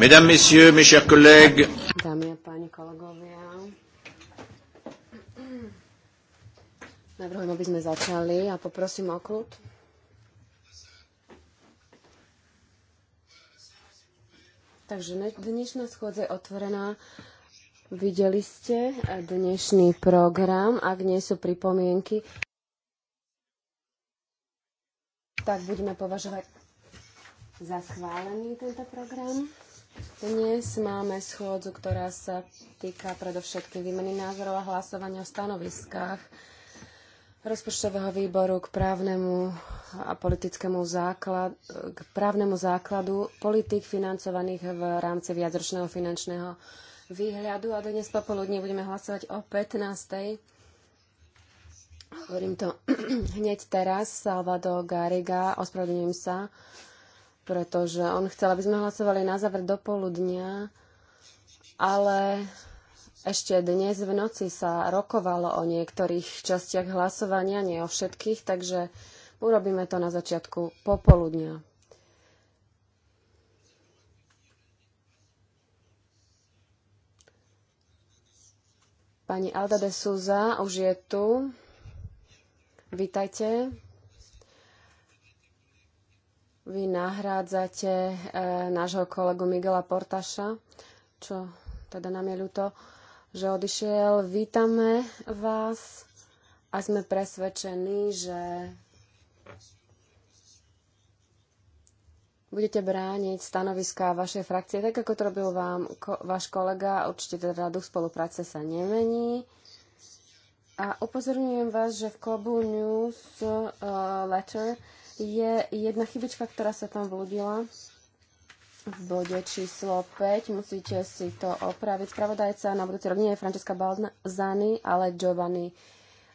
Mesdames, Messieurs, mes chers collègues, Dámy a páni kolegovia, navrhujem, aby sme začali a poprosím o kľud. Takže dnešná schôdza je otvorená. Videli ste dnešný program. Ak nie sú pripomienky, tak budeme považovať za schválený tento program. Dnes máme schôdzu, ktorá sa týka predovšetkým výmeny názorov a hlasovania o stanoviskách rozpočtového výboru k právnemu a politickému základ, k právnemu základu politik financovaných v rámci viacročného finančného výhľadu. A dnes popoludní budeme hlasovať o 15. Hovorím to hneď teraz. Salvador Gariga, ospravedlňujem sa pretože on chcel, aby sme hlasovali na záver do poludnia, ale ešte dnes v noci sa rokovalo o niektorých častiach hlasovania, nie o všetkých, takže urobíme to na začiatku popoludnia. Pani Alda de Souza už je tu. Vítajte. Vy nahrádzate e, nášho kolegu Miguela Portaša, čo teda nám je ľúto, že odišiel. Vítame vás a sme presvedčení, že budete brániť stanoviská vašej frakcie, tak ako to robil vám ko, váš kolega. Určite teda duch spolupráce sa nemení. A upozorňujem vás, že v Kobu News uh, Letter je jedna chybička, ktorá sa tam vludila v bode číslo 5. Musíte si to opraviť. Spravodajca na budúci rok nie je Francesca Balzani, ale Giovanni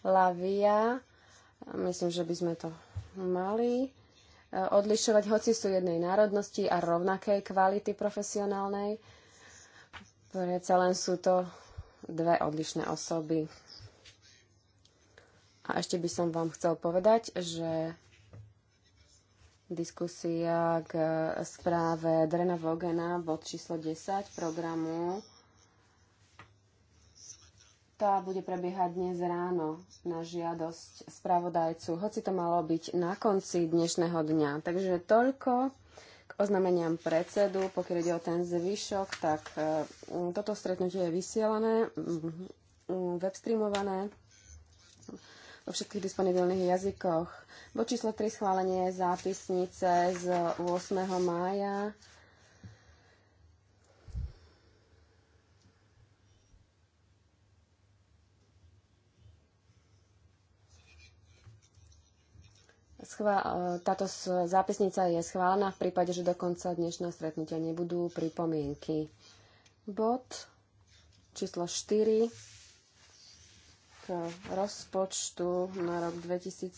Lavia. Myslím, že by sme to mali e, odlišovať, hoci sú jednej národnosti a rovnakej kvality profesionálnej. Predsa len sú to dve odlišné osoby. A ešte by som vám chcel povedať, že Diskusia k e, správe Drena Vogena, bod číslo 10 programu. Tá bude prebiehať dnes ráno na žiadosť spravodajcu, hoci to malo byť na konci dnešného dňa. Takže toľko k oznameniam predsedu. Pokiaľ ide o ten zvyšok, tak e, toto stretnutie je vysielané, webstreamované vo všetkých disponibilných jazykoch. Bo číslo 3 schválenie zápisnice z 8. mája. táto zápisnica je schválená v prípade, že do konca dnešného stretnutia nebudú pripomienky. Bod číslo 4 k rozpočtu na rok 2013.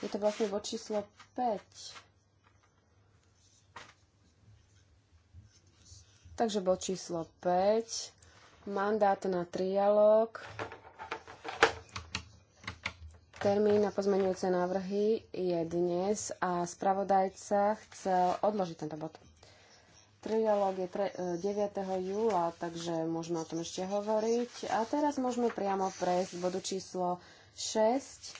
Je to vlastne bod číslo 5. Takže bod číslo 5. Mandát na trialog. Termín na pozmenujúce návrhy je dnes a spravodajca chcel odložiť tento bod. Trialóg je 9. E, júla, takže môžeme o tom ešte hovoriť. A teraz môžeme priamo prejsť bodu číslo 6.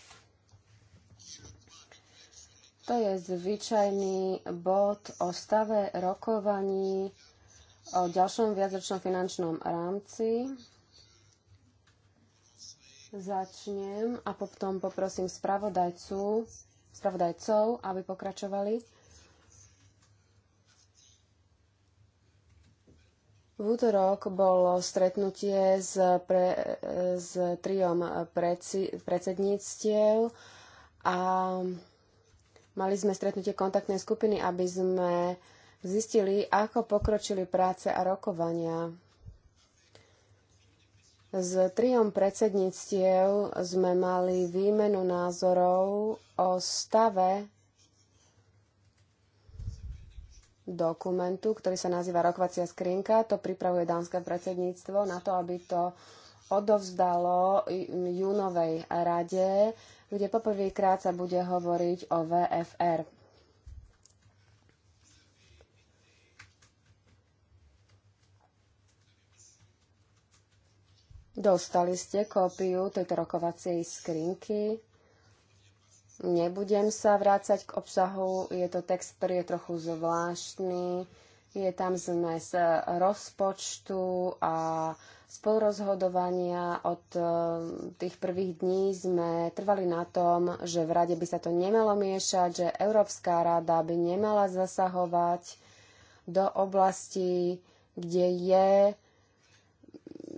To je zvyčajný bod o stave rokovaní o ďalšom viacročnom finančnom rámci. Začnem a potom poprosím spravodajcu, spravodajcov, aby pokračovali. V útorok bolo stretnutie s, pre, s triom predsi, predsedníctiev a mali sme stretnutie kontaktnej skupiny, aby sme zistili, ako pokročili práce a rokovania s triom predsedníctiev sme mali výmenu názorov o stave dokumentu, ktorý sa nazýva Rokovacia skrinka. To pripravuje dánske predsedníctvo na to, aby to odovzdalo júnovej rade, kde poprvýkrát sa bude hovoriť o VFR. Dostali ste kópiu tejto rokovacej skrinky. Nebudem sa vrácať k obsahu. Je to text, ktorý je trochu zvláštny. Je tam zmes rozpočtu a spolurozhodovania. Od e, tých prvých dní sme trvali na tom, že v rade by sa to nemalo miešať, že Európska rada by nemala zasahovať do oblasti, kde je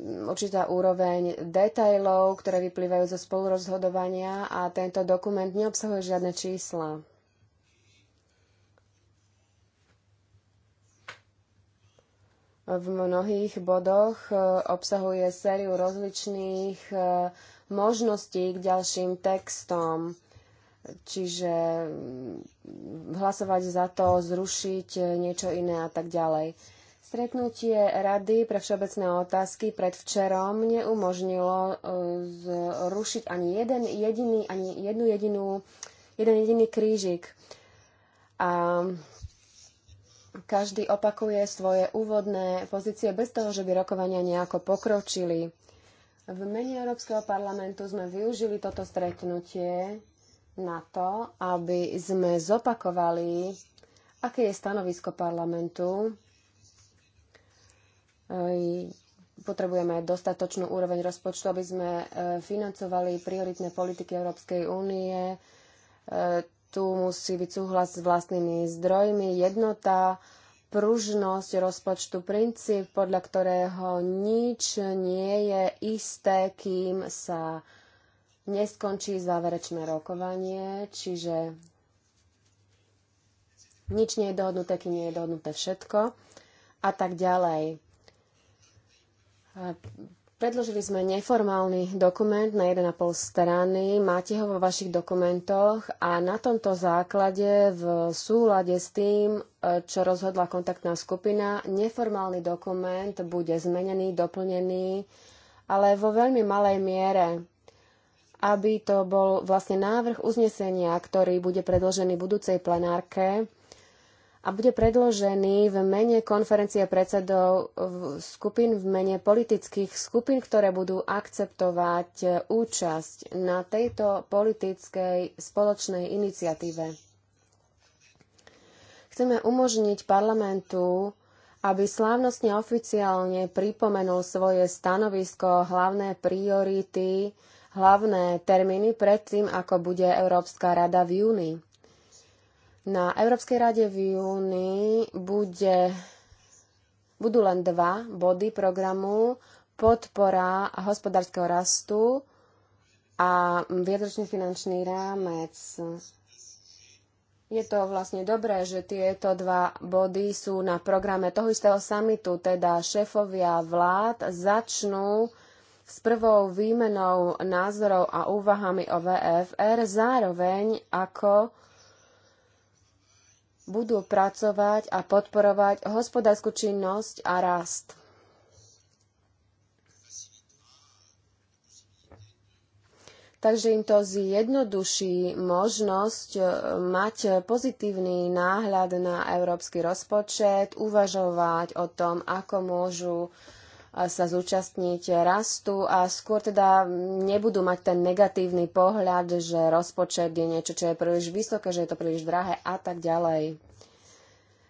určitá úroveň detajlov, ktoré vyplývajú zo spolurozhodovania a tento dokument neobsahuje žiadne čísla. V mnohých bodoch e, obsahuje sériu rozličných e, možností k ďalším textom. Čiže hlasovať za to, zrušiť e, niečo iné a tak ďalej. Stretnutie Rady pre všeobecné otázky predvčerom neumožnilo e, zrušiť ani, jeden jediný, ani jednu jedinú, jeden jediný krížik. A každý opakuje svoje úvodné pozície bez toho, že by rokovania nejako pokročili. V mene Európskeho parlamentu sme využili toto stretnutie na to, aby sme zopakovali, aké je stanovisko parlamentu potrebujeme dostatočnú úroveň rozpočtu, aby sme e, financovali prioritné politiky Európskej únie. E, tu musí byť súhlas s vlastnými zdrojmi, jednota, pružnosť rozpočtu, princíp, podľa ktorého nič nie je isté, kým sa neskončí záverečné rokovanie, čiže nič nie je dohodnuté, kým nie je dohodnuté všetko a tak ďalej. Predložili sme neformálny dokument na 1,5 strany, máte ho vo vašich dokumentoch a na tomto základe v súlade s tým, e, čo rozhodla kontaktná skupina, neformálny dokument bude zmenený, doplnený, ale vo veľmi malej miere, aby to bol vlastne návrh uznesenia, ktorý bude predložený budúcej plenárke a bude predložený v mene konferencie predsedov skupín v mene politických skupín, ktoré budú akceptovať e, účasť na tejto politickej spoločnej iniciatíve. Chceme umožniť parlamentu, aby slávnostne oficiálne pripomenul svoje stanovisko, hlavné priority, hlavné termíny predtým, ako bude Európska rada v júni. Na Európskej rade v júni bude, budú len dva body programu podpora hospodárskeho rastu a viedročný finančný rámec. Je to vlastne dobré, že tieto dva body sú na programe toho istého samitu, teda šéfovia vlád začnú s prvou výmenou názorov a úvahami o VFR zároveň ako budú pracovať a podporovať hospodárskú činnosť a rast. Takže im to zjednoduší možnosť e, mať pozitívny náhľad na európsky rozpočet, uvažovať o tom, ako môžu sa zúčastniť rastu a skôr teda nebudú mať ten negatívny pohľad, že rozpočet je niečo, čo je príliš vysoké, že je to príliš drahé a tak ďalej.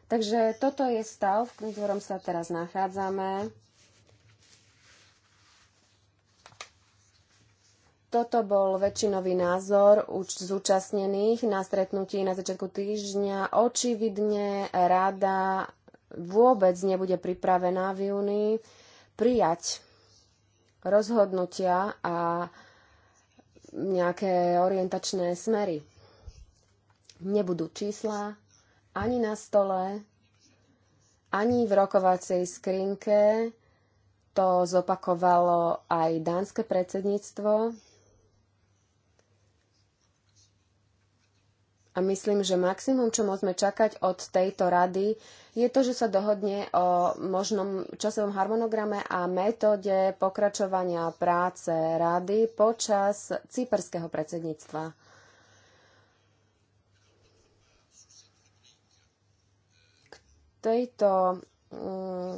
Takže toto je stav, v ktorom sa teraz nachádzame. Toto bol väčšinový názor už zúčastnených na stretnutí na začiatku týždňa. Očividne rada vôbec nebude pripravená v júni prijať rozhodnutia a nejaké orientačné smery. Nebudú čísla ani na stole, ani v rokovacej skrinke. To zopakovalo aj dánske predsedníctvo. A myslím, že maximum, čo môžeme čakať od tejto rady, je to, že sa dohodne o možnom časovom harmonograme a metóde pokračovania práce rady počas cyperského predsedníctva. K tejto mm,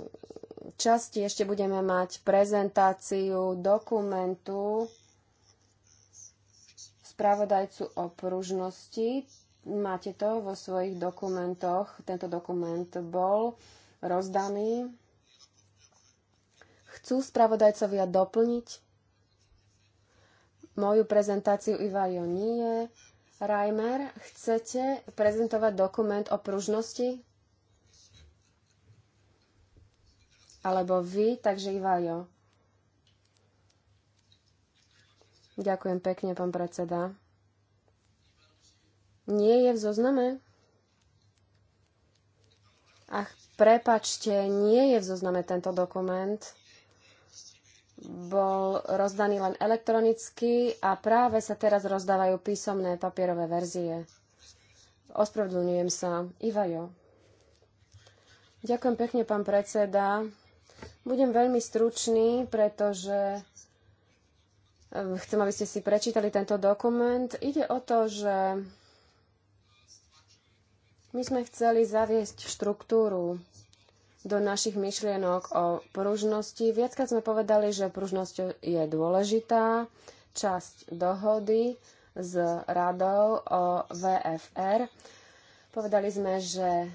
časti ešte budeme mať prezentáciu dokumentu spravodajcu o pružnosti. Máte to vo svojich dokumentoch. Tento dokument bol rozdaný. Chcú spravodajcovia doplniť moju prezentáciu Iva Jonie. Reimer, chcete prezentovať dokument o pružnosti? Alebo vy, takže Ivajo. Ďakujem pekne, pán predseda nie je v zozname? Ach, prepačte, nie je v zozname tento dokument. Bol rozdaný len elektronicky a práve sa teraz rozdávajú písomné papierové verzie. Ospravedlňujem sa. Ivajo. Ďakujem pekne, pán predseda. Budem veľmi stručný, pretože eh, chcem, aby ste si prečítali tento dokument. Ide o to, že my sme chceli zaviesť štruktúru do našich myšlienok o pružnosti. Viackrát sme povedali, že pružnosť je dôležitá. Časť dohody s radou o VFR. Povedali sme, že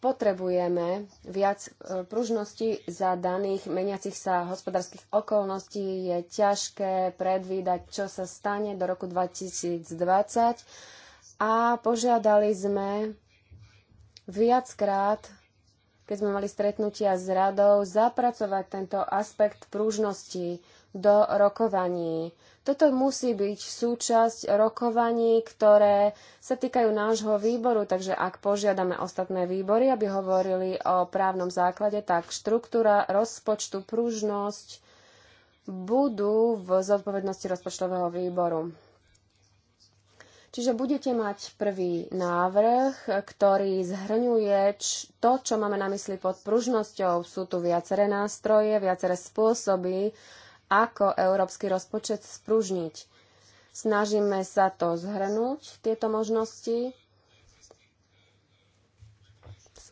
potrebujeme viac e, pružnosti za daných meniacich sa hospodárskych okolností. Je ťažké predvídať, čo sa stane do roku 2020 a požiadali sme viackrát, keď sme mali stretnutia s radou, zapracovať tento aspekt prúžnosti do rokovaní. Toto musí byť súčasť rokovaní, ktoré sa týkajú nášho výboru, takže ak požiadame ostatné výbory, aby hovorili o právnom základe, tak štruktúra rozpočtu, pružnosť budú v zodpovednosti rozpočtového výboru. Čiže budete mať prvý návrh, ktorý zhrňuje to, čo máme na mysli pod pružnosťou. Sú tu viaceré nástroje, viaceré spôsoby, ako európsky rozpočet spružniť. Snažíme sa to zhrnúť, tieto možnosti,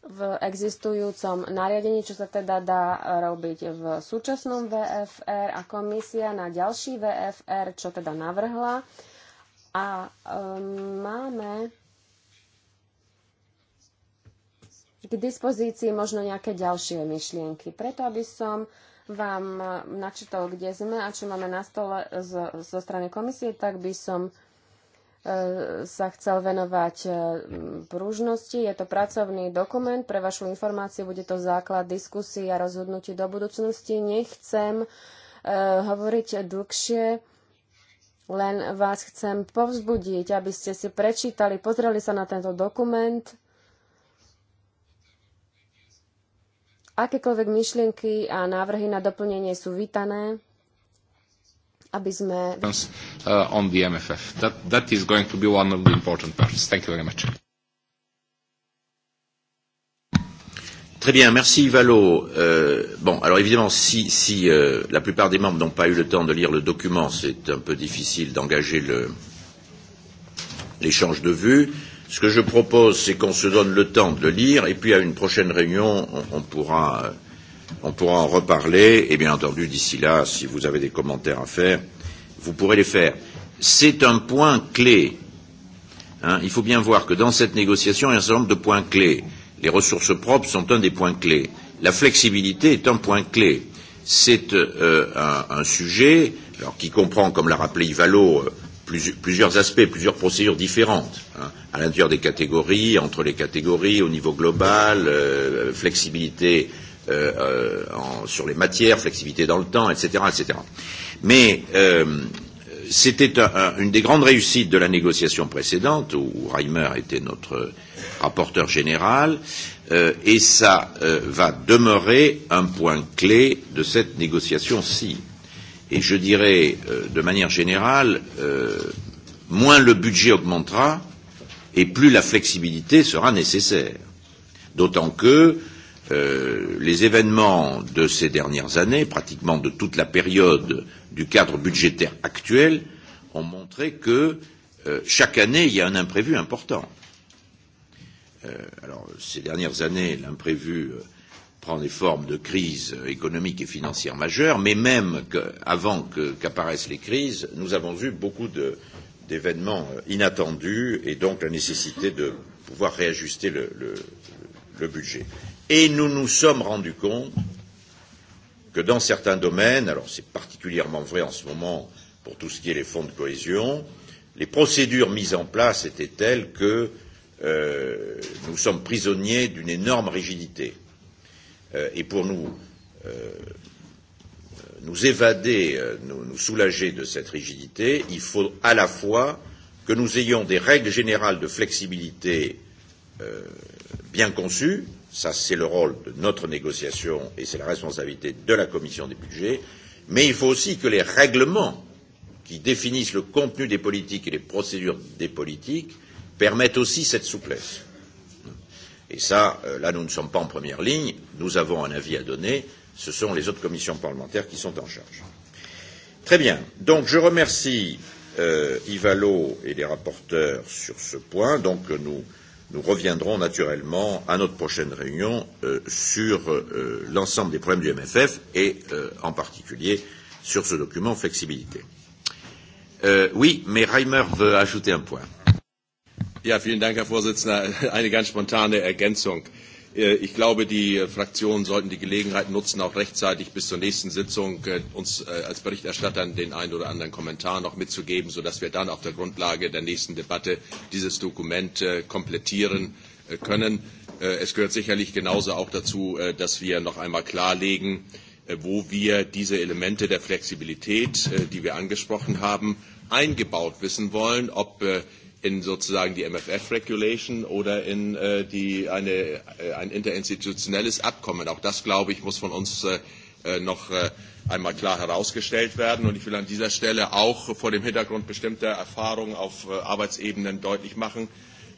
v existujúcom nariadení, čo sa teda dá robiť v súčasnom VFR a komisia na ďalší VFR, čo teda navrhla, a máme k dispozícii možno nejaké ďalšie myšlienky. Preto, aby som vám načítal, kde sme a čo máme na stole zo, zo strany komisie, tak by som e, sa chcel venovať e, pružnosti. Je to pracovný dokument. Pre vašu informáciu bude to základ diskusie a rozhodnutí do budúcnosti. Nechcem e, hovoriť dlhšie len vás chcem povzbudiť, aby ste si prečítali, pozreli sa na tento dokument. Akékoľvek myšlienky a návrhy na doplnenie sú vítané, aby sme... Uh, on the MFF. That, that is going to be one of the important parts. Thank you very much. Très bien, merci Valo. Euh, bon, alors évidemment, si, si euh, la plupart des membres n'ont pas eu le temps de lire le document, c'est un peu difficile d'engager l'échange de vues. Ce que je propose, c'est qu'on se donne le temps de le lire, et puis à une prochaine réunion, on, on, pourra, on pourra en reparler. Et bien entendu, d'ici là, si vous avez des commentaires à faire, vous pourrez les faire. C'est un point clé. Hein, il faut bien voir que dans cette négociation, il y a un certain nombre de points clés. Les ressources propres sont un des points clés. La flexibilité est un point clé. C'est euh, un, un sujet alors, qui comprend, comme l'a rappelé Ivalo, euh, plus, plusieurs aspects, plusieurs procédures différentes, hein, à l'intérieur des catégories, entre les catégories, au niveau global, euh, flexibilité euh, euh en, sur les matières, flexibilité dans le temps, etc. etc. Mais euh, c'était un, un, une des grandes réussites de la négociation précédente, où Reimer était notre rapporteur général, euh, et ça euh, va demeurer un point clé de cette négociation-ci. Et je dirais, euh, de manière générale, euh, moins le budget augmentera et plus la flexibilité sera nécessaire. D'autant que Euh, les événements de ces dernières années, pratiquement de toute la période du cadre budgétaire actuel, ont montré que euh, chaque année, il y a un imprévu important. Euh, alors, ces dernières années, l'imprévu euh, prend des formes de crises économiques et financières majeures, mais même que, avant qu'apparaissent qu les crises, nous avons eu beaucoup d'événements euh, inattendus et donc la nécessité de pouvoir réajuster le, le, le budget. Et nous nous sommes rendus compte que dans certains domaines, alors c'est particulièrement vrai en ce moment pour tout ce qui est les fonds de cohésion, les procédures mises en place étaient telles que euh, nous sommes prisonniers d'une énorme rigidité. Euh, et pour nous, euh, nous évader, euh, nous, nous soulager de cette rigidité, il faut à la fois que nous ayons des règles générales de flexibilité euh, bien conçues, Ça, c'est le rôle de notre négociation et c'est la responsabilité de la commission des budgets. Mais il faut aussi que les règlements qui définissent le contenu des politiques et les procédures des politiques permettent aussi cette souplesse. Et ça, euh, là, nous ne sommes pas en première ligne. Nous avons un avis à donner. Ce sont les autres commissions parlementaires qui sont en charge. Très bien. Donc, je remercie euh, Ivalo et les rapporteurs sur ce point. Donc, nous Nous reviendrons naturellement à notre prochaine réunion euh, sur euh, l'ensemble des problèmes du MFF et euh, en particulier sur ce document flexibilité. Euh, oui, mais Reimer veut ajouter un point. Ja, vielen Dank, Herr Vorsitzender. Eine ganz spontane Ergänzung. Äh, ich glaube, die äh, Fraktionen sollten die Gelegenheit nutzen, auch rechtzeitig bis zur nächsten Sitzung äh, uns als Berichterstattern den einen oder anderen Kommentar noch mitzugeben, sodass wir dann auf der Grundlage der nächsten Debatte dieses Dokument komplettieren können. Es gehört sicherlich genauso auch dazu, dass wir noch einmal klarlegen, wo wir diese Elemente der Flexibilität, die wir angesprochen haben, eingebaut wissen wollen, ob in sozusagen die MFF Regulation oder in äh, die, eine, äh, ein interinstitutionelles Abkommen. Auch das, glaube ich, muss von uns äh, äh, noch äh, einmal klar herausgestellt werden. Und ich will an dieser Stelle auch vor dem Hintergrund bestimmter Erfahrungen auf äh, Arbeitsebenen deutlich machen,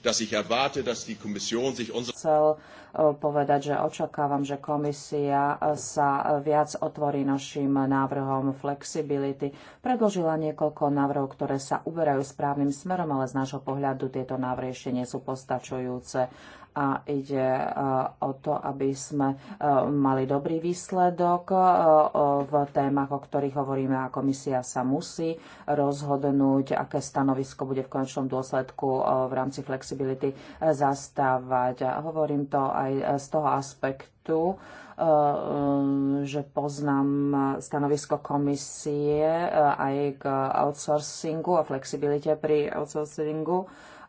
dass ich erwarte, dass die Kommission sich unserer Eh, povedať, že očakávam, že komisia eh, sa viac otvorí našim návrhom flexibility. Predložila niekoľko návrhov, ktoré sa uberajú správnym smerom, ale z nášho pohľadu tieto návrhy ešte nie sú postačujúce a ide e, o to, aby sme e, mali dobrý výsledok e, v témach, o ktorých hovoríme a komisia sa musí rozhodnúť, aké stanovisko bude v končnom dôsledku v rámci flexibility zastávať. A hovorím to aj z toho aspektu, že poznám stanovisko komisie aj k outsourcingu a flexibilite pri outsourcingu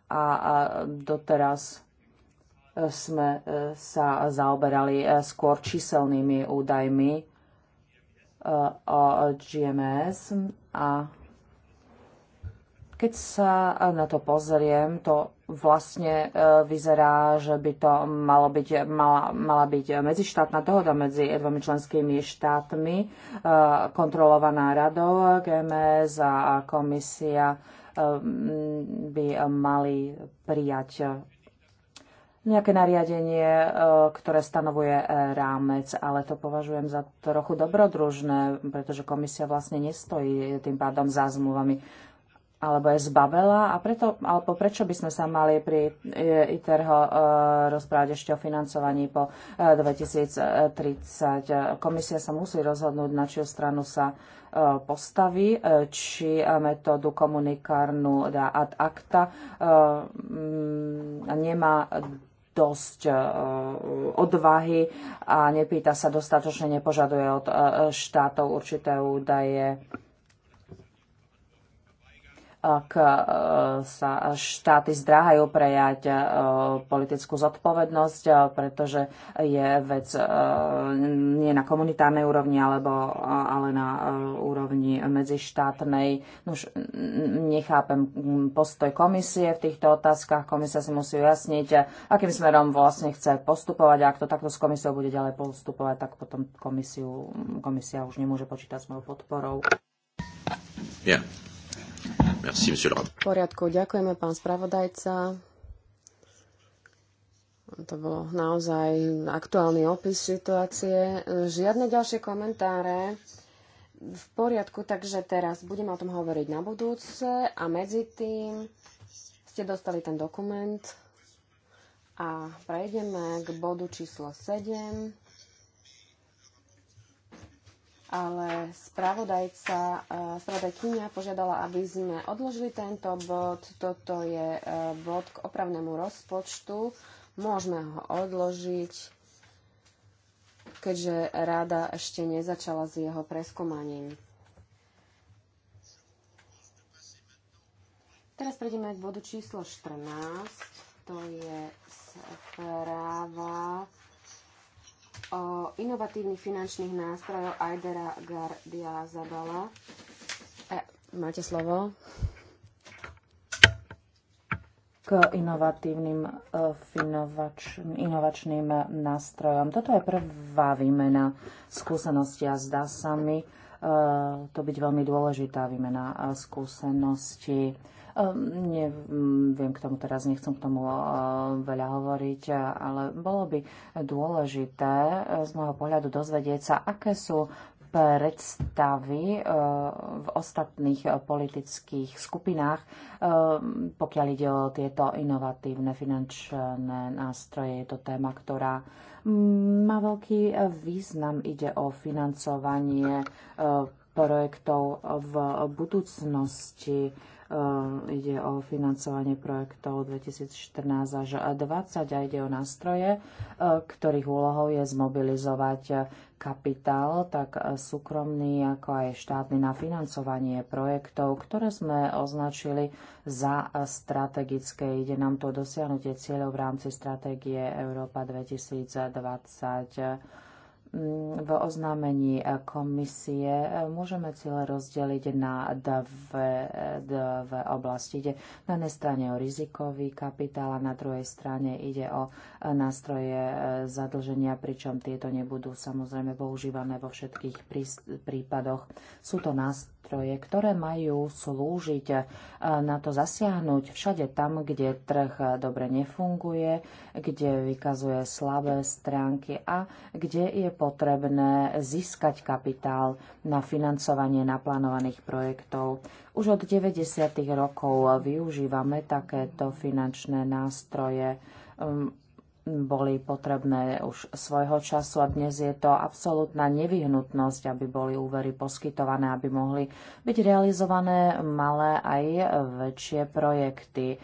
a doteraz sme e, sa zaoberali e, skôr číselnými údajmi e, o GMS a keď sa na to pozriem, to vlastne vyzerá, že by to malo byť, mala, mala byť medzištátna dohoda medzi dvomi členskými štátmi, kontrolovaná radou GMS a komisia by mali prijať nejaké nariadenie, e, ktoré stanovuje e, rámec, ale to považujem za trochu dobrodružné, pretože komisia vlastne nestojí tým pádom za zmluvami alebo je zbavela. a preto, alebo prečo by sme sa mali pri e, ITERHO rozprávať ešte o financovaní po 2030. Komisia sa musí rozhodnúť, na čiu stranu sa postaví, či metódu komunikárnu dá teda ad acta. Nemá dosť e, odvahy a nepýta sa dostatočne, nepožaduje od e, štátov určité údaje ak e, sa štáty zdráhajú prejať e, politickú zodpovednosť, e, pretože je vec nie na komunitárnej úrovni, alebo, ale na úrovni medzištátnej. Už nechápem postoj komisie v týchto otázkach. Komisia si musí ujasniť, akým smerom vlastne chce postupovať. A ak to takto s komisiou bude ďalej postupovať, tak potom komisiu, komisia už nemôže počítať s mojou podporou. Yeah. Merci, monsieur le V poriadku, ďakujeme, pán spravodajca. To bol naozaj aktuálny opis situácie. Žiadne ďalšie komentáre. V poriadku, takže teraz budeme o tom hovoriť na budúce a medzi tým ste dostali ten dokument a prejdeme k bodu číslo 7 ale spravodajca, e, spravodajkynia požiadala, aby sme odložili tento bod. Toto je e, bod k opravnému rozpočtu. Môžeme ho odložiť, keďže rada ešte nezačala s jeho preskúmaním. Teraz prejdeme k bodu číslo 14. To je správa o inovatívnych finančných nástrojoch Aidera Gardia Zabala. E, máte slovo. K inovatívnym e, inovačným nástrojom. Toto je prvá výmena skúsenosti a zdá sa mi e, to byť veľmi dôležitá výmena e, skúsenosti. Ehm, Neviem mm, k tomu teraz, nechcem k tomu eh, veľa hovoriť, eh, ale bolo by dôležité eh, z môjho pohľadu dozvedieť sa, aké sú predstavy v ostatných politických skupinách, ehm, pokiaľ ide o tieto inovatívne finančné nástroje. Je to téma, ktorá mm, má veľký význam. Ide o financovanie projektov v budúcnosti Ehm, ide o financovanie projektov 2014 až 2020 a ide o nástroje, ehm, ktorých úlohou je zmobilizovať kapitál, tak e, súkromný ako aj štátny na financovanie projektov, ktoré sme označili za e, strategické. Ide nám to dosiahnutie cieľov v rámci stratégie Európa 2020 v oznámení komisie môžeme cieľe rozdeliť na dve, dve oblasti. Ide na jednej strane o rizikový kapitál a na druhej strane ide o nástroje zadlženia, pričom tieto nebudú samozrejme používané vo všetkých prípadoch. Sú to nástroje, ktoré majú slúžiť eh, na to zasiahnuť všade tam, kde trh dobre nefunguje, kde vykazuje slabé stránky a kde je potrebné získať kapitál na financovanie naplánovaných projektov. Už od 90. rokov využívame takéto finančné nástroje um, boli potrebné už svojho času a dnes je to absolútna nevyhnutnosť, aby boli úvery poskytované, aby mohli byť realizované malé aj väčšie projekty. E,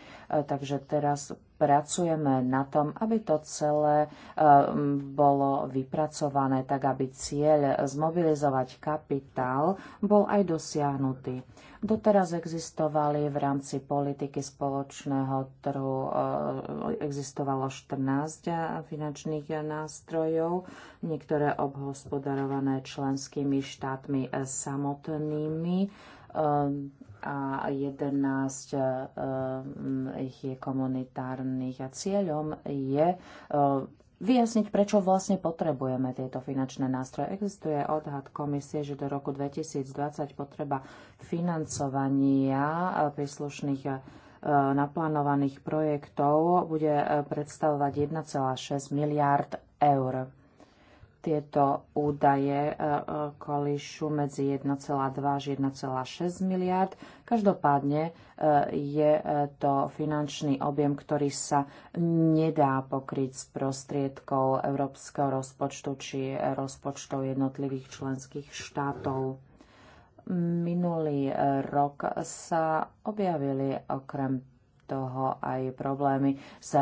takže teraz pracujeme na tom, aby to celé e, bolo vypracované tak, aby cieľ zmobilizovať kapitál bol aj dosiahnutý. Doteraz existovali v rámci politiky spoločného trhu e, existovalo 14 e, finančných nástrojov, niektoré obhospodarované členskými štátmi samotnými Ehm, a 11 ehm, ich je komunitárnych. A cieľom je e, vyjasniť, prečo vlastne potrebujeme tieto finančné nástroje. Existuje odhad komisie, že do roku 2020 potreba financovania e, príslušných e, naplánovaných projektov bude predstavovať 1,6 miliard eur. Tieto údaje e, e, kolíšu medzi 1,2 až 1,6 miliard. Každopádne e, je to finančný objem, ktorý sa nedá pokryť z prostriedkov európskeho rozpočtu či rozpočtov jednotlivých členských štátov minulý rok sa objavili okrem toho aj problémy s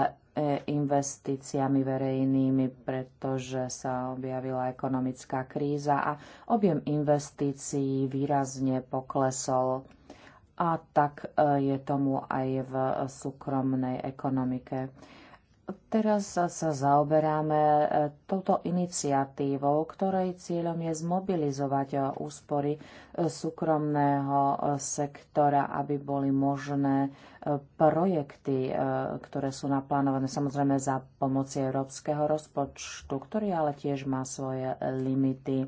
investíciami verejnými, pretože sa objavila ekonomická kríza a objem investícií výrazne poklesol. A tak e, je tomu aj v súkromnej ekonomike. Teraz sa zaoberáme e, touto iniciatívou, ktorej cieľom je zmobilizovať e, úspory e, súkromného sektora, aby boli možné projekty, ktoré sú naplánované samozrejme za pomoci európskeho rozpočtu, ktorý ale tiež má svoje limity.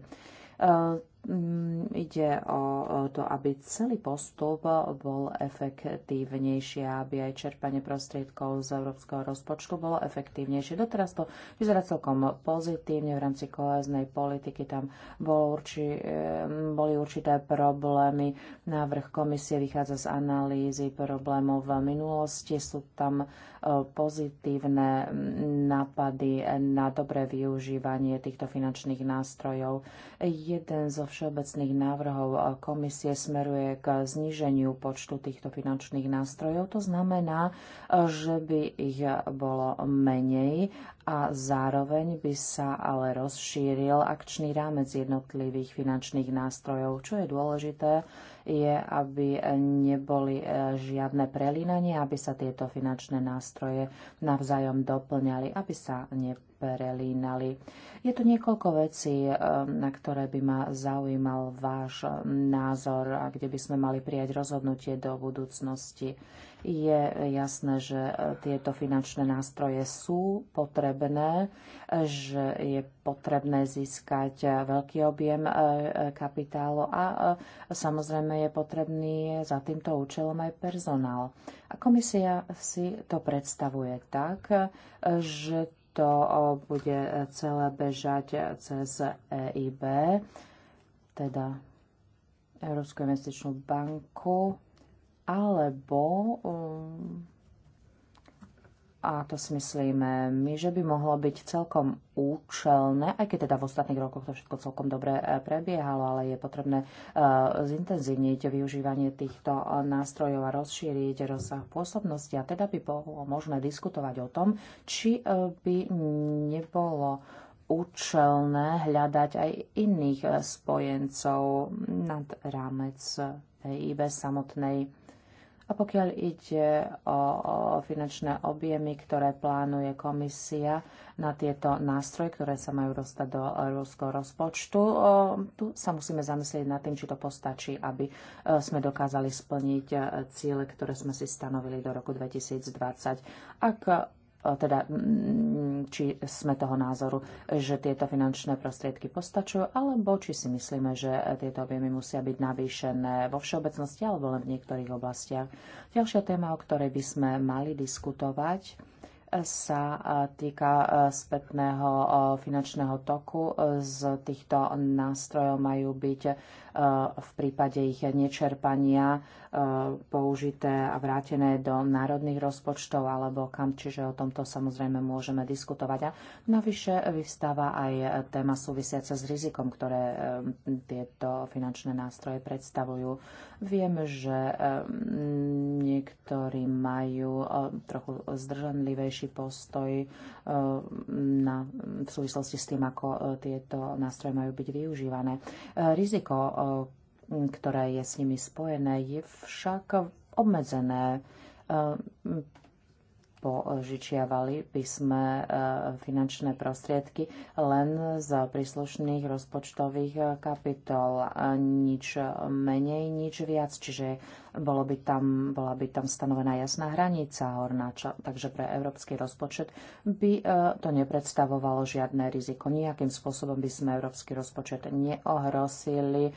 Mm, ide o to, aby celý postup bol efektívnejší a aby aj čerpanie prostriedkov z európskeho rozpočtu bolo efektívnejšie. Doteraz to vyzerá celkom pozitívne v rámci koleznej politiky. Tam bol urči, boli určité problémy. Návrh komisie vychádza z analýzy problémov v minulosti. Sú tam pozitívne nápady na dobré využívanie týchto finančných nástrojov. Jeden zo všeobecných návrhov komisie smeruje k zníženiu počtu týchto finančných nástrojov. To znamená, že by ich bolo menej a zároveň by sa ale rozšíril akčný rámec jednotlivých finančných nástrojov, čo je dôležité je, aby neboli e, žiadne prelínanie, aby sa tieto finančné nástroje navzájom doplňali, aby sa neprelínali. Je tu niekoľko vecí, e, na ktoré by ma zaujímal váš názor a kde by sme mali prijať rozhodnutie do budúcnosti. Je jasné, že e, tieto finančné nástroje sú potrebné, e, že je potrebné získať e, veľký objem kapitálu a samozrejme je potrebný za týmto účelom aj personál. A komisia si to predstavuje tak, že to bude celé bežať cez EIB, teda Európsku investičnú banku alebo um, a to si myslíme my, že by mohlo byť celkom účelné, aj keď teda v ostatných rokoch to všetko celkom dobre e, prebiehalo, ale je potrebné e, zintenzívniť využívanie týchto nástrojov a rozšíriť rozsah pôsobnosti a teda by bolo možné diskutovať o tom, či e, by nebolo účelné hľadať aj iných spojencov nad rámec EIB samotnej. A pokiaľ ide o, o finančné objemy, ktoré plánuje komisia na tieto nástroje, ktoré sa majú dostať do rúského rozpočtu, o, tu sa musíme zamyslieť nad tým, či to postačí, aby e, sme dokázali splniť e, ciele, ktoré sme si stanovili do roku 2020. Ak teda mm, mm, či sme toho názoru, že tieto finančné prostriedky postačujú, alebo či si myslíme, že tieto objemy musia byť navýšené vo všeobecnosti alebo len v niektorých oblastiach. Ďalšia téma, o ktorej by sme mali diskutovať, sa e, týka e, spätného e, finančného toku. Z týchto nástrojov majú byť v prípade ich nečerpania použité a vrátené do národných rozpočtov alebo kam, čiže o tomto samozrejme môžeme diskutovať. A navyše vystáva aj téma súvisiaca s rizikom, ktoré tieto finančné nástroje predstavujú. Viem, že niektorí majú trochu zdržanlivejší naši postoj eh, na, v súvislosti s tým, ako eh, tieto nástroje majú byť využívané. Eh, riziko, ktoré je s nimi spojené, je však obmedzené požičiavali by sme finančné prostriedky len z príslušných rozpočtových kapitol. Nič menej, nič viac. Čiže bolo by tam, bola by tam stanovená jasná hranica horná, čo, takže pre európsky rozpočet by e, to nepredstavovalo žiadne riziko. Nijakým spôsobom by sme európsky rozpočet neohrosili, e,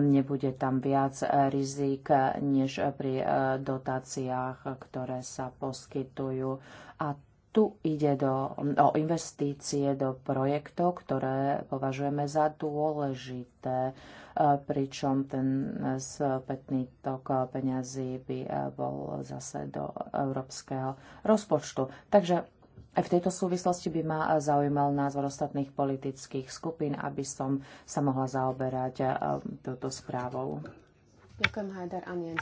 nebude tam viac rizik než pri e, dotáciách, ktoré sa poskytujú. A tu ide do, o investície do projektov, ktoré považujeme za dôležité. E, pričom ten spätný tok peňazí by e, bol zase do európskeho rozpočtu. Takže aj v tejto súvislosti by ma zaujímal názor ostatných politických skupín, aby som sa mohla zaoberať e, touto správou. Ďakujem, Hajdar Amien.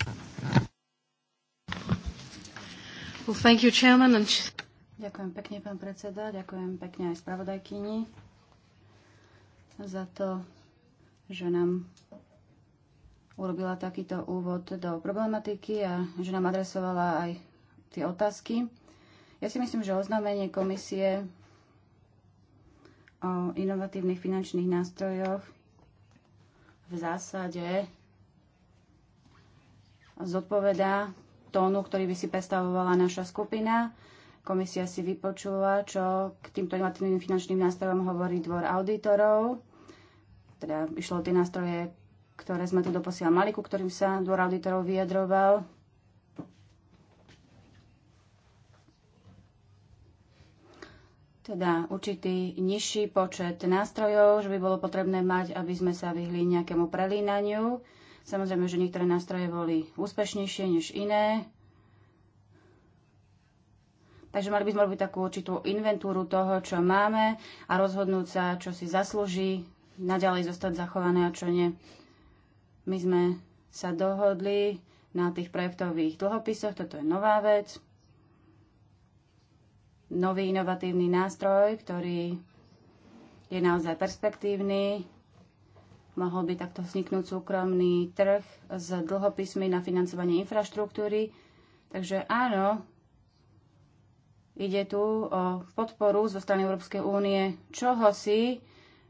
Well, thank you, chairman. And... Ďakujem pekne, pán predseda. Ďakujem pekne aj spravodajkyni za to, že nám urobila takýto úvod do problematiky a že nám adresovala aj tie otázky. Ja si myslím, že oznámenie komisie o inovatívnych finančných nástrojoch v zásade zodpovedá tónu, ktorý by si predstavovala naša skupina. Komisia si vypočula, čo k týmto inovatívnym finančným nástrojom hovorí dvor auditorov teda išlo tie nástroje, ktoré sme tu doposiaľ mali, ku ktorým sa dvor auditorov vyjadroval. Teda určitý nižší počet nástrojov, že by bolo potrebné mať, aby sme sa vyhli nejakému prelínaniu. Samozrejme, že niektoré nástroje boli úspešnejšie než iné. Takže mali by sme robiť takú určitú inventúru toho, čo máme a rozhodnúť sa, čo si zaslúži naďalej zostať zachované a čo nie. My sme sa dohodli na tých projektových dlhopisoch, toto je nová vec, nový inovatívny nástroj, ktorý je naozaj perspektívny. Mohol by takto vzniknúť súkromný trh s dlhopismi na financovanie infraštruktúry. Takže áno, ide tu o podporu zo strany Európskej únie čohosi,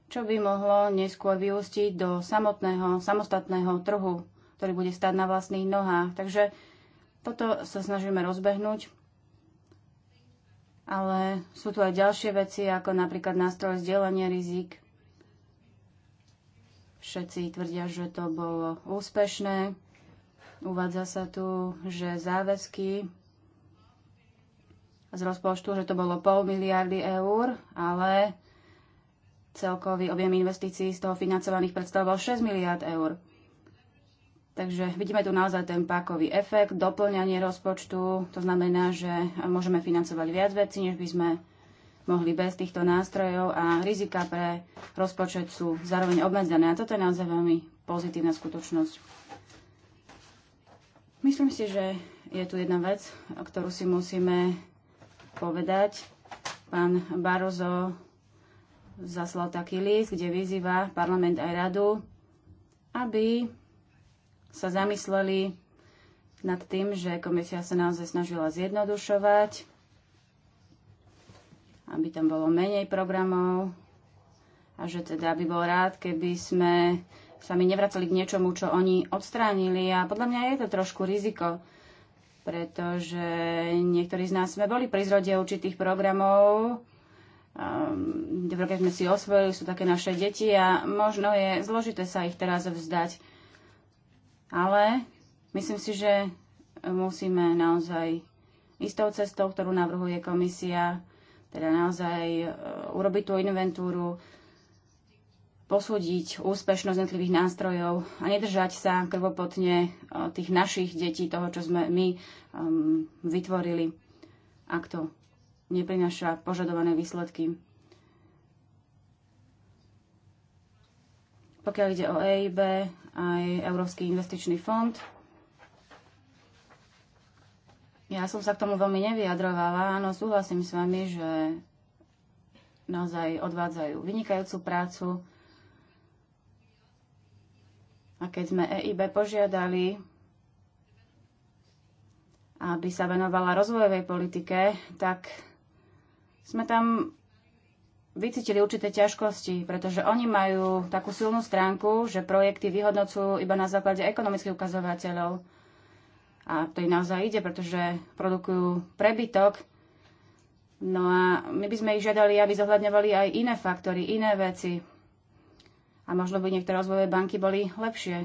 čo by mohlo neskôr vyústiť do samotného, samostatného trhu, ktorý bude stať na vlastných nohách. Takže toto sa snažíme rozbehnúť, ale sú tu aj ďalšie veci, ako napríklad nástroj zdieľania rizik. Všetci tvrdia, že to bolo úspešné. Uvádza sa tu, že záväzky z rozpočtu, že to bolo pol miliardy eur, ale Celkový objem investícií z toho financovaných predstavoval 6 miliard eur. Takže vidíme tu naozaj ten pákový efekt, doplňanie rozpočtu. To znamená, že môžeme financovať viac vecí, než by sme mohli bez týchto nástrojov a rizika pre rozpočet sú zároveň obmedzené. A toto je naozaj veľmi pozitívna skutočnosť. Myslím si, že je tu jedna vec, ktorú si musíme povedať. Pán Barozo zaslal taký list, kde vyzýva parlament aj radu, aby sa zamysleli nad tým, že komisia sa naozaj snažila zjednodušovať, aby tam bolo menej programov a že teda by bol rád, keby sme sa mi nevracali k niečomu, čo oni odstránili. A podľa mňa je to trošku riziko, pretože niektorí z nás sme boli pri zrode určitých programov, keď sme si osvojili, sú také naše deti a možno je zložité sa ich teraz vzdať. Ale myslím si, že musíme naozaj istou cestou, ktorú navrhuje komisia, teda naozaj e, urobiť tú inventúru, posúdiť úspešnosť jednotlivých nástrojov a nedržať sa krvopotne e, tých našich detí, toho, čo sme my um, vytvorili. Ak to neprináša požadované výsledky. Pokiaľ ide o EIB, aj Európsky investičný fond, ja som sa k tomu veľmi nevyjadrovala. Áno, súhlasím s vami, že naozaj odvádzajú vynikajúcu prácu. A keď sme EIB požiadali, aby sa venovala rozvojovej politike, tak sme tam vycítili určité ťažkosti, pretože oni majú takú silnú stránku, že projekty vyhodnocujú iba na základe ekonomických ukazovateľov. A to im naozaj ide, pretože produkujú prebytok. No a my by sme ich žiadali, aby zohľadňovali aj iné faktory, iné veci. A možno by niektoré rozvojové banky boli lepšie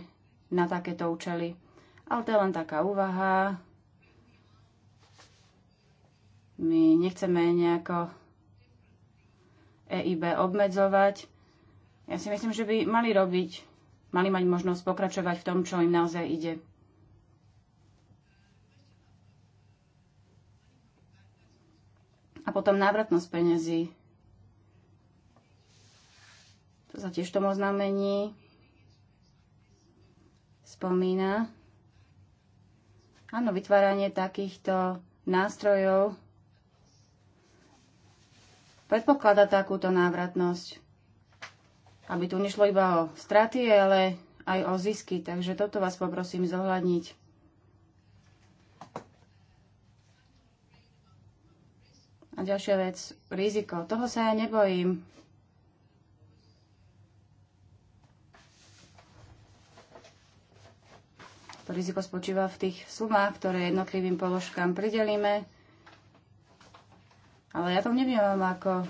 na takéto účely. Ale to je len taká úvaha, my nechceme nejako EIB obmedzovať. Ja si myslím, že by mali robiť, mali mať možnosť pokračovať v tom, čo im naozaj ide. A potom návratnosť peňazí. To sa tiež v tom oznámení spomína. Áno, vytváranie takýchto nástrojov predpokladá takúto návratnosť. Aby tu nešlo iba o straty, ale aj o zisky, takže toto vás poprosím zohľadniť. A ďalšia vec, riziko. Toho sa ja nebojím. To riziko spočíva v tých sumách, ktoré jednotlivým položkám pridelíme. Ale ja to nevnímam ako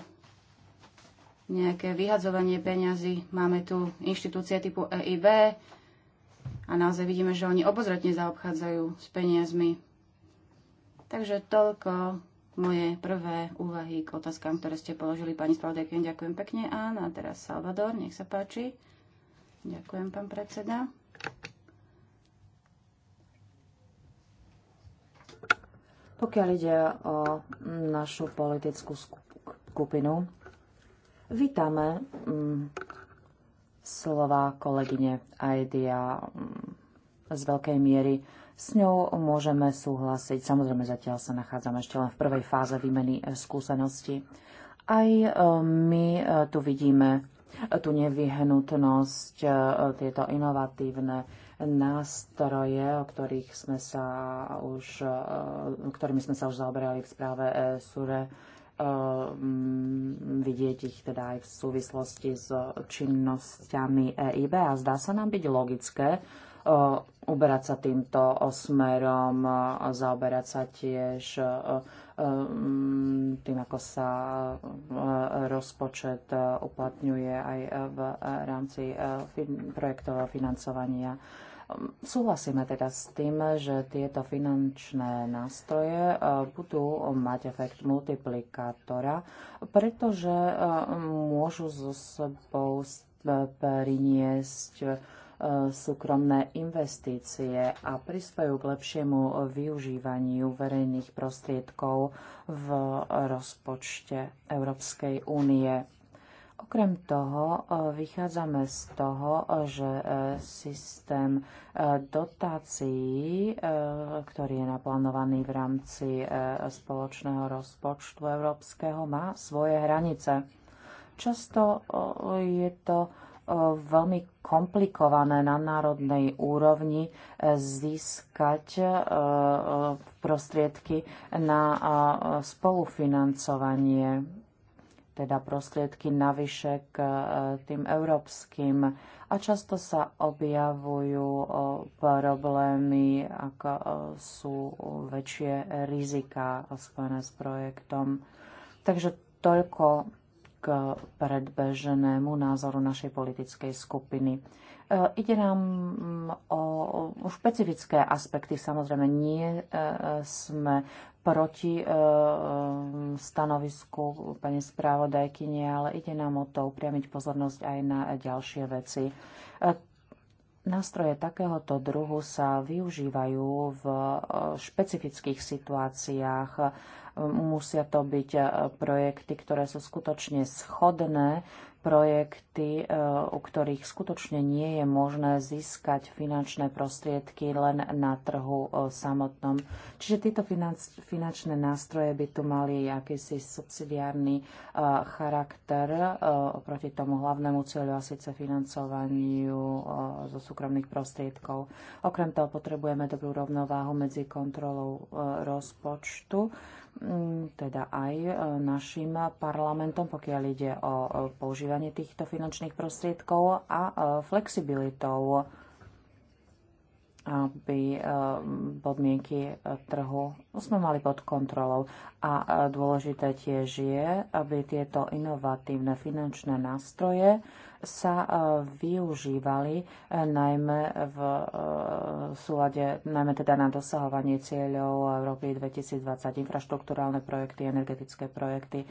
nejaké vyhadzovanie peňazí. Máme tu inštitúcie typu EIB a naozaj vidíme, že oni obozretne zaobchádzajú s peniazmi. Takže toľko moje prvé úvahy k otázkám, ktoré ste položili pani spravodajkyni. Ďakujem pekne. Áno, a teraz Salvador, nech sa páči. Ďakujem, pán predseda. Pokiaľ ide o našu politickú skupinu, vítame mm, slova kolegyne Aidia mm, z veľkej miery. S ňou môžeme súhlasiť. Samozrejme, zatiaľ sa nachádzame ešte len v prvej fáze výmeny eh, skúseností. Aj eh, my eh, tu vidíme tú nevyhnutnosť, tieto inovatívne nástroje, o ktorých sme sa už, e, ktorými sme sa už zaoberali v správe e, SURE, e, vidieť ich teda aj v súvislosti s činnosťami EIB a zdá sa nám byť logické uberať sa týmto smerom, zaoberať sa tiež tým, ako sa rozpočet uplatňuje aj v rámci projektového financovania Súhlasíme teda s tým, že tieto finančné nástroje e, budú mať efekt multiplikátora, pretože e, môžu so sebou e, priniesť súkromné investície a prispajú k lepšiemu využívaniu verejných prostriedkov v rozpočte Európskej únie. Okrem toho e, vychádzame z toho, e, že e, systém dotácií, ktorý je naplánovaný v rámci spoločného rozpočtu európskeho, má svoje hranice. Často je to veľmi komplikované na národnej úrovni získať prostriedky na spolufinancovanie teda prostriedky navyše k e, tým európskym. A často sa objavujú e, problémy, ako e, sú väčšie rizika spojené s projektom. Takže toľko k predbeženému názoru našej politickej skupiny. Eh, ide nám mm, o špecifické aspekty, samozrejme nie eh, sme proti eh, stanovisku pani správodajkyne, ale ide nám o to upriamiť pozornosť aj na ďalšie veci. Nástroje takéhoto druhu sa využívajú v špecifických situáciách. Musia to byť projekty, ktoré sú skutočne schodné projekty, e, u ktorých skutočne nie je možné získať finančné prostriedky len na trhu e, samotnom. Čiže tieto finančné nástroje by tu mali akýsi subsidiárny e, charakter oproti tomu hlavnému cieľu a síce financovaniu zo súkromných prostriedkov. Okrem toho potrebujeme dobrú rovnováhu medzi kontrolou rozpočtu Mm, teda aj e, našim parlamentom, pokiaľ ide o e, používanie týchto finančných prostriedkov a e, flexibilitou aby eh, podmienky eh, trhu sme mali pod kontrolou. A eh, dôležité tiež je, aby tieto inovatívne finančné nástroje sa využívali najmä v súlade, najmä teda na dosahovanie cieľov Európy 2020, infraštruktúrálne projekty, energetické projekty.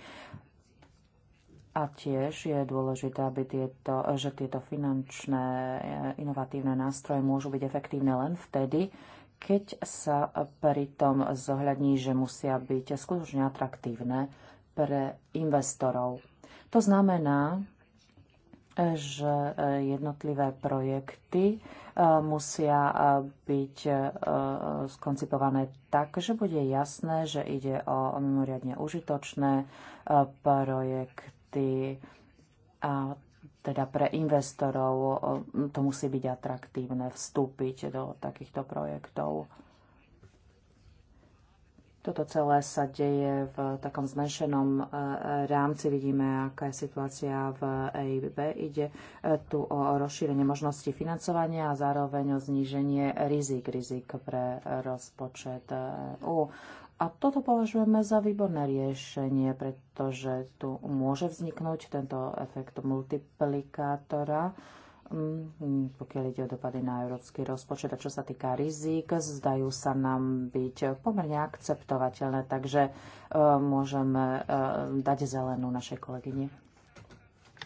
A tiež je dôležité, aby tieto, že tieto finančné eh, inovatívne nástroje môžu byť efektívne len vtedy, keď sa pritom zohľadní, že musia byť skutočne atraktívne pre investorov. To znamená, že eh, jednotlivé projekty eh, musia byť skoncipované tak, že bude jasné, že ide o mimoriadne užitočné projekty produkty a teda pre investorov to musí byť atraktívne vstúpiť do takýchto projektov. Toto celé sa deje v takom zmenšenom e, rámci. Vidíme, aká je situácia v EIB. Ide e, tu o rozšírenie možností financovania a zároveň o zníženie rizik, rizik pre e, rozpočet EU. A toto považujeme za výborné riešenie, pretože tu môže vzniknúť tento efekt multiplikátora, mm, pokiaľ ide o dopady na európsky rozpočet. A čo sa týka rizik, zdajú sa nám byť pomerne akceptovateľné, takže e, môžeme e, dať zelenú našej kolegyni.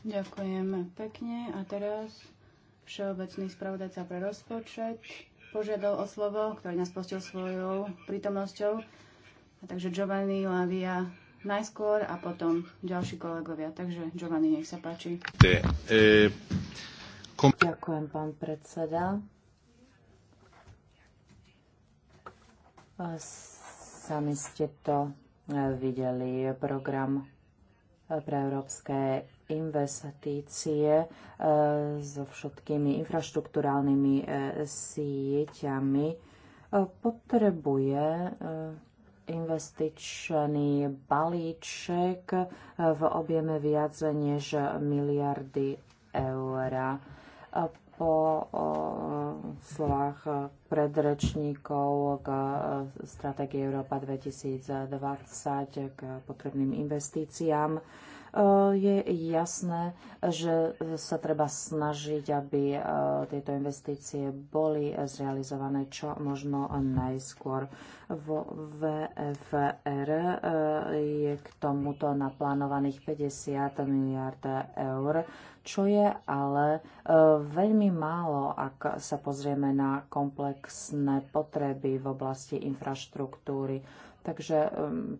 Ďakujem pekne. A teraz všeobecný spravodajca pre rozpočet požiadal o slovo, ktorý nás postil svojou prítomnosťou. Takže Giovanni, Lavia najskôr a potom ďalší kolegovia. Takže Giovanni, nech sa páči. E, Ďakujem, pán predseda. Sami ste to e, videli. Program e, pre európske investície so všetkými infraštruktúrálnymi sieťami potrebuje investičný balíček e, v objeme viac než miliardy eur. Po slovách predrečníkov k stratégii Európa 2020 k potrebným investíciám Eh, je jasné, že sa treba snažiť, aby eh, tieto investície boli zrealizované čo možno najskôr. V VFR eh, je k tomuto naplánovaných 50 miliard eur, čo je ale veľmi málo, ak sa pozrieme na komplexné potreby v oblasti infraštruktúry. Takže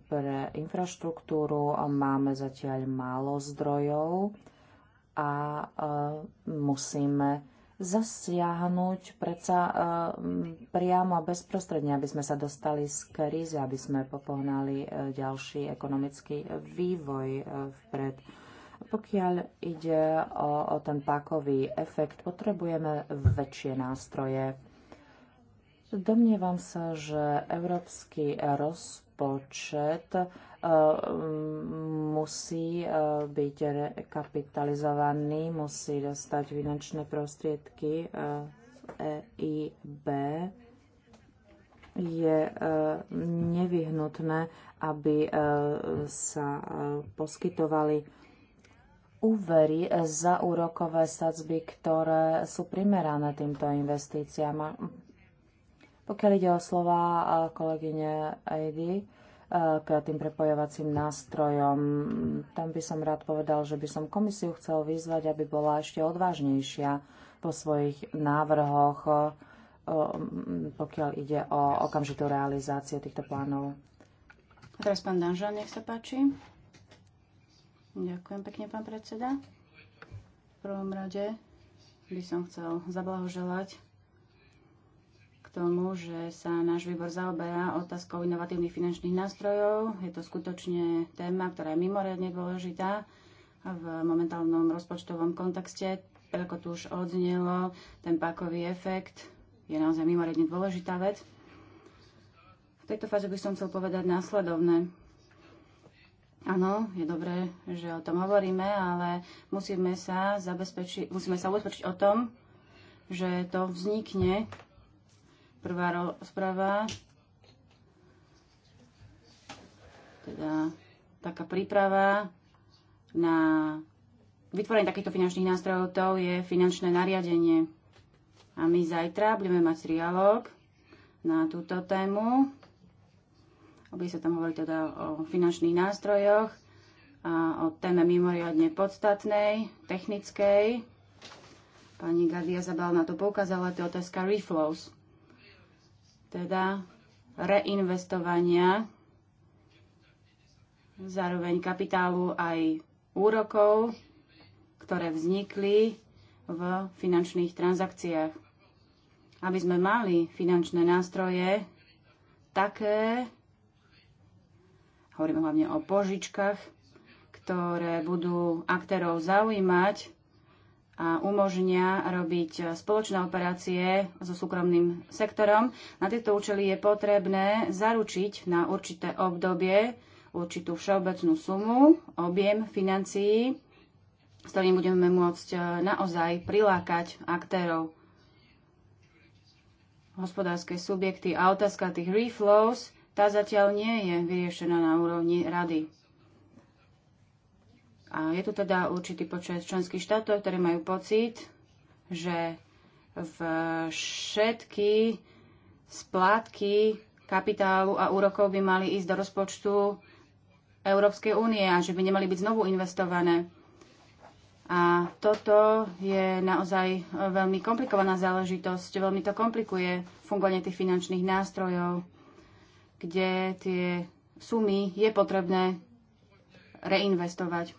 pre infraštruktúru eh, máme zatiaľ málo zdrojov a eh, musíme zasiahnuť predsa eh, priamo a bezprostredne, aby sme sa dostali z krízy, aby sme popohnali ďalší ekonomický vývoj vpred. Pokiaľ ide o, o ten pákový efekt, potrebujeme väčšie nástroje Domnievam sa, že európsky rozpočet e, musí e, byť rekapitalizovaný, musí dostať finančné prostriedky EIB. E Je nevyhnutné, aby sa poskytovali úvery za úrokové sadzby, ktoré sú primerané týmto investíciám. Pokiaľ ide o slova kolegyne Eidy, k tým prepojovacím nástrojom. Tam by som rád povedal, že by som komisiu chcel vyzvať, aby bola ešte odvážnejšia po svojich návrhoch, pokiaľ ide o okamžitú realizáciu týchto plánov. A teraz pán Danžan, nech sa páči. Ďakujem pekne, pán predseda. V prvom rade by som chcel zablahoželať tomu, že sa náš výbor zaoberá otázkou inovatívnych finančných nástrojov. Je to skutočne téma, ktorá je mimoriadne dôležitá v momentálnom rozpočtovom kontexte. Ako tu už odznelo, ten pákový efekt je naozaj mimoriadne dôležitá vec. V tejto fáze by som chcel povedať následovné. Áno, je dobré, že o tom hovoríme, ale musíme sa, zabezpečiť, musíme sa ubezpečiť o tom, že to vznikne Prvá rozprava, teda taká príprava na vytvorenie takýchto finančných nástrojov, to je finančné nariadenie. A my zajtra budeme mať trialog na túto tému. aby sa tam hovorili teda o finančných nástrojoch, a o téme mimoriadne podstatnej, technickej. Pani Gadia Zabal na to poukázala, to je otázka reflows teda reinvestovania zároveň kapitálu aj úrokov, ktoré vznikli v finančných transakciách. Aby sme mali finančné nástroje také, hovoríme hlavne o požičkách, ktoré budú aktérov zaujímať, a umožnia robiť e, spoločné operácie so súkromným sektorom. Na tieto účely je potrebné zaručiť na určité obdobie určitú všeobecnú sumu, objem financií, s ktorým budeme môcť e, naozaj prilákať aktérov hospodárske subjekty a otázka tých reflows, tá zatiaľ nie je vyriešená na úrovni rady. A je tu teda určitý počet členských štátov, ktoré majú pocit, že všetky splátky kapitálu a úrokov by mali ísť do rozpočtu Európskej únie a že by nemali byť znovu investované. A toto je naozaj veľmi komplikovaná záležitosť, veľmi to komplikuje fungovanie tých finančných nástrojov, kde tie sumy je potrebné reinvestovať.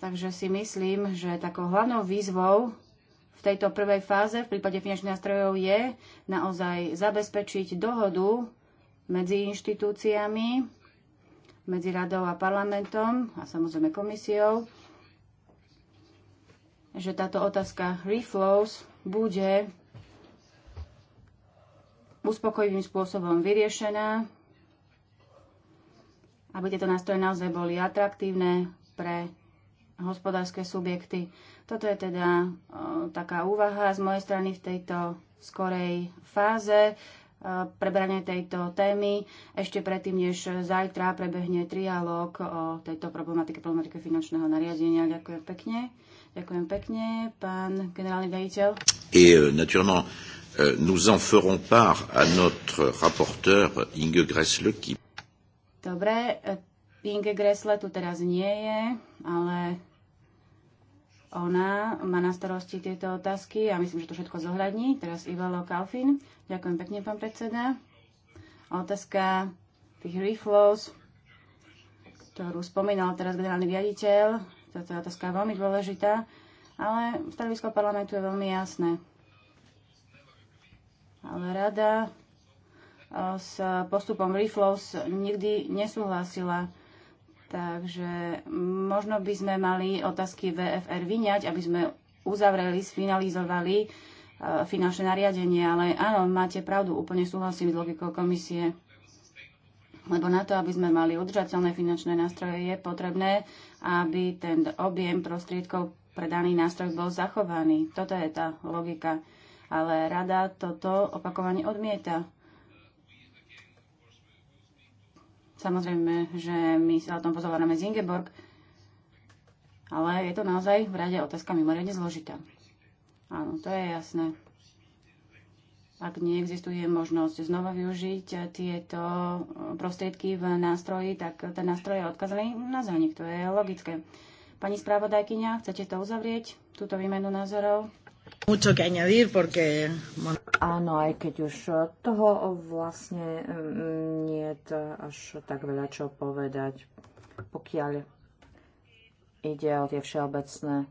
Takže si myslím, že takou hlavnou výzvou v tejto prvej fáze v prípade finančných nástrojov je naozaj zabezpečiť dohodu medzi inštitúciami, medzi radou a parlamentom a samozrejme komisiou, že táto otázka reflows bude uspokojivým spôsobom vyriešená, aby tieto nástroje naozaj boli atraktívne pre hospodárske subjekty. Toto je teda e, taká úvaha z mojej strany v tejto skorej fáze e, prebranie tejto témy ešte predtým, než zajtra prebehne trialóg o tejto problematike, problematike finančného nariadenia. Ďakujem pekne. Ďakujem pekne, pán generálny veliteľ. Et euh, naturellement, euh, nous en ferons part à notre rapporteur Inge Gressle qui... Dobre, Inge Gressle tu teraz nie je, ale ona má na starosti tieto otázky a myslím, že to všetko zohľadní. Teraz Ivalo Kalfin. Ďakujem pekne, pán predseda. Otázka tých reflows, ktorú spomínal teraz generálny riaditeľ. Táto otázka je veľmi dôležitá, ale stanovisko parlamentu je veľmi jasné. Ale rada eh, s postupom reflows nikdy nesúhlasila Takže možno by sme mali otázky VFR vyňať, aby sme uzavreli, sfinalizovali e, finančné nariadenie, ale áno, máte pravdu, úplne súhlasím s logikou komisie. Lebo na to, aby sme mali udržateľné finančné nástroje, je potrebné, aby ten objem prostriedkov pre daný nástroj bol zachovaný. Toto je tá logika. Ale rada toto opakovane odmieta. Samozrejme, že my sa o tom pozoráme z Ingeborg, ale je to naozaj v rade otázka mimoriadne zložitá. Áno, to je jasné. Ak neexistuje možnosť znova využiť tieto prostriedky v nástroji, tak ten nástroj je odkazaný na zánik. To je logické. Pani spravodajkyňa, chcete to uzavrieť, túto výmenu názorov? Áno, aj keď už toho vlastne mm, nie je to až tak veľa čo povedať, pokiaľ ide o tie všeobecné e,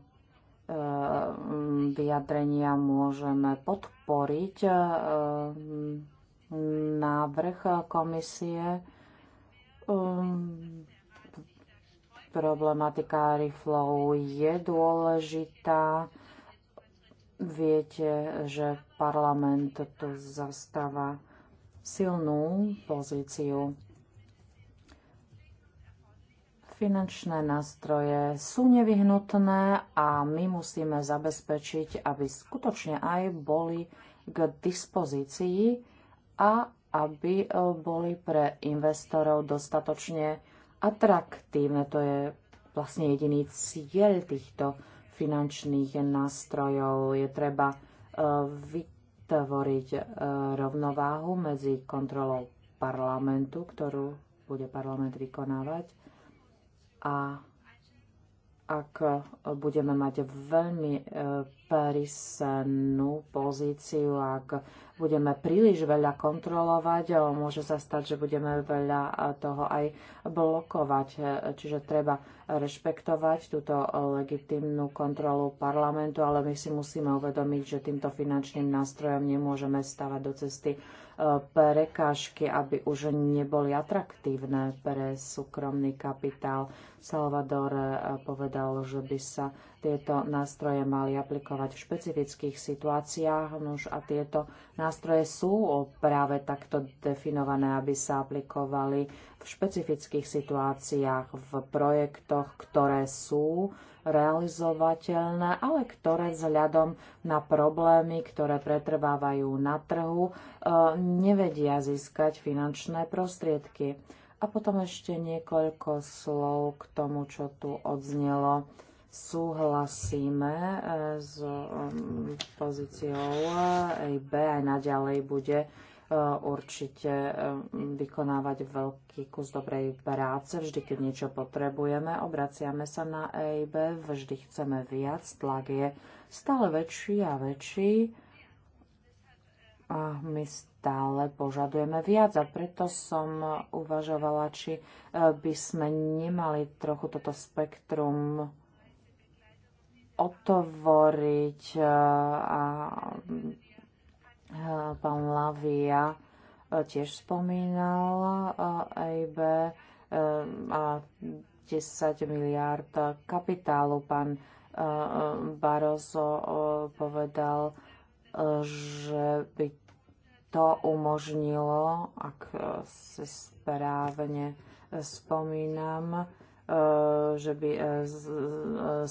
mm, vyjadrenia, môžeme podporiť e, mm, návrh komisie. Um, problematika reflow je dôležitá Viete, že parlament tu zastáva silnú pozíciu. Finančné nástroje sú nevyhnutné a my musíme zabezpečiť, aby skutočne aj boli k dispozícii a aby eh, boli pre investorov dostatočne atraktívne. To je vlastne jediný cieľ týchto finančných nástrojov. Je treba e, vytvoriť e, rovnováhu medzi kontrolou parlamentu, ktorú bude parlament vykonávať a ak budeme mať veľmi e, prísnú pozíciu, ak budeme príliš veľa kontrolovať, môže sa stať, že budeme veľa toho aj blokovať. Čiže treba rešpektovať túto legitimnú kontrolu parlamentu, ale my si musíme uvedomiť, že týmto finančným nástrojom nemôžeme stavať do cesty prekážky, aby už neboli atraktívne pre súkromný kapitál. Salvador eh, povedal, že by sa tieto nástroje mali aplikovať v špecifických situáciách. Nož a tieto nástroje sú práve takto definované, aby sa aplikovali v špecifických situáciách, v projektoch, ktoré sú realizovateľné, ale ktoré vzhľadom na problémy, ktoré pretrvávajú na trhu, e, nevedia získať finančné prostriedky. A potom ešte niekoľko slov k tomu, čo tu odznelo súhlasíme e, s um, pozíciou EIB aj naďalej bude určite ehm, vykonávať veľký kus dobrej práce. Vždy, keď niečo potrebujeme, obraciame sa na EIB, vždy chceme viac, tlak je stále väčší a väčší. A my stále požadujeme viac a preto som uvažovala, či e, by sme nemali trochu toto spektrum otvoriť e, a Eh, pán Lavia eh, tiež spomínal EIB eh, a 10 miliard kapitálu. Pán Barozo povedal, že by to umožnilo, ak si správne spomínam, že by 160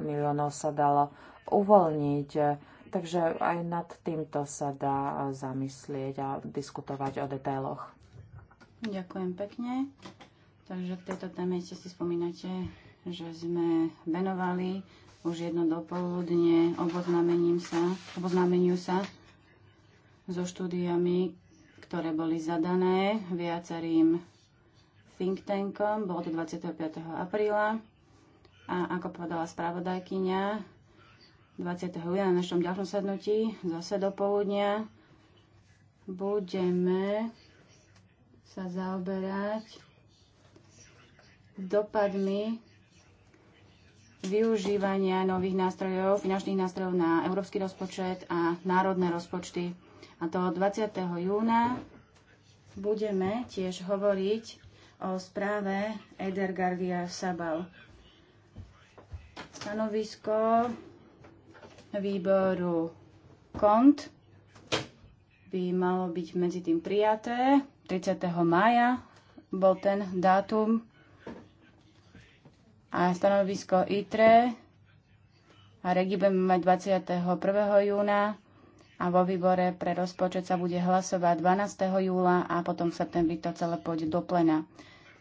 miliónov sa dalo uvoľniť Takže aj nad týmto sa dá zamyslieť a diskutovať o detailoch. Ďakujem pekne. Takže v tejto téme ste si spomínate, že sme venovali už jedno dopoludne oboznámením sa, oboznámeniu sa so štúdiami, ktoré boli zadané viacerým think tankom. Bolo to 25. apríla. A ako povedala spravodajkyňa, 20. júna na našom ďalšom sadnutí, zase do poludnia, budeme sa zaoberať dopadmi využívania nových nástrojov, finančných nástrojov na európsky rozpočet a národné rozpočty. A to 20. júna budeme tiež hovoriť o správe Eder Gardia Sabal. Stanovisko výboru KONT by malo byť medzi tým prijaté. 30. maja bol ten dátum a stanovisko ITRE a regi budeme mať 21. júna a vo výbore pre rozpočet sa bude hlasovať 12. júla a potom v septembri to celé pôjde do plena.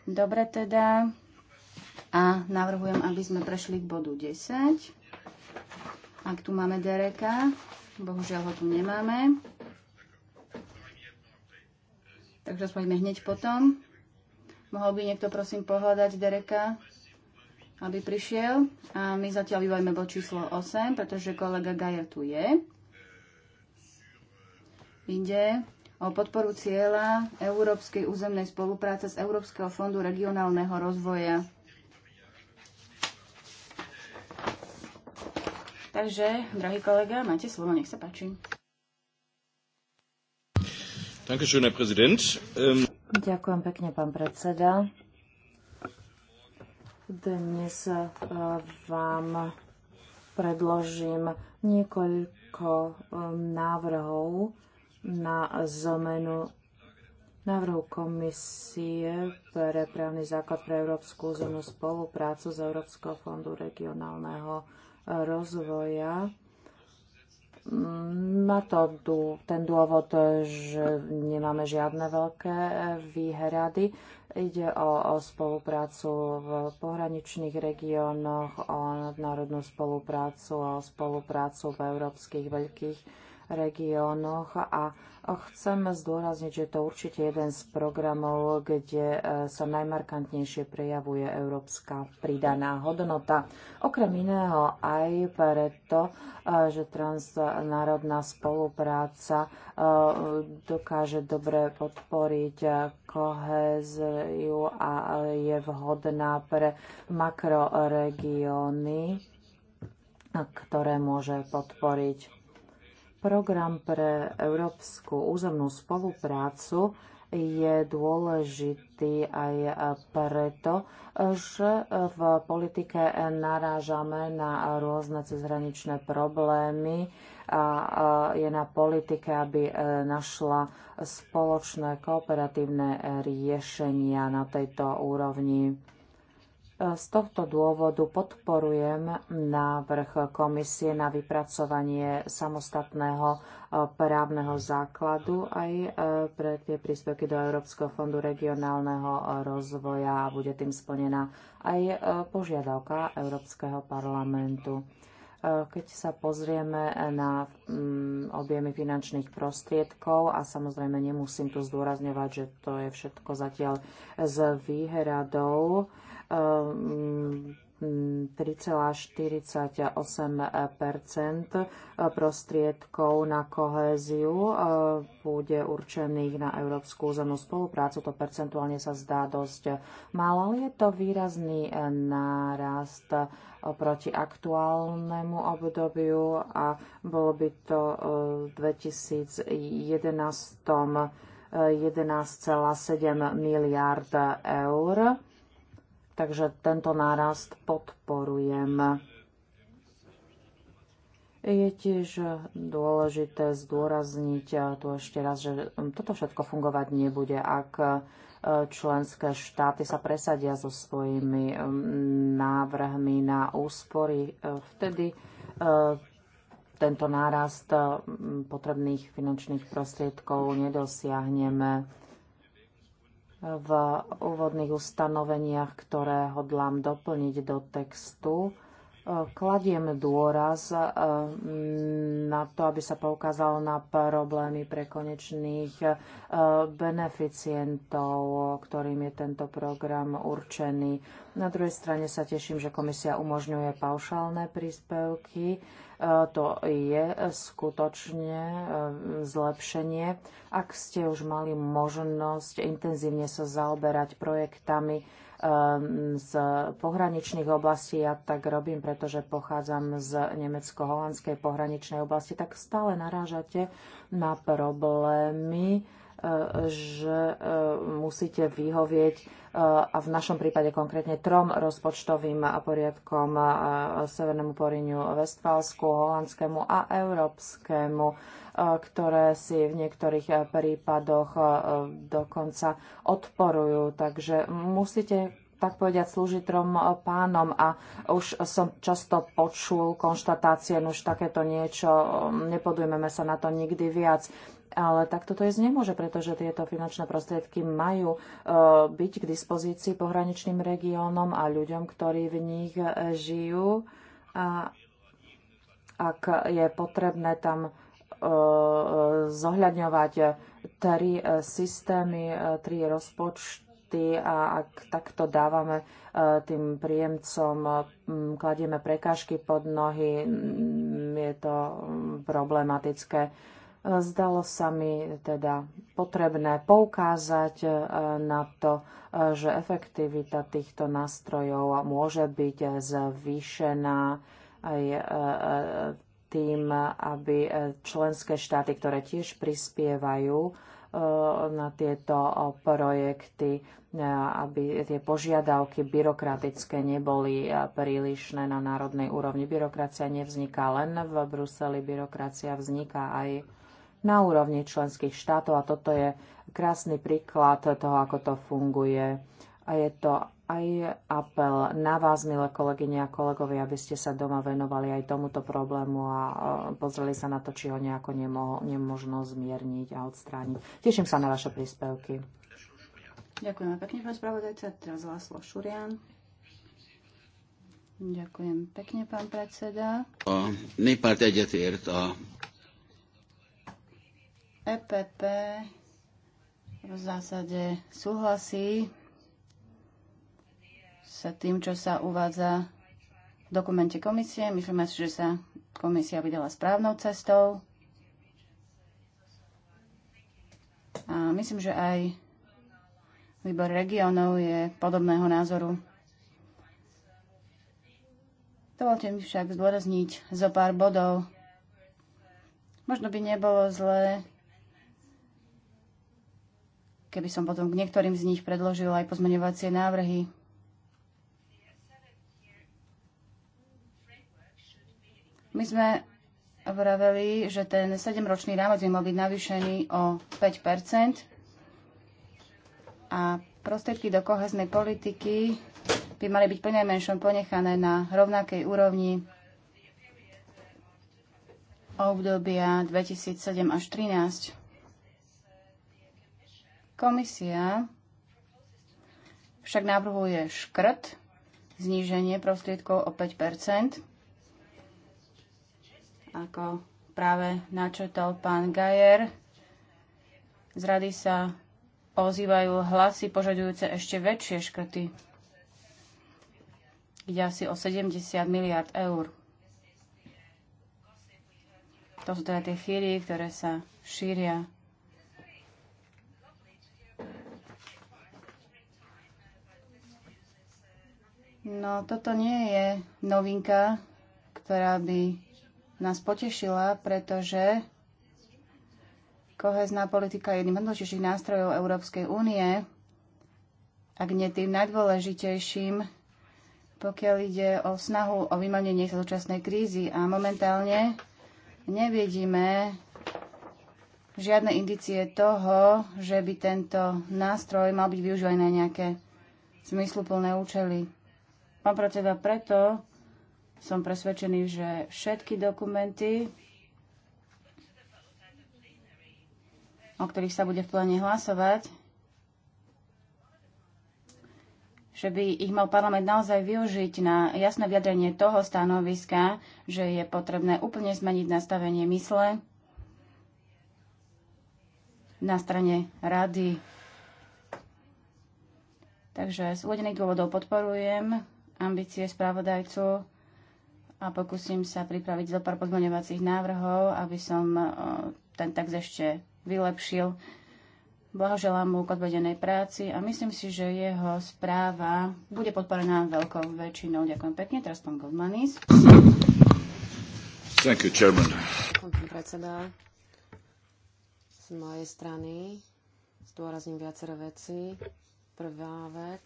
Dobre teda. A navrhujem, aby sme prešli k bodu 10. Ak tu máme Dereka, bohužiaľ ho tu nemáme. Takže spojíme hneď potom. Mohol by niekto prosím pohľadať Dereka, aby prišiel. A my zatiaľ vyvojíme bod číslo 8, pretože kolega Gajer tu je. Ide o podporu cieľa Európskej územnej spolupráce z Európskeho fondu regionálneho rozvoja. Takže, drahý kolega, máte slovo, nech sa páči. Dankeschön, Herr Präsident. Ähm, Ďakujem pekne, pán predseda. Dnes äh, vám predložím niekoľko ähm, návrhov na zmenu návrhu komisie pre právny základ pre Európsku územnú spoluprácu z Európskeho fondu regionálneho rozvoja. Mm, má to ten dôvod, že nemáme žiadne veľké eh, výhrady. Ide o, o spoluprácu v pohraničných regiónoch, o národnú spoluprácu, o spoluprácu v európskych veľkých regiónoch a chcem zdôrazniť, že to určite jeden z programov, kde eh, sa najmarkantnejšie prejavuje európska pridaná hodnota. Okrem iného aj preto, eh, že transnárodná spolupráca eh, dokáže dobre podporiť kohéziu a je vhodná pre makroregióny, ktoré môže podporiť Program pre európsku územnú spoluprácu je dôležitý aj preto, že v politike narážame na rôzne cezhraničné problémy a je na politike, aby e, našla spoločné kooperatívne riešenia na tejto úrovni. E, z tohto dôvodu podporujem návrh komisie na vypracovanie samostatného e, právneho základu aj e, pre tie príspevky do Európskeho fondu regionálneho rozvoja a bude tým splnená aj požiadavka Európskeho parlamentu keď sa pozrieme na mm, objemy finančných prostriedkov a samozrejme nemusím tu zdôrazňovať, že to je všetko zatiaľ s výhradou, 3,48 um, mm, eh, prostriedkov na kohéziu eh, bude určených na Európsku územnú spoluprácu. To percentuálne sa zdá dosť málo, ale je to výrazný eh, nárast oproti aktuálnemu obdobiu a bolo by to v 2011 11,7 miliard eur Takže tento nárast podporujem. Je tiež dôležité zdôrazniť tu ešte raz, že toto všetko fungovať nebude, ak e, členské štáty sa presadia so svojimi e, návrhmi na úspory. E, vtedy tento nárast potrebných finančných prostriedkov nedosiahneme v úvodných ustanoveniach, ktoré hodlám doplniť do textu, kladiem dôraz e, na to, aby sa poukázalo na problémy pre konečných e, beneficientov, ktorým je tento program určený. Na druhej strane sa teším, že komisia umožňuje paušálne príspevky Eh, to je skutočne eh, zlepšenie. Ak ste už mali možnosť intenzívne sa zaoberať projektami, eh, z pohraničných oblastí, ja tak robím, pretože pochádzam z nemecko-holandskej pohraničnej oblasti, tak stále narážate na problémy, že e, musíte vyhovieť e, a v našom prípade konkrétne trom rozpočtovým poriadkom e, Severnému Poriniu, Vestfálsku, Holandskému a Európskému, ktoré si v niektorých prípadoch dokonca odporujú. Takže musíte tak povediať, slúži trom pánom a už som často počul konštatácie, no už takéto niečo, nepodujmeme sa na to nikdy viac ale takto to ísť nemôže, pretože tieto finančné prostriedky majú e, byť k dispozícii pohraničným regiónom a ľuďom, ktorí v nich e, žijú. A ak je potrebné tam e, zohľadňovať tri systémy, tri rozpočty a ak takto dávame tým príjemcom, kladieme prekážky pod nohy, je to problematické Zdalo sa mi teda potrebné poukázať e, na to, e, že efektivita týchto nástrojov môže byť zvýšená aj e, tým, aby členské štáty, ktoré tiež prispievajú na tieto projekty, aby tie požiadavky byrokratické neboli prílišné na národnej úrovni. Byrokracia nevzniká len v Bruseli, byrokracia vzniká aj na úrovni členských štátov a toto je krásny príklad toho, ako to funguje. A je to aj apel na vás, milé kolegyne a kolegovia, aby ste sa doma venovali aj tomuto problému a e, pozreli sa na to, či ho nejako nemožno zmierniť a odstrániť. Teším sa na vaše príspevky. Ďakujem pekne, pán spravodajca. Teraz Láslo Šurian. Ďakujem pekne, pán predseda. EPP v zásade súhlasí s tým, čo sa uvádza v dokumente komisie. Myslíme si, že sa komisia vydala správnou cestou. A myslím, že aj výbor regionov je podobného názoru. Dovolte mi však zdôrazniť zo pár bodov. Možno by nebolo zlé keby som potom k niektorým z nich predložil aj pozmeňovacie návrhy. My sme vraveli, že ten 7-ročný rámec by mal byť navýšený o 5 a prostriedky do koheznej politiky by mali byť prenajmenšom ponechané na rovnakej úrovni obdobia 2007 až 2013. Komisia však návrhuje škrt, zníženie prostriedkov o 5 Ako práve načetol pán Gajer, z rady sa ozývajú hlasy požadujúce ešte väčšie škrty, kde asi o 70 miliard eur. To sú teda tie chýry, ktoré sa šíria No, toto nie je novinka, ktorá by nás potešila, pretože kohezná politika je jedným z najdôležitejších nástrojov Európskej únie, ak nie tým najdôležitejším, pokiaľ ide o snahu o vymanenie súčasnej krízy. A momentálne nevidíme žiadne indicie toho, že by tento nástroj mal byť využívaný na nejaké zmysluplné účely. Pán teba preto som presvedčený, že všetky dokumenty, o ktorých sa bude v pláne hlasovať, že by ich mal parlament naozaj využiť na jasné vyjadrenie toho stanoviska, že je potrebné úplne zmeniť nastavenie mysle na strane rady. Takže z uvedených dôvodov podporujem ambície spravodajcu a pokúsim sa pripraviť zo pár pozmeňovacích návrhov, aby som e, ten tak ešte vylepšil. Blahoželám mu k odvedenej práci a myslím si, že jeho správa bude podporená veľkou väčšinou. Ďakujem pekne. Teraz pán Goldmanis. Thank you, Chairman. predseda, z mojej strany zdôrazním viacero veci. Prvá vec,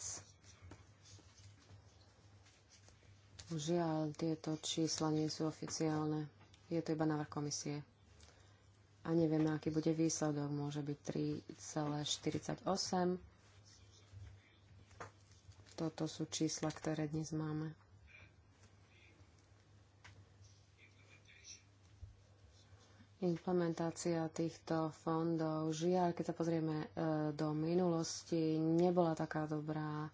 Žiaľ, tieto čísla nie sú oficiálne. Je to iba návrh komisie. A nevieme, aký bude výsledok. Môže byť 3,48. Toto sú čísla, ktoré dnes máme. implementácia týchto fondov. Žiaľ, keď sa pozrieme e, do minulosti, nebola taká dobrá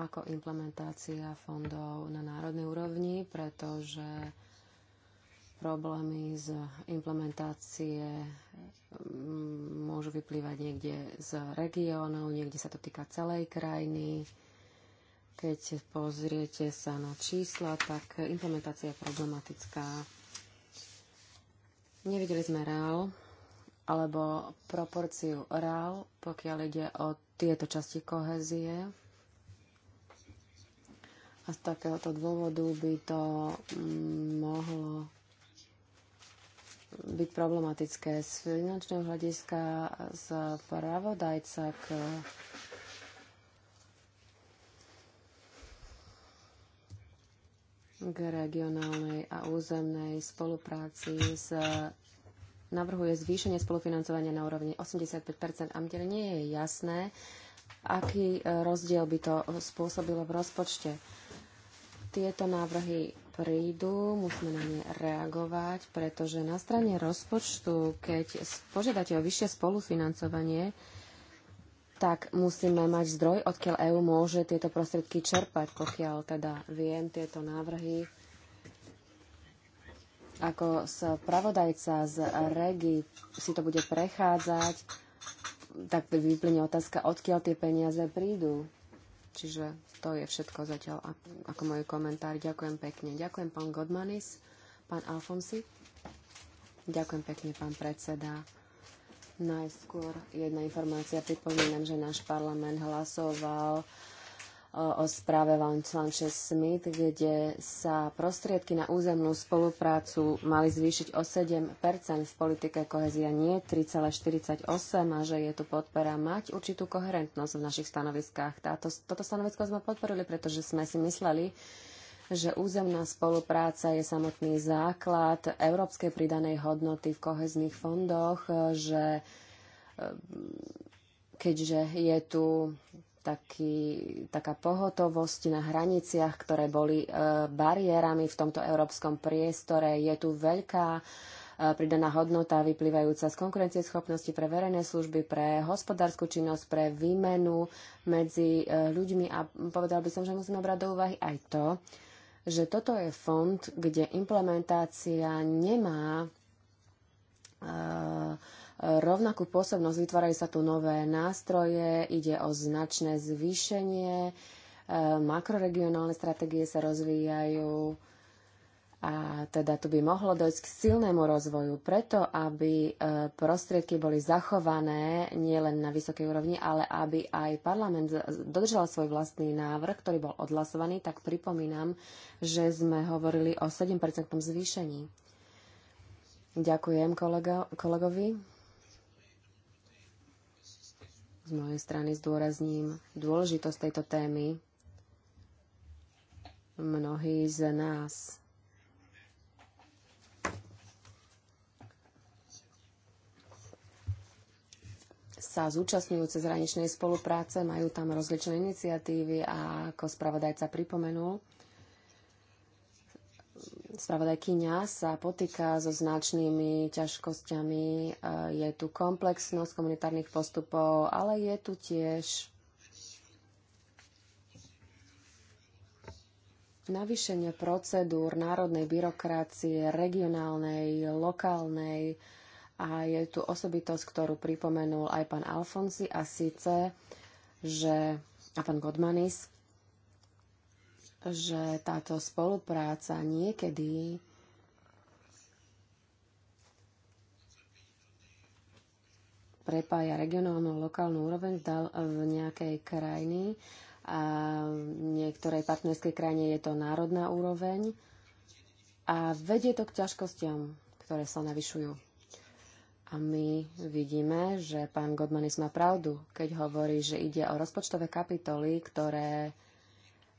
ako implementácia fondov na národnej úrovni, pretože problémy z implementácie mm, môžu vyplývať niekde z regiónov, niekde sa to týka celej krajiny. Keď pozriete sa na čísla, tak implementácia je problematická. Nevideli sme RAL alebo proporciu RAL, pokiaľ ide o tieto časti kohezie a z takéhoto dôvodu by to mm, mohlo byť problematické. Z finančného hľadiska z pravodajca k k regionálnej a územnej spolupráci s navrhuje zvýšenie spolufinancovania na úrovni 85 a mne nie je jasné, aký e, rozdiel by to spôsobilo v rozpočte. Tieto návrhy prídu, musíme na ne reagovať, pretože na strane rozpočtu, keď požiadate o vyššie spolufinancovanie, tak musíme mať zdroj, odkiaľ EÚ môže tieto prostriedky čerpať, pokiaľ teda viem tieto návrhy. Ako spravodajca z REGI si to bude prechádzať, tak vyplyne otázka, odkiaľ tie peniaze prídu. Čiže to je všetko zatiaľ ako môj komentár. Ďakujem pekne. Ďakujem pán Godmanis, pán Alfonsi. Ďakujem pekne, pán predseda. Najskôr jedna informácia. Pripomínam, že náš parlament hlasoval o správe Van Sanchez-Smith, kde sa prostriedky na územnú spoluprácu mali zvýšiť o 7 v politike kohezia nie 3,48 a že je tu podpora mať určitú koherentnosť v našich stanoviskách. Táto, toto stanovisko sme podporili, pretože sme si mysleli, že územná spolupráca je samotný základ európskej pridanej hodnoty v kohezných fondoch, že eh, keďže je tu taký, taká pohotovosť na hraniciach, ktoré boli e, bariérami v tomto európskom priestore. Je tu veľká e, pridaná hodnota vyplývajúca z konkurencieschopnosti pre verejné služby, pre hospodárskú činnosť, pre výmenu medzi e, ľuďmi a povedal by som, že musíme brať do úvahy aj to, že toto je fond, kde implementácia nemá uh, rovnakú pôsobnosť, vytvárajú sa tu nové nástroje, ide o značné zvýšenie, e, makroregionálne stratégie sa rozvíjajú a teda tu by mohlo dojsť k silnému rozvoju. Preto, aby e, prostriedky boli zachované nielen na vysokej úrovni, ale aby aj parlament dodržal svoj vlastný návrh, ktorý bol odhlasovaný, tak pripomínam, že sme hovorili o 7% zvýšení. Ďakujem kolego, kolegovi z mojej strany zdôrazním dôležitosť tejto témy. Mnohí z nás sa zúčastňujú cez hraničnej spolupráce, majú tam rozličné iniciatívy a ako spravodajca pripomenul, spravodajkyňa sa potýka so značnými ťažkosťami. Eh, je tu komplexnosť komunitárnych postupov, ale je tu tiež navýšenie procedúr národnej byrokracie, regionálnej, lokálnej a je tu osobitosť, ktorú pripomenul aj pán Alfonsi a síce, že a pán Godmanis, že táto spolupráca niekedy prepája regionálnu lokálnu úroveň v nejakej krajiny a v niektorej partnerskej krajine je to národná úroveň a vedie to k ťažkostiam, ktoré sa navyšujú. A my vidíme, že pán Godmanis má pravdu, keď hovorí, že ide o rozpočtové kapitoly, ktoré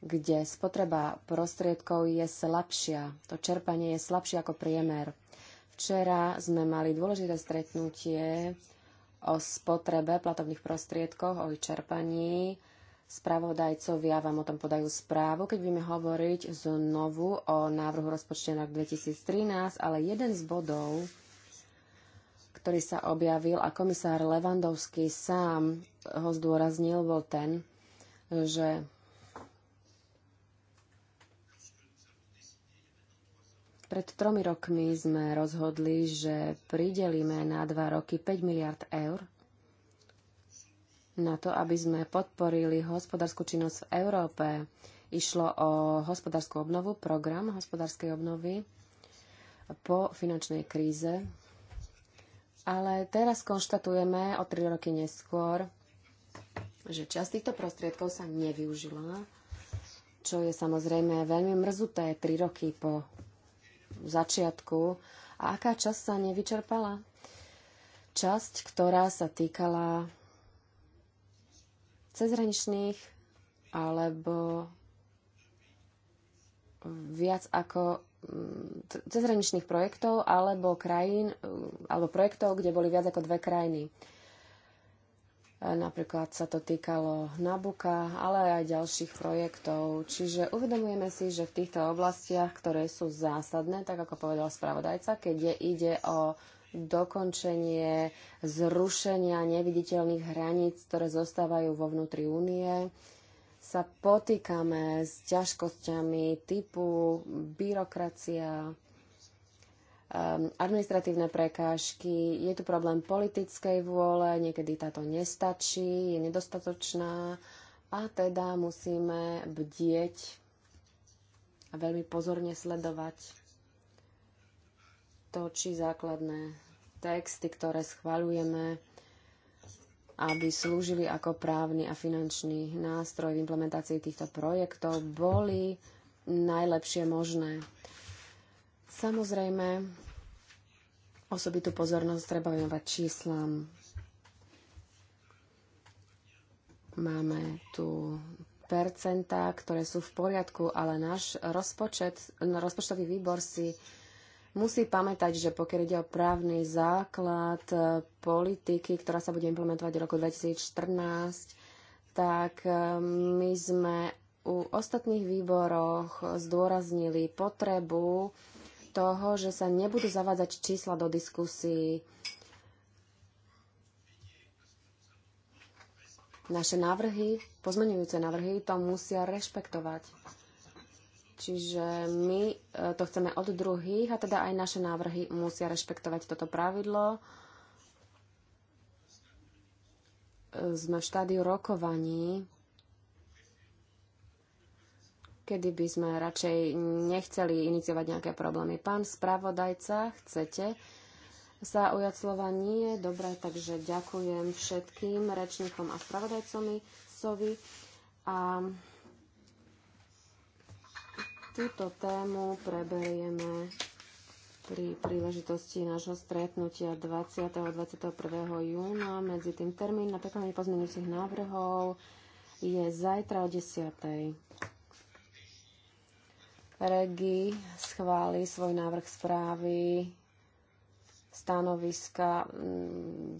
kde spotreba prostriedkov je slabšia. To čerpanie je slabšie ako priemer. Včera sme mali dôležité stretnutie o spotrebe platovných prostriedkoch, o ich čerpaní. Spravodajcovia vám o tom podajú správu, keď budeme hovoriť znovu o návrhu rozpočtu na rok 2013, ale jeden z bodov, ktorý sa objavil a komisár Levandovský sám ho zdôraznil, bol ten, že Pred tromi rokmi sme rozhodli, že pridelíme na dva roky 5 miliard eur na to, aby sme podporili hospodárskú činnosť v Európe. Išlo o hospodárskú obnovu, program hospodárskej obnovy po finančnej kríze. Ale teraz konštatujeme o tri roky neskôr, že časť týchto prostriedkov sa nevyužila, čo je samozrejme veľmi mrzuté tri roky po začiatku. A aká časť sa nevyčerpala? Časť, ktorá sa týkala cezhraničných alebo viac ako mm, cezhraničných projektov alebo krajín, mm, alebo projektov, kde boli viac ako dve krajiny. Napríklad sa to týkalo Nabuka, ale aj ďalších projektov. Čiže uvedomujeme si, že v týchto oblastiach, ktoré sú zásadné, tak ako povedal spravodajca, keď je, ide o dokončenie zrušenia neviditeľných hraníc, ktoré zostávajú vo vnútri únie, sa potýkame s ťažkosťami typu byrokracia, Ehm, administratívne prekážky, je tu problém politickej vôle, niekedy táto nestačí, je nedostatočná a teda musíme bdieť a veľmi pozorne sledovať to, či základné texty, ktoré schvaľujeme, aby slúžili ako právny a finančný nástroj v implementácii týchto projektov, boli najlepšie možné. Samozrejme, osobitú pozornosť treba venovať číslam. Máme tu percentá, ktoré sú v poriadku, ale náš rozpočet, no, rozpočtový výbor si musí pamätať, že pokiaľ ide o právny základ e, politiky, ktorá sa bude implementovať v roku 2014, tak e, my sme u ostatných výboroch zdôraznili potrebu toho, že sa nebudú zavádzať čísla do diskusí. Naše návrhy, pozmenujúce návrhy, to musia rešpektovať. Čiže my e, to chceme od druhých a teda aj naše návrhy musia rešpektovať toto pravidlo. E, sme v štádiu rokovaní kedy by sme radšej nechceli iniciovať nejaké problémy. Pán spravodajca, chcete sa ujať slova? Nie. Dobre, takže ďakujem všetkým rečníkom a Sovi. A túto tému preberieme pri príležitosti nášho stretnutia 20. a 21. júna. Medzi tým termín na pekovanie pozmeňujúcich návrhov je zajtra o 10. Regi schváli svoj návrh správy stanoviska 10. Mm,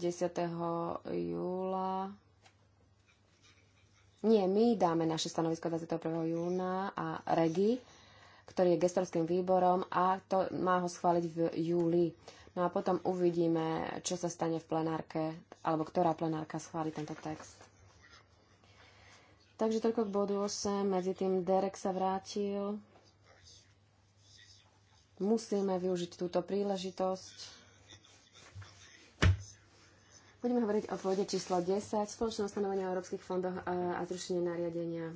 júla. Nie, my dáme naše stanovisko 21. júna a Regi, ktorý je gestorským výborom a to má ho schváliť v júli. No a potom uvidíme, čo sa stane v plenárke, alebo ktorá plenárka schváli tento text. Takže toľko k bodu 8. Medzi tým Derek sa vrátil. Musíme využiť túto príležitosť. Budeme hovoriť o pôde číslo 10, spoločné stanovenia o európskych fondoch a zrušenie nariadenia.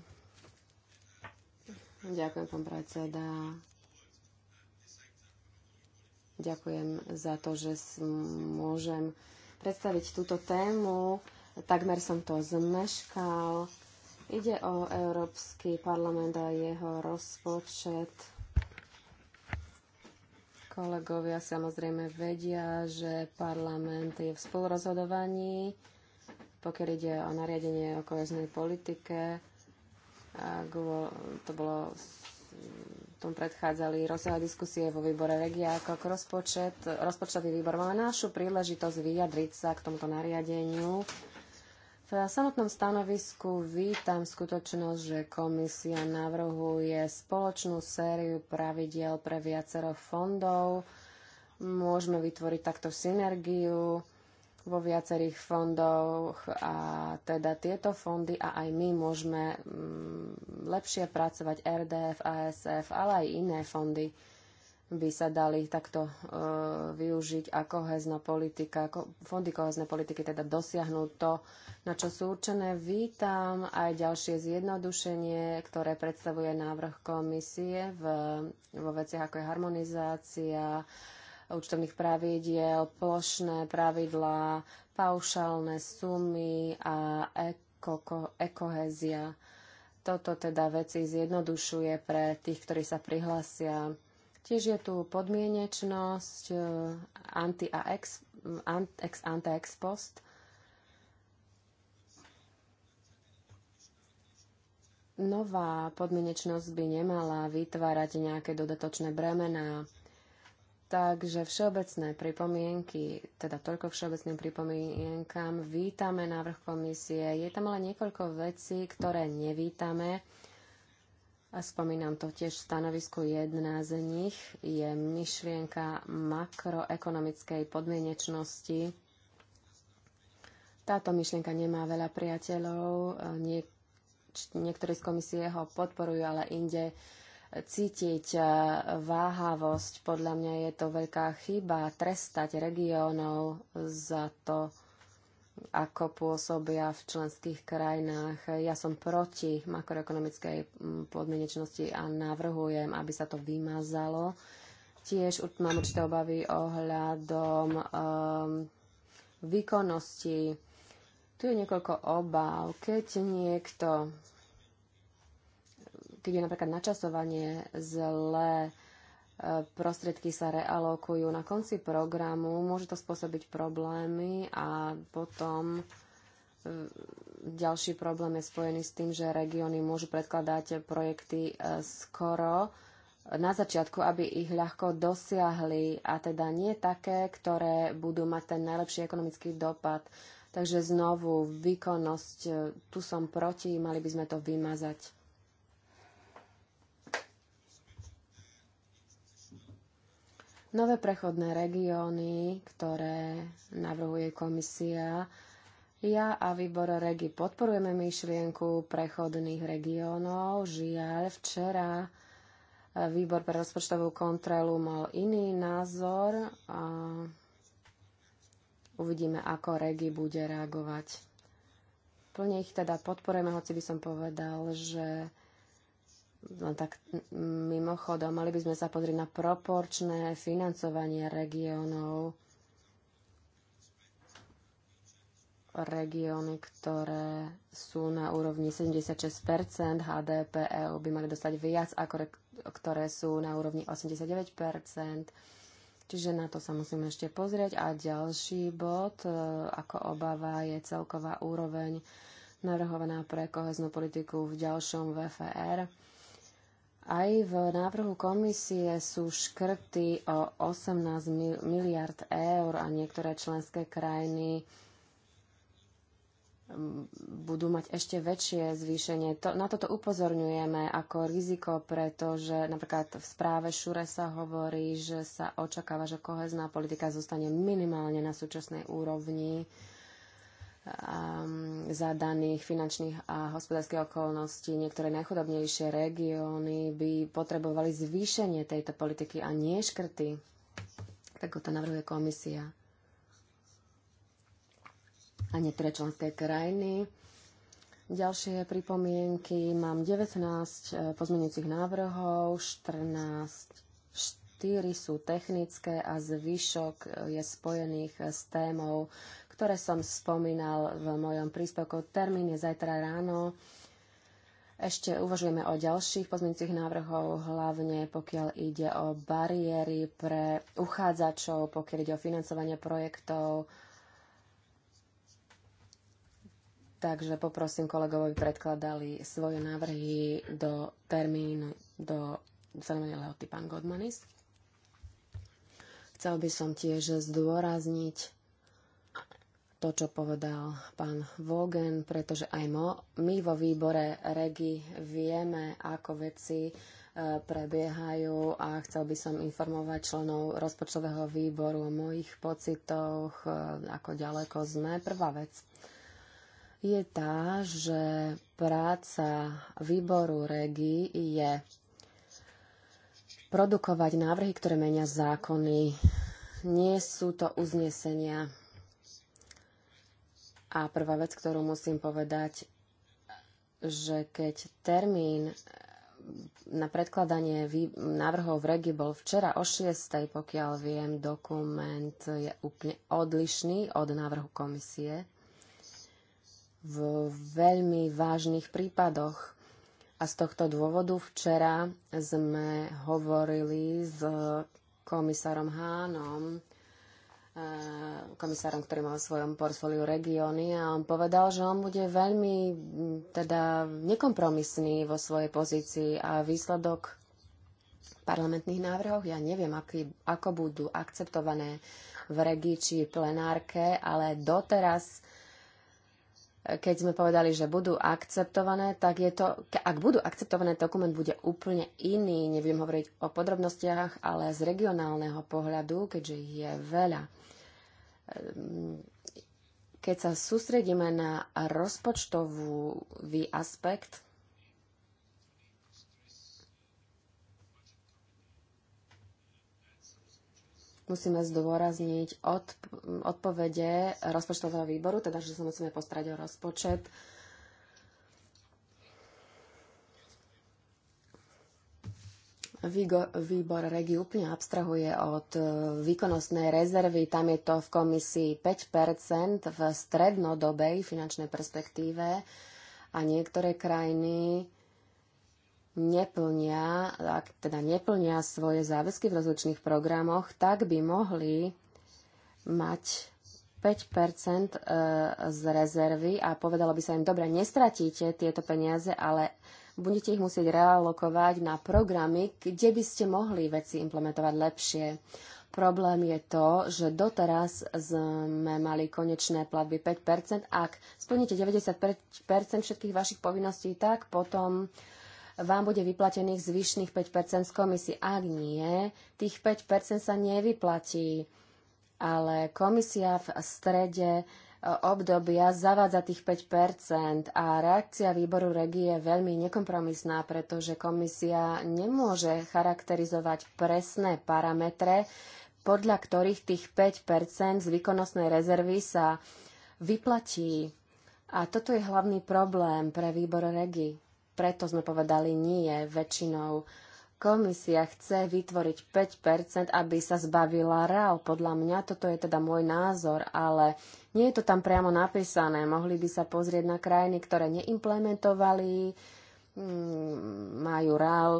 Ďakujem, pán predseda. Ďakujem za to, že môžem predstaviť túto tému. Takmer som to zmeškal. Ide o Európsky parlament a jeho rozpočet. Kolegovia samozrejme vedia, že parlament je v spolurozhodovaní, pokiaľ ide o nariadenie o koheznej politike. To bolo tom predchádzali rozsiahle diskusie vo výbore regia ako rozpočet. Rozpočtový výbor máme našu príležitosť vyjadriť sa k tomuto nariadeniu v samotnom stanovisku vítam skutočnosť, že komisia navrhuje spoločnú sériu pravidiel pre viacero fondov. Môžeme vytvoriť takto synergiu vo viacerých fondoch a teda tieto fondy a aj my môžeme mm, lepšie pracovať RDF, ASF, ale aj iné fondy by sa dali takto e, využiť a kohezná politika, ko, fondy kohezné politiky teda dosiahnu to, na čo sú určené. Vítam aj ďalšie zjednodušenie, ktoré predstavuje návrh komisie v, vo veciach ako je harmonizácia účtovných pravidiel, plošné pravidlá, paušálne sumy a eko, ko, ekohezia. Toto teda veci zjednodušuje pre tých, ktorí sa prihlásia Tiež je tu podmienečnosť eh, anti a ex, ex ante ex post. Nová podmienečnosť by nemala vytvárať nejaké dodatočné bremená. Takže všeobecné pripomienky, teda toľko všeobecným pripomienkam, vítame návrh komisie. Je tam ale niekoľko vecí, ktoré nevítame a spomínam to tiež v stanovisku jedna z nich, je myšlienka makroekonomickej podmienečnosti. Táto myšlienka nemá veľa priateľov, nie, niektorí z komisie ho podporujú, ale inde cítiť eh, váhavosť. Podľa mňa je to veľká chyba trestať regiónov za to, ako pôsobia v členských krajinách. Ja som proti makroekonomickej mm, podmienečnosti a navrhujem, aby sa to vymazalo. Tiež mám určité obavy ohľadom um, výkonnosti. Tu je niekoľko obáv. Keď niekto, keď je napríklad načasovanie zlé, prostriedky sa realokujú na konci programu, môže to spôsobiť problémy a potom e, ďalší problém je spojený s tým, že regióny môžu predkladať projekty e, skoro na začiatku, aby ich ľahko dosiahli a teda nie také, ktoré budú mať ten najlepší ekonomický dopad. Takže znovu výkonnosť, e, tu som proti, mali by sme to vymazať. Nové prechodné regióny, ktoré navrhuje komisia, ja a výbor Regi podporujeme myšlienku prechodných regiónov. Žiaľ, včera eh, výbor pre rozpočtovú kontrolu mal iný názor a uvidíme, ako Regi bude reagovať. Plne ich teda podporujeme, hoci by som povedal, že No tak mm, mimochodom, mali by sme sa pozrieť na proporčné financovanie regiónov, regióny, ktoré sú na úrovni 76 HDP EU by mali dostať viac ako ktoré sú na úrovni 89 Čiže na to sa musíme ešte pozrieť. A ďalší bod, e, ako obava, je celková úroveň navrhovaná pre koheznú politiku v ďalšom VFR. Aj v návrhu komisie sú škrty o 18 miliard eur a niektoré členské krajiny budú mať ešte väčšie zvýšenie. To, na toto upozorňujeme ako riziko, pretože napríklad v správe Šure sa hovorí, že sa očakáva, že kohezná politika zostane minimálne na súčasnej úrovni. Uh, Um, za daných finančných a hospodárskych okolností niektoré najchudobnejšie regióny by potrebovali zvýšenie tejto politiky a nie škrty. Tak to navrhuje komisia. A niektoré členské krajiny. Ďalšie pripomienky. Mám 19 eh, pozmeňujúcich návrhov, 14 4 sú technické a zvyšok eh, je spojených eh, s témou ktoré som spomínal v mojom príspevku. Termín je zajtra ráno. Ešte uvažujeme o ďalších pozmeňujúcich návrhov, hlavne pokiaľ ide o bariéry pre uchádzačov, pokiaľ ide o financovanie projektov. Takže poprosím kolegov, aby predkladali svoje návrhy do termínu, do stanovenej lehoty pán Godmanis. Chcel by som tiež zdôrazniť to, čo povedal pán Vogen, pretože aj mo, my vo výbore REGI vieme, ako veci e, prebiehajú a chcel by som informovať členov rozpočtového výboru o mojich pocitoch, e, ako ďaleko sme. Prvá vec je tá, že práca výboru REGI je produkovať návrhy, ktoré menia zákony. Nie sú to uznesenia a prvá vec, ktorú musím povedať, že keď termín eh, na predkladanie návrhov v regi bol včera o 6. pokiaľ viem, dokument je úplne odlišný od návrhu komisie v veľmi vážnych prípadoch. A z tohto dôvodu včera sme hovorili s komisárom Hánom Eh, komisárom, ktorý mal v svojom portfóliu regióny a on povedal, že on bude veľmi mm, teda nekompromisný vo svojej pozícii a výsledok parlamentných návrhoch, ja neviem, aký, ako budú akceptované v regii či plenárke, ale doteraz eh, keď sme povedali, že budú akceptované, tak je to, ak budú akceptované, dokument bude úplne iný. Neviem hovoriť o podrobnostiach, ale z regionálneho pohľadu, keďže ich je veľa, Ehm, keď sa sústredíme na rozpočtový aspekt, musíme zdôrazniť odpovede rozpočtového výboru, teda že sa musíme postarať o rozpočet, výbor regi úplne abstrahuje od e, výkonnostnej rezervy. Tam je to v komisii 5 v strednodobej finančnej perspektíve a niektoré krajiny neplnia, ak teda neplnia svoje záväzky v rozličných programoch, tak by mohli mať 5 e, z rezervy a povedalo by sa im, dobre, nestratíte tieto peniaze, ale budete ich musieť realokovať na programy, kde by ste mohli veci implementovať lepšie. Problém je to, že doteraz sme mali konečné platby 5%. Ak splníte 90% všetkých vašich povinností, tak potom vám bude vyplatených zvyšných 5% z komisie. Ak nie, tých 5% sa nevyplatí. Ale komisia v strede obdobia zavádza tých 5 a reakcia výboru regie je veľmi nekompromisná, pretože komisia nemôže charakterizovať presné parametre, podľa ktorých tých 5 z výkonnostnej rezervy sa vyplatí. A toto je hlavný problém pre výbor regie. Preto sme povedali nie väčšinou komisia chce vytvoriť 5%, aby sa zbavila RAO. Podľa mňa toto je teda môj názor, ale nie je to tam priamo napísané. Mohli by sa pozrieť na krajiny, ktoré neimplementovali, mm, majú RAO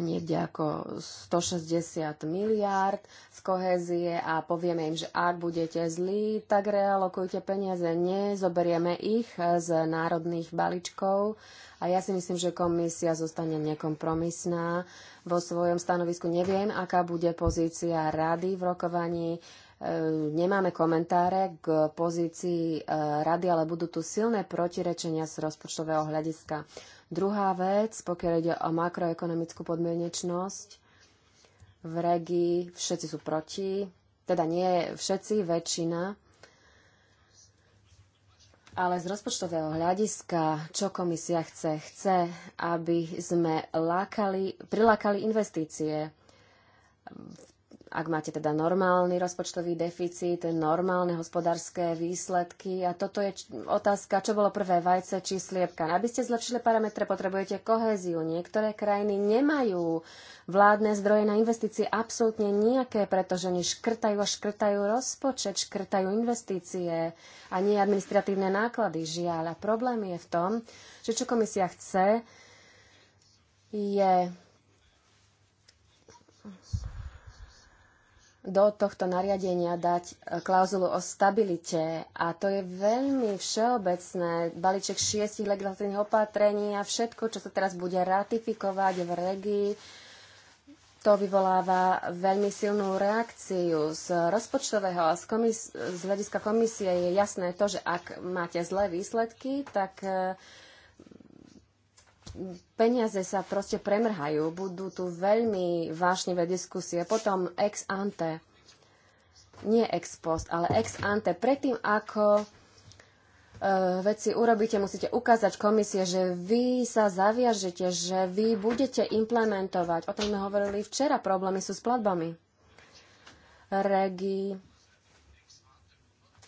niekde ako 160 miliárd z kohézie a povieme im, že ak budete zlí, tak realokujte peniaze, nezoberieme ich z národných balíčkov. A ja si myslím, že komisia zostane nekompromisná. Vo svojom stanovisku neviem, aká bude pozícia rady v rokovaní Ehm, nemáme komentáre k pozícii ehm, rady, ale budú tu silné protirečenia z rozpočtového hľadiska. Druhá vec, pokiaľ ide o makroekonomickú podmienečnosť, v regii všetci sú proti, teda nie všetci, väčšina, ale z rozpočtového hľadiska, čo komisia chce? Chce, aby sme lákali, prilákali investície v ak máte teda normálny rozpočtový deficit, normálne hospodárske výsledky. A toto je otázka, čo bolo prvé vajce či sliepka. Aby ste zlepšili parametre, potrebujete kohéziu. Niektoré krajiny nemajú vládne zdroje na investície absolútne nejaké, pretože oni škrtajú a škrtajú rozpočet, škrtajú investície a nie administratívne náklady. Žiaľ. A problém je v tom, že čo komisia chce, je do tohto nariadenia dať e, klauzulu o stabilite a to je veľmi všeobecné. Balíček šiestich legislatívnych opatrení a všetko, čo sa teraz bude ratifikovať v regii, to vyvoláva veľmi silnú reakciu z rozpočtového a z, komis- z hľadiska komisie je jasné to, že ak máte zlé výsledky, tak uh, peniaze sa proste premrhajú. Budú tu veľmi vášnivé diskusie. Potom ex ante. Nie ex post, ale ex ante. Predtým, ako e, veci urobíte, musíte ukázať komisie, že vy sa zaviažete, že vy budete implementovať. O tom sme hovorili včera. Problémy sú s platbami. Regi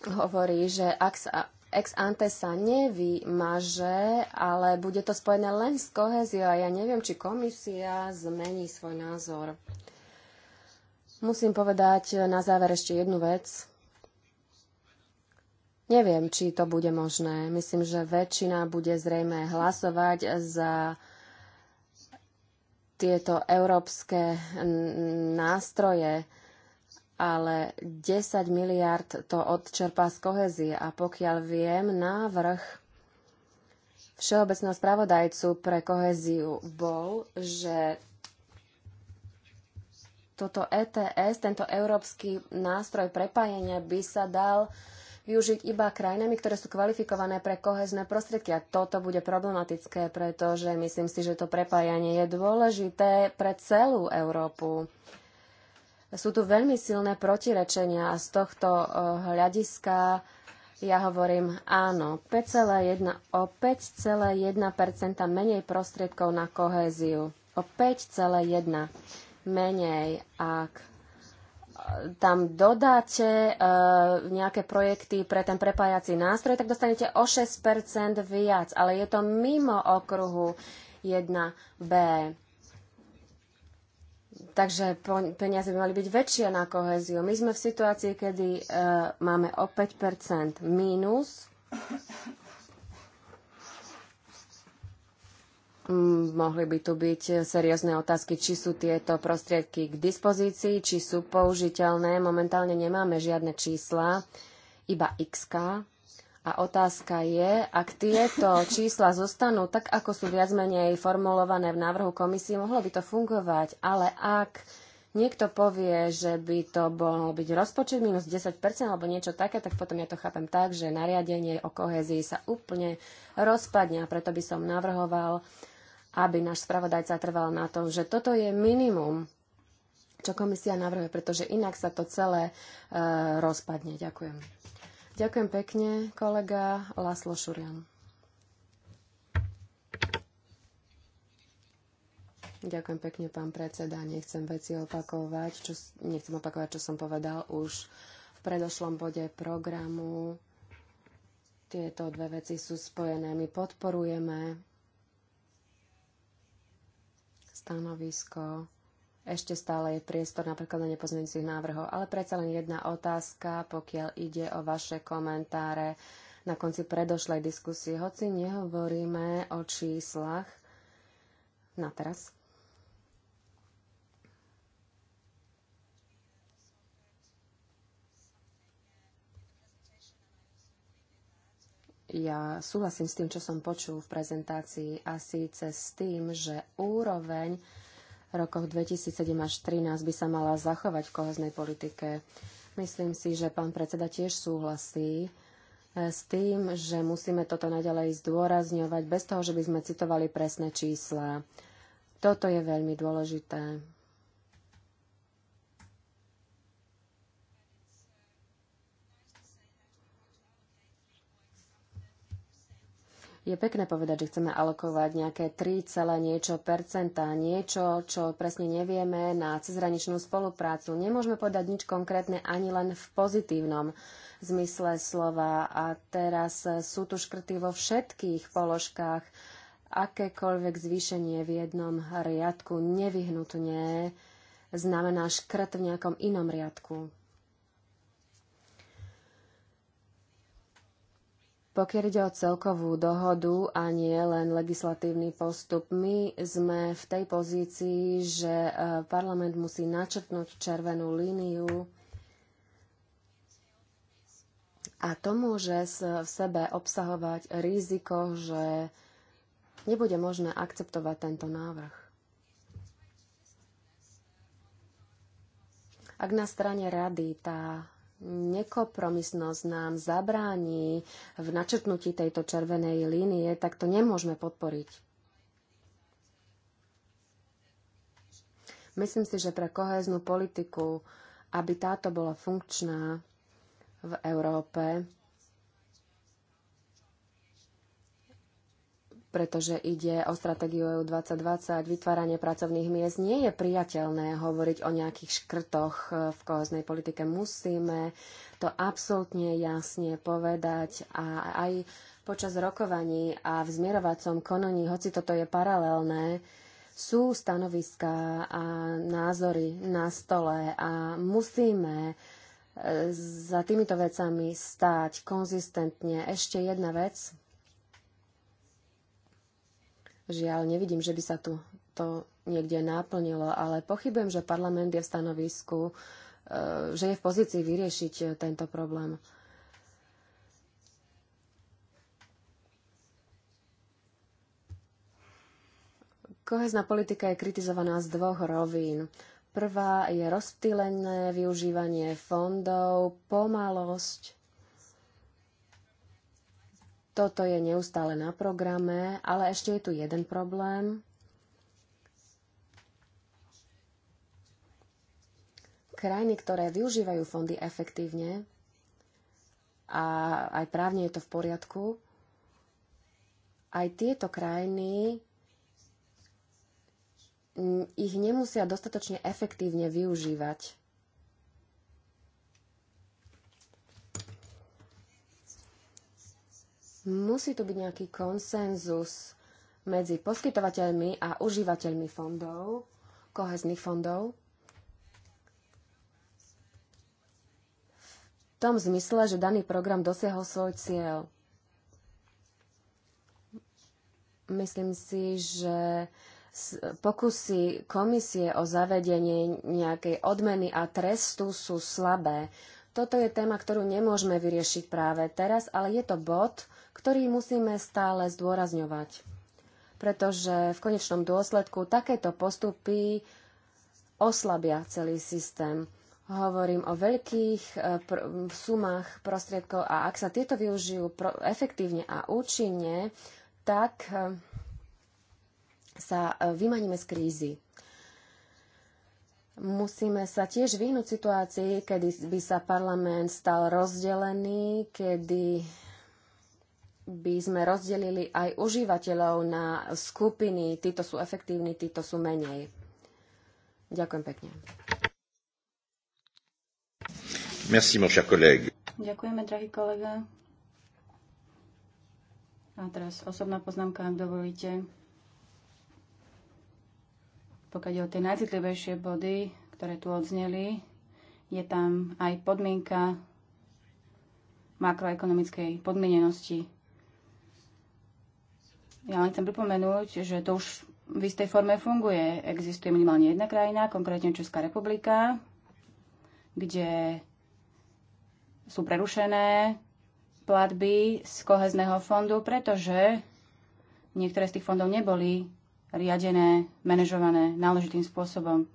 hovorí, že ak sa ex ante sa nevymaže, ale bude to spojené len s koheziou a ja neviem, či komisia zmení svoj názor. Musím povedať na záver ešte jednu vec. Neviem, či to bude možné. Myslím, že väčšina bude zrejme hlasovať za tieto európske nástroje ale 10 miliard to odčerpá z kohezie a pokiaľ viem, návrh všeobecného spravodajcu pre koheziu bol, že toto ETS, tento európsky nástroj prepájenia by sa dal využiť iba krajinami, ktoré sú kvalifikované pre kohezné prostriedky. A toto bude problematické, pretože myslím si, že to prepájanie je dôležité pre celú Európu. Sú tu veľmi silné protirečenia a z tohto eh, hľadiska ja hovorím áno, 5,1, o 5,1% menej prostriedkov na kohéziu. O 5,1 menej, ak eh, tam dodáte eh, nejaké projekty pre ten prepájací nástroj, tak dostanete o 6% viac, ale je to mimo okruhu 1B. Takže peniaze by mali byť väčšie na koheziu. My sme v situácii, kedy uh, máme o 5 mínus. Mm, mohli by tu byť seriózne otázky, či sú tieto prostriedky k dispozícii, či sú použiteľné. Momentálne nemáme žiadne čísla, iba XK. A otázka je, ak tieto čísla zostanú tak, ako sú viac menej formulované v návrhu komisie, mohlo by to fungovať, ale ak niekto povie, že by to bol byť rozpočet minus 10% alebo niečo také, tak potom ja to chápem tak, že nariadenie o kohezii sa úplne rozpadne a preto by som navrhoval, aby náš spravodajca trval na tom, že toto je minimum, čo komisia navrhuje, pretože inak sa to celé e, rozpadne. Ďakujem. Ďakujem pekne, kolega Laslo Šurian. Ďakujem pekne, pán predseda. Nechcem veci opakovať, čo, nechcem opakovať, čo som povedal už v predošlom bode programu. Tieto dve veci sú spojené. My podporujeme stanovisko ešte stále je priestor napríklad na nepoznajúcich návrhov, ale predsa len jedna otázka, pokiaľ ide o vaše komentáre na konci predošlej diskusie. Hoci nehovoríme o číslach na teraz, ja súhlasím s tým, čo som počul v prezentácii a síce s tým, že úroveň rokoch 2007 až 2013 by sa mala zachovať v koheznej politike. Myslím si, že pán predseda tiež súhlasí eh, s tým, že musíme toto naďalej zdôrazňovať bez toho, že by sme citovali presné čísla. Toto je veľmi dôležité. Je pekné povedať, že chceme alokovať nejaké 3, niečo percenta, niečo, čo presne nevieme na cezhraničnú spoluprácu. Nemôžeme povedať nič konkrétne ani len v pozitívnom zmysle slova. A teraz sú tu škrty vo všetkých položkách. Akékoľvek zvýšenie v jednom riadku nevyhnutne znamená škrt v nejakom inom riadku. Pokiaľ ide o celkovú dohodu a nie len legislatívny postup, my sme v tej pozícii, že e, parlament musí načrtnúť červenú líniu a to môže v sebe obsahovať riziko, že nebude možné akceptovať tento návrh. Ak na strane rady tá nekompromisnosť nám zabráni v načrtnutí tejto červenej línie, tak to nemôžeme podporiť. Myslím si, že pre kohéznú politiku, aby táto bola funkčná v Európe, pretože ide o stratégiu EU 2020, vytváranie pracovných miest, nie je priateľné hovoriť o nejakých škrtoch e, v kohoznej politike. Musíme to absolútne jasne povedať a aj počas rokovaní a v zmierovacom konaní, hoci toto je paralelné, sú stanoviska a názory na stole a musíme e, za týmito vecami stáť konzistentne. Ešte jedna vec, Žiaľ, nevidím, že by sa tu to niekde náplnilo, ale pochybujem, že parlament je v stanovisku, e, že je v pozícii vyriešiť e, tento problém. Kohezná politika je kritizovaná z dvoch rovín. Prvá je rozptýlené využívanie fondov, pomalosť toto je neustále na programe, ale ešte je tu jeden problém. Krajiny, ktoré využívajú fondy efektívne, a aj právne je to v poriadku, aj tieto krajiny ich nemusia dostatočne efektívne využívať. Musí tu byť nejaký konsenzus medzi poskytovateľmi a užívateľmi fondov, kohezných fondov. V tom zmysle, že daný program dosiahol svoj cieľ. Myslím si, že pokusy komisie o zavedenie nejakej odmeny a trestu sú slabé. Toto je téma, ktorú nemôžeme vyriešiť práve teraz, ale je to bod, ktorý musíme stále zdôrazňovať. Pretože v konečnom dôsledku takéto postupy oslabia celý systém. Hovorím o veľkých e, pr- sumách prostriedkov a ak sa tieto využijú efektívne a účinne, tak e, sa e, vymaníme z krízy. Musíme sa tiež vyhnúť situácii, kedy by sa parlament stal rozdelený, kedy by sme rozdelili aj užívateľov na skupiny. Títo sú efektívni, títo sú menej. Ďakujem pekne. Merci, mon cher collègue. Ďakujeme, drahý kolega. A teraz osobná poznámka, ak dovolíte. Pokiaľ je o tie najcitlivejšie body, ktoré tu odzneli, je tam aj podmienka makroekonomickej podmienenosti ja len chcem pripomenúť, že to už v istej forme funguje. Existuje minimálne jedna krajina, konkrétne Česká republika, kde sú prerušené platby z kohezného fondu, pretože niektoré z tých fondov neboli riadené, manažované náležitým spôsobom.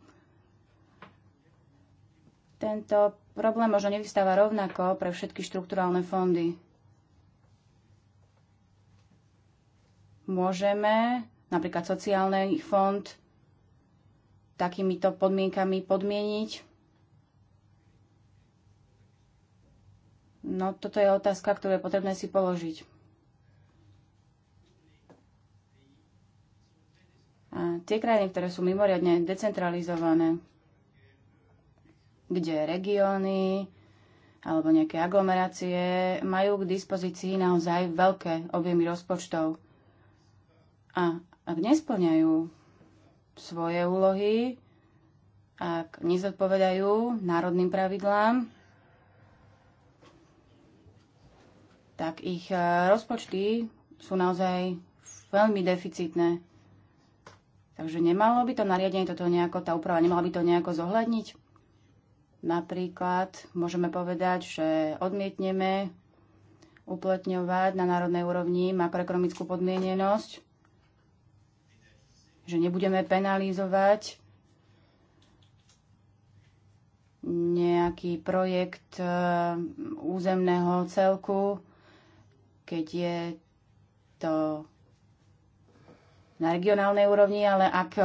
Tento problém možno nevystáva rovnako pre všetky štruktúrálne fondy. môžeme napríklad sociálny fond takýmito podmienkami podmieniť? No toto je otázka, ktorú je potrebné si položiť. A tie krajiny, ktoré sú mimoriadne decentralizované, kde regióny alebo nejaké aglomerácie majú k dispozícii naozaj veľké objemy rozpočtov. A ak nesplňajú svoje úlohy, ak nezodpovedajú národným pravidlám, tak ich e, rozpočty sú naozaj veľmi deficitné. Takže nemalo by to nariadenie toto nejako, tá úprava nemala by to nejako zohľadniť? Napríklad môžeme povedať, že odmietneme uplatňovať na národnej úrovni makroekonomickú podmienenosť že nebudeme penalizovať nejaký projekt e, územného celku, keď je to na regionálnej úrovni, ale ak e,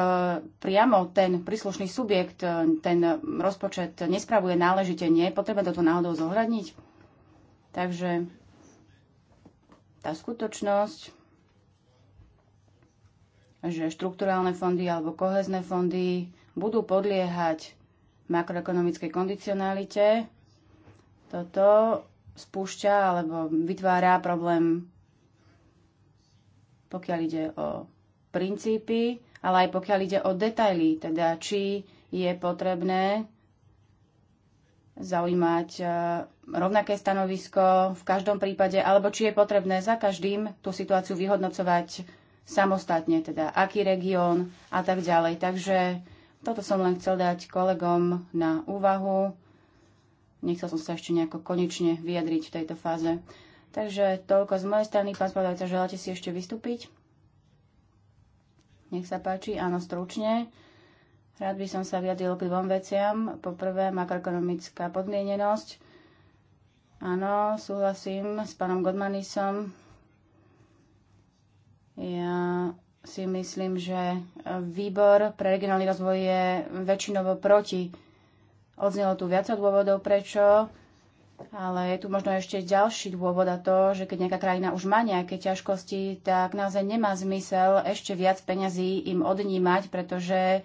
priamo ten príslušný subjekt e, ten rozpočet nespravuje náležite, nie je potrebné toto náhodou zohľadniť. Takže tá skutočnosť, že štrukturálne fondy alebo kohezné fondy budú podliehať makroekonomickej kondicionalite. Toto spúšťa alebo vytvára problém, pokiaľ ide o princípy, ale aj pokiaľ ide o detaily, teda či je potrebné zaujímať e, rovnaké stanovisko v každom prípade, alebo či je potrebné za každým tú situáciu vyhodnocovať samostatne, teda aký región a tak ďalej. Takže toto som len chcel dať kolegom na úvahu. Nechcel som sa ešte nejako konečne vyjadriť v tejto fáze. Takže toľko z mojej strany. Pán spravodajca, želáte si ešte vystúpiť? Nech sa páči, áno, stručne. Rád by som sa vyjadril k dvom veciam. Poprvé, makroekonomická podmienenosť. Áno, súhlasím s pánom Godmanisom ja si myslím, že výbor pre regionálny rozvoj je väčšinovo proti. Odznelo tu viac dôvodov, prečo, ale je tu možno ešte ďalší dôvod a to, že keď nejaká krajina už má nejaké ťažkosti, tak naozaj nemá zmysel ešte viac peňazí im odnímať, pretože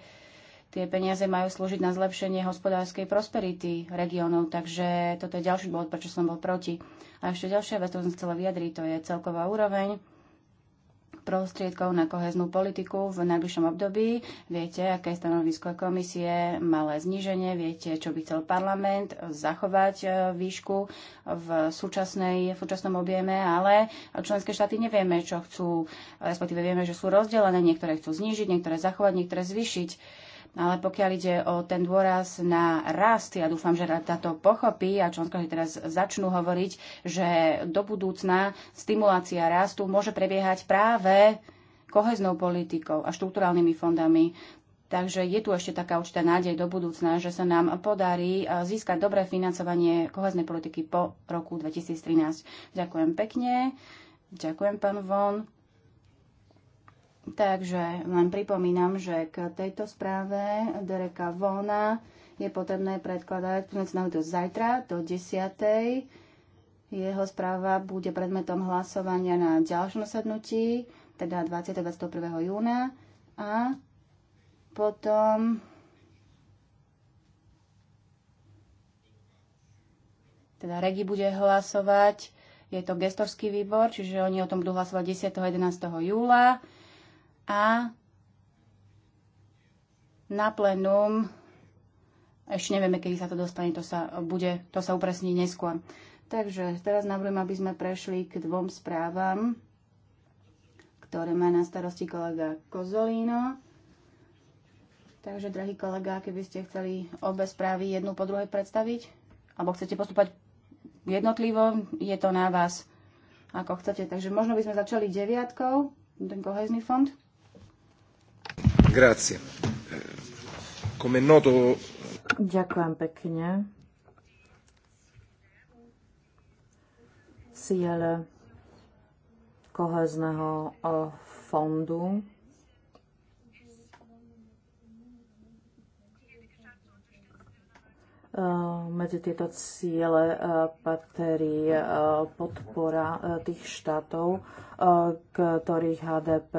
tie peniaze majú slúžiť na zlepšenie hospodárskej prosperity regiónov. Takže toto je ďalší dôvod, prečo som bol proti. A ešte ďalšia vec, ktorú som chcela vyjadriť, to je celková úroveň prostriedkov na koheznú politiku v najbližšom období. Viete, aké je stanovisko komisie, malé zníženie, viete, čo by chcel parlament, zachovať e, výšku v, súčasnej, v súčasnom objeme, ale členské štáty nevieme, čo chcú, respektíve vieme, že sú rozdelené, niektoré chcú znížiť, niektoré zachovať, niektoré zvyšiť ale pokiaľ ide o ten dôraz na rast, ja dúfam, že rada to pochopí a členské teraz začnú hovoriť, že do budúcna stimulácia rastu môže prebiehať práve koheznou politikou a štruktúralnými fondami. Takže je tu ešte taká určitá nádej do budúcna, že sa nám podarí eh, získať dobré financovanie koheznej politiky po roku 2013. Ďakujem pekne. Ďakujem, pán Von. Takže len pripomínam, že k tejto správe Dereka Vona je potrebné predkladať to zajtra do 10. Jeho správa bude predmetom hlasovania na ďalšom sednutí, teda 20. 21. júna. A potom teda Regi bude hlasovať. Je to gestorský výbor, čiže oni o tom budú hlasovať 10. 11. júla a na plenum ešte nevieme, kedy sa to dostane, to sa, bude, to sa upresní neskôr. Takže teraz navrhujem, aby sme prešli k dvom správam, ktoré má na starosti kolega Kozolino. Takže, drahý kolega, keby ste chceli obe správy jednu po druhej predstaviť, alebo chcete postúpať jednotlivo, je to na vás, ako chcete. Takže možno by sme začali deviatkou, ten kohezný fond. Grazie. Come noto... Ďakujem pekne. Ciele kohezného eh, fondu Eh, medzi tieto ciele eh, patrí eh, podpora tých štátov, ktorých HDP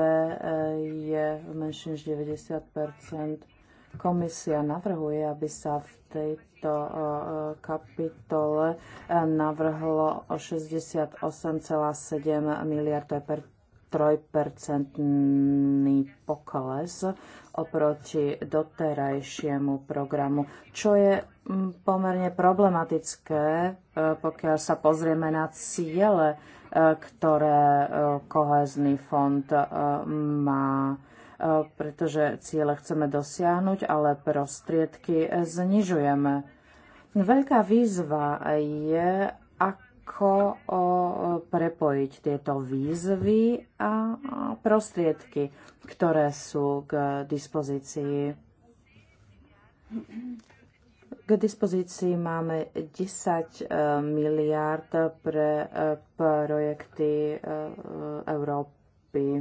je menšie než 90 Komisia navrhuje, aby sa v tejto kapitole navrhlo 68,7 miliard, to je trojpercentný pokles oproti doterajšiemu programu, čo je mm, pomerne problematické, e, pokiaľ sa pozrieme na ciele, e, ktoré e, kohezný fond má pretože ciele chceme dosiahnuť, ale prostriedky znižujeme. Veľká výzva je, ako prepojiť tieto výzvy a prostriedky, ktoré sú k dispozícii. K dispozícii máme 10 e, miliard pre e, projekty e, Európy.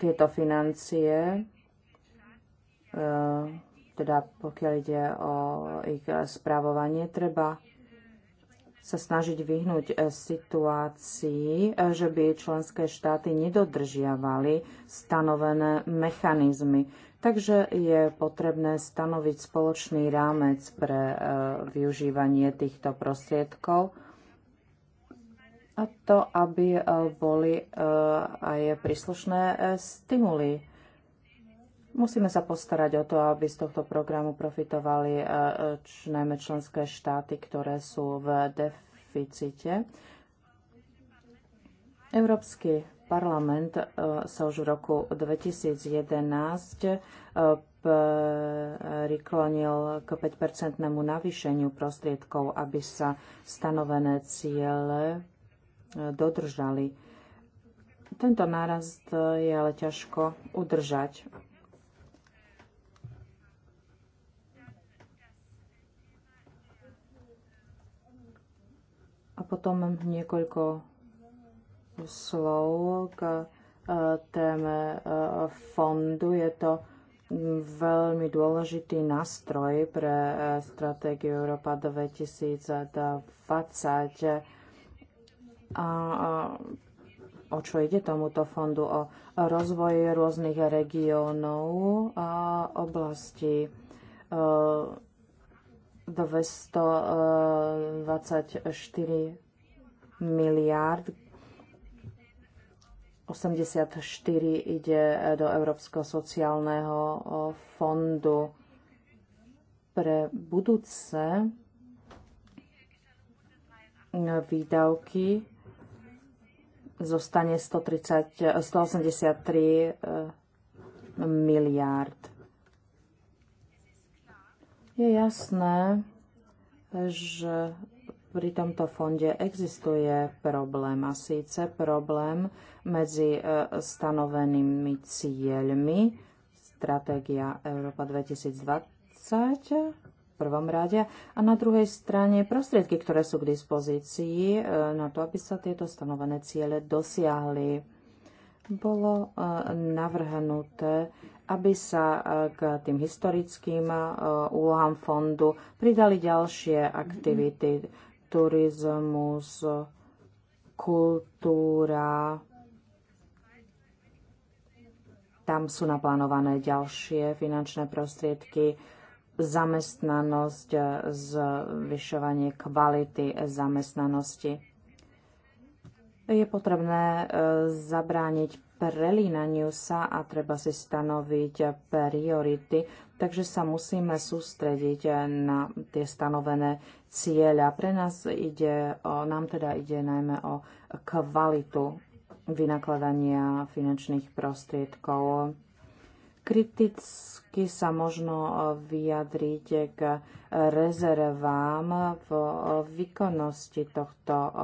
Tieto financie teda pokiaľ ide o ich správovanie, treba sa snažiť vyhnúť e, situácii, e, že by členské štáty nedodržiavali stanovené mechanizmy. Takže je potrebné stanoviť spoločný rámec pre e, využívanie týchto prostriedkov a to, aby boli aj príslušné stimuly Musíme sa postarať o to, aby z tohto programu profitovali e, e, najmä členské štáty, ktoré sú v deficite. Európsky parlament e, sa už v roku 2011 priklonil k 5-percentnému navýšeniu prostriedkov, aby sa stanovené ciele dodržali. Tento nárast je ale ťažko udržať. potom niekoľko slov k e, téme e, fondu. Je to veľmi dôležitý nástroj pre e, stratégiu Európa 2020. A o čo ide tomuto fondu? O rozvoj rôznych regiónov a oblasti? 224 e, miliárd, 84 ide do Európskeho sociálneho fondu pre budúce e, výdavky zostane 130, 183 e, miliárd. Je jasné, že pri tomto fonde existuje problém a síce problém medzi e, stanovenými cieľmi stratégia Európa 2020 v prvom rade a na druhej strane prostriedky, ktoré sú k dispozícii e, na to, aby sa tieto stanovené ciele dosiahli. Bolo e, navrhnuté aby sa e, k tým historickým e, úlohám fondu pridali ďalšie aktivity, turizmus, kultúra. Tam sú naplánované ďalšie finančné prostriedky, zamestnanosť, e, zvyšovanie kvality zamestnanosti. Je potrebné zabrániť prelínaniu sa a treba si stanoviť priority, takže sa musíme sústrediť na tie stanovené cieľa. Pre nás ide, nám teda ide najmä o kvalitu vynakladania finančných prostriedkov. Kriticky sa možno vyjadriť k rezervám v výkonnosti tohto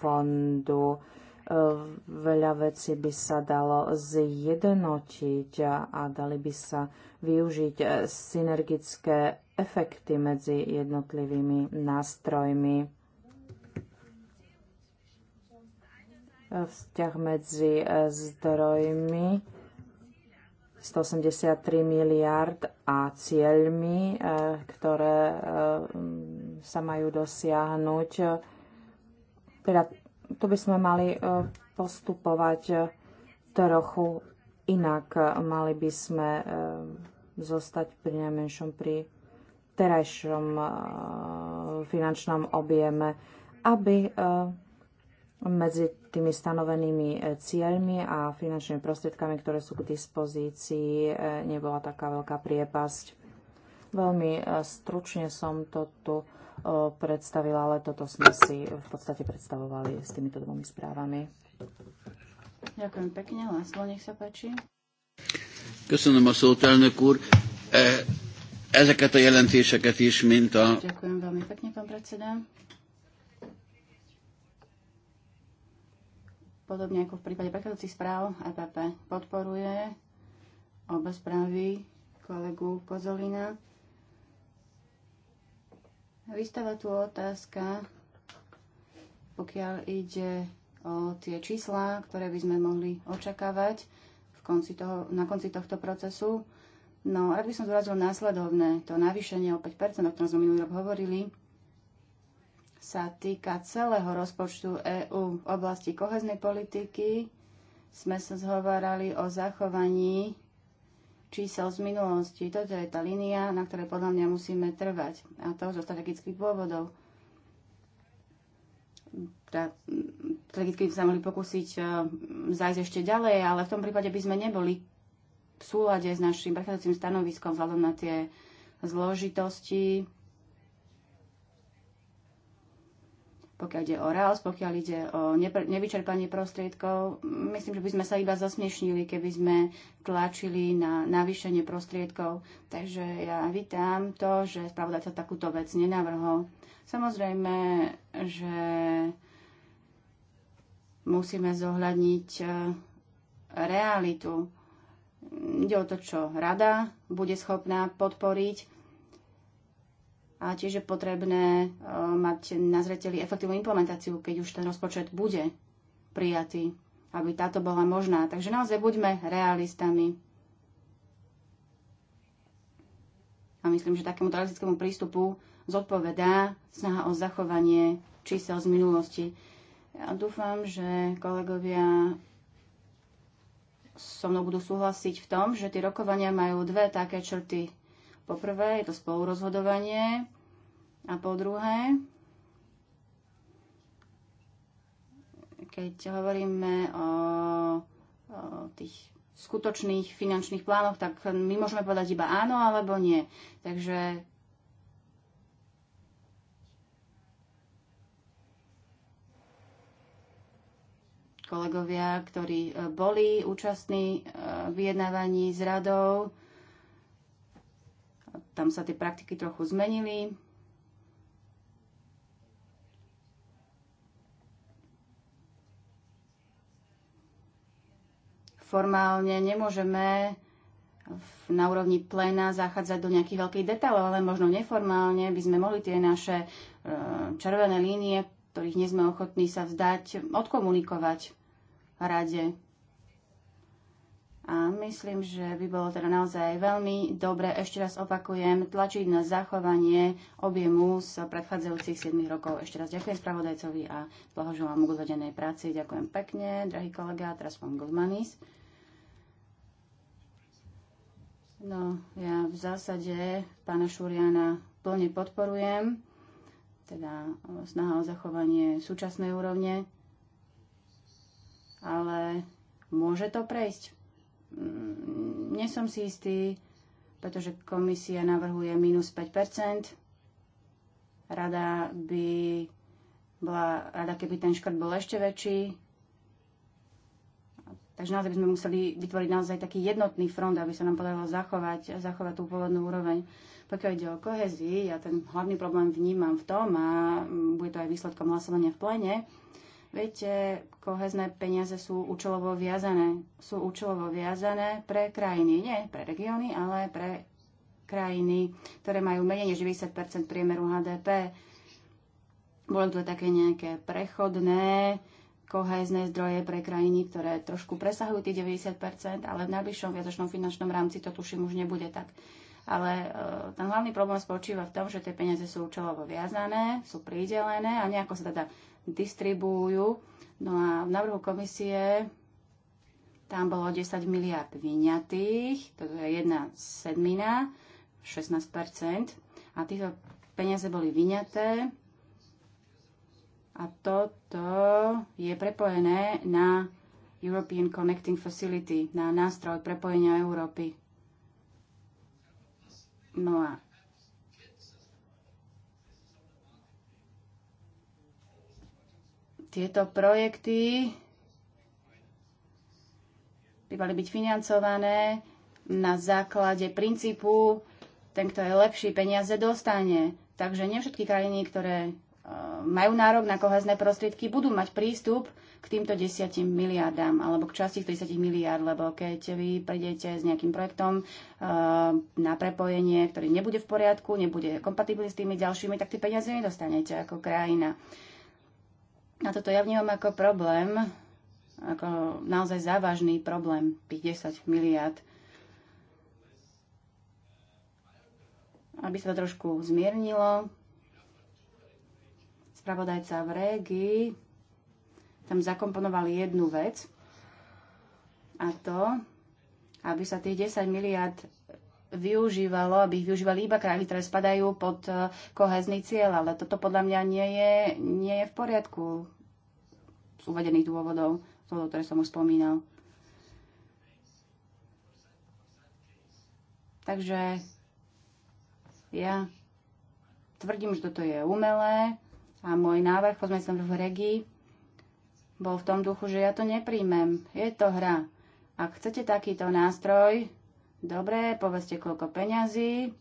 fondu Veľa vecí by sa dalo zjednotiť a dali by sa využiť synergické efekty medzi jednotlivými nástrojmi. Vzťah medzi zdrojmi 183 miliard a cieľmi, ktoré mm, sa majú dosiahnuť. Teda tu by sme mali e, postupovať e, trochu inak. Mali by sme e, zostať pri najmenšom pri terajšom finančnom objeme, aby medzi tými stanovenými cieľmi a finančnými prostriedkami, ktoré sú k dispozícii, nebola taká veľká priepasť. Veľmi stručne som to tu predstavila, ale toto sme si v podstate predstavovali s týmito dvomi správami. Ďakujem pekne. László, nech sa páči. Köszönöm a szót, elnök úr. E, ezeket a jelentéseket is, mint a... Ďakujem veľmi pekne, pán predseda. Podobne ako v prípade prechádzajúcich správ, EPP podporuje obe správy kolegu Kozolina. Vystáva tu otázka, pokiaľ ide o tie čísla, ktoré by sme mohli očakávať v konci toho, na konci tohto procesu. No, rád by som zúrazil následovné. To navýšenie o 5%, o ktorom sme minulý rok hovorili, sa týka celého rozpočtu EÚ v oblasti koheznej politiky. Sme sa zhovárali o zachovaní čísel z minulosti. Toto je tá línia, na ktorej podľa mňa musíme trvať. A to zo strategických dôvodov. Tá, teda, mm, strategicky sa mohli pokúsiť uh, e, zajsť ešte ďalej, ale v tom prípade by sme neboli v súlade s našim prechádzajúcim stanoviskom vzhľadom na tie zložitosti pokiaľ ide o RAOS, pokiaľ ide o nevyčerpanie prostriedkov. Myslím, že by sme sa iba zasmiešnili, keby sme tlačili na navýšenie prostriedkov. Takže ja vítam to, že spravodajca takúto vec nenavrhol. Samozrejme, že musíme zohľadniť e, realitu. Ide o to, čo rada bude schopná podporiť a tiež je potrebné e, mať na zreteli efektívnu implementáciu, keď už ten rozpočet bude prijatý, aby táto bola možná. Takže naozaj buďme realistami. A myslím, že takému realistickému prístupu zodpovedá snaha o zachovanie čísel z minulosti. Ja dúfam, že kolegovia so mnou budú súhlasiť v tom, že tie rokovania majú dve také črty po prvé, je to spolurozhodovanie a po druhé, keď hovoríme o, o tých skutočných finančných plánoch, tak my môžeme povedať iba áno alebo nie. Takže kolegovia, ktorí boli účastní e, vyjednávaní s radou, tam sa tie praktiky trochu zmenili. Formálne nemôžeme na úrovni pléna zachádzať do nejakých veľkých detailov, ale možno neformálne by sme mohli tie naše e, červené línie, ktorých nie sme ochotní sa vzdať, odkomunikovať rade. A myslím, že by bolo teda naozaj veľmi dobre, ešte raz opakujem, tlačiť na zachovanie objemu z predchádzajúcich 7 rokov. Ešte raz ďakujem spravodajcovi a blahoželám mu k uvedenej práci. Ďakujem pekne, drahý kolega, teraz pán Goldmanis. No, ja v zásade pána Šuriana plne podporujem, teda e, snaha o zachovanie súčasnej úrovne, ale môže to prejsť. Mm, nie som si istý, pretože komisia navrhuje minus 5 Rada by bola rada, keby ten škrt bol ešte väčší. Takže naozaj by sme museli vytvoriť naozaj taký jednotný front, aby sa nám podarilo zachovať, zachovať tú pôvodnú úroveň. Pokiaľ ide o kohezii, ja ten hlavný problém vnímam v tom, a bude to aj výsledkom hlasovania v plene, Viete, kohezné peniaze sú účelovo viazané. Sú účelovo viazané pre krajiny, nie pre regióny, ale pre krajiny, ktoré majú menej než 90 priemeru HDP. Boli to také nejaké prechodné, kohezné zdroje pre krajiny, ktoré trošku presahujú tých 90 ale v najbližšom viacočnom finančnom rámci to tuším už nebude tak. Ale e, ten hlavný problém spočíva v tom, že tie peniaze sú účelovo viazané, sú pridelené a nejako sa teda distribuujú. No a v návrhu komisie tam bolo 10 miliard vyňatých, to je jedna sedmina, 16 a tieto peniaze boli vyňaté a toto je prepojené na European Connecting Facility, na nástroj prepojenia Európy. No a Tieto projekty by mali byť financované na základe princípu ten, kto je lepší, peniaze dostane. Takže nie všetky krajiny, ktoré e, majú nárok na kohezné prostriedky, budú mať prístup k týmto desiatim miliardám alebo k časti 30 miliard, lebo keď vy prídete s nejakým projektom e, na prepojenie, ktorý nebude v poriadku, nebude kompatibilný s tými ďalšími, tak tie peniaze nedostanete ako krajina. Uh, a toto ja vnímam ako problém, ako naozaj závažný problém, tých 10 miliard. Aby sa to trošku zmiernilo, spravodajca v régii tam zakomponoval jednu vec, a to, aby sa tých 10 miliard využívalo, aby ich využívali iba krajiny, ktoré spadajú pod eh, kohezný cieľ, ale toto podľa mňa nie je, nie je v poriadku z uvedených dôvodov, z dôvodov, ktoré som už spomínal. Takže ja tvrdím, že toto je umelé a môj návrh, pozme som v regii, bol v tom duchu, že ja to nepríjmem. Je to hra. Ak chcete takýto nástroj, Dobre, povedzte, koľko peňazí.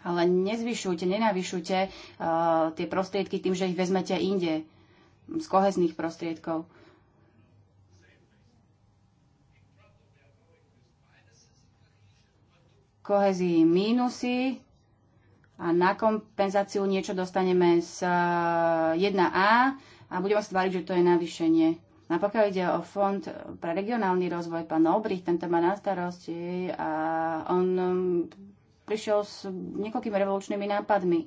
Ale nezvyšujte, nenavyšujte uh, tie prostriedky tým, že ich vezmete inde, z kohezných prostriedkov. Kohezí mínusy a na kompenzáciu niečo dostaneme z uh, 1A a budeme sa tváriť, že to je navýšenie. A pokiaľ ide o fond pre regionálny rozvoj, pán Obrich, ten má na starosti a on um, prišiel s niekoľkými revolučnými nápadmi.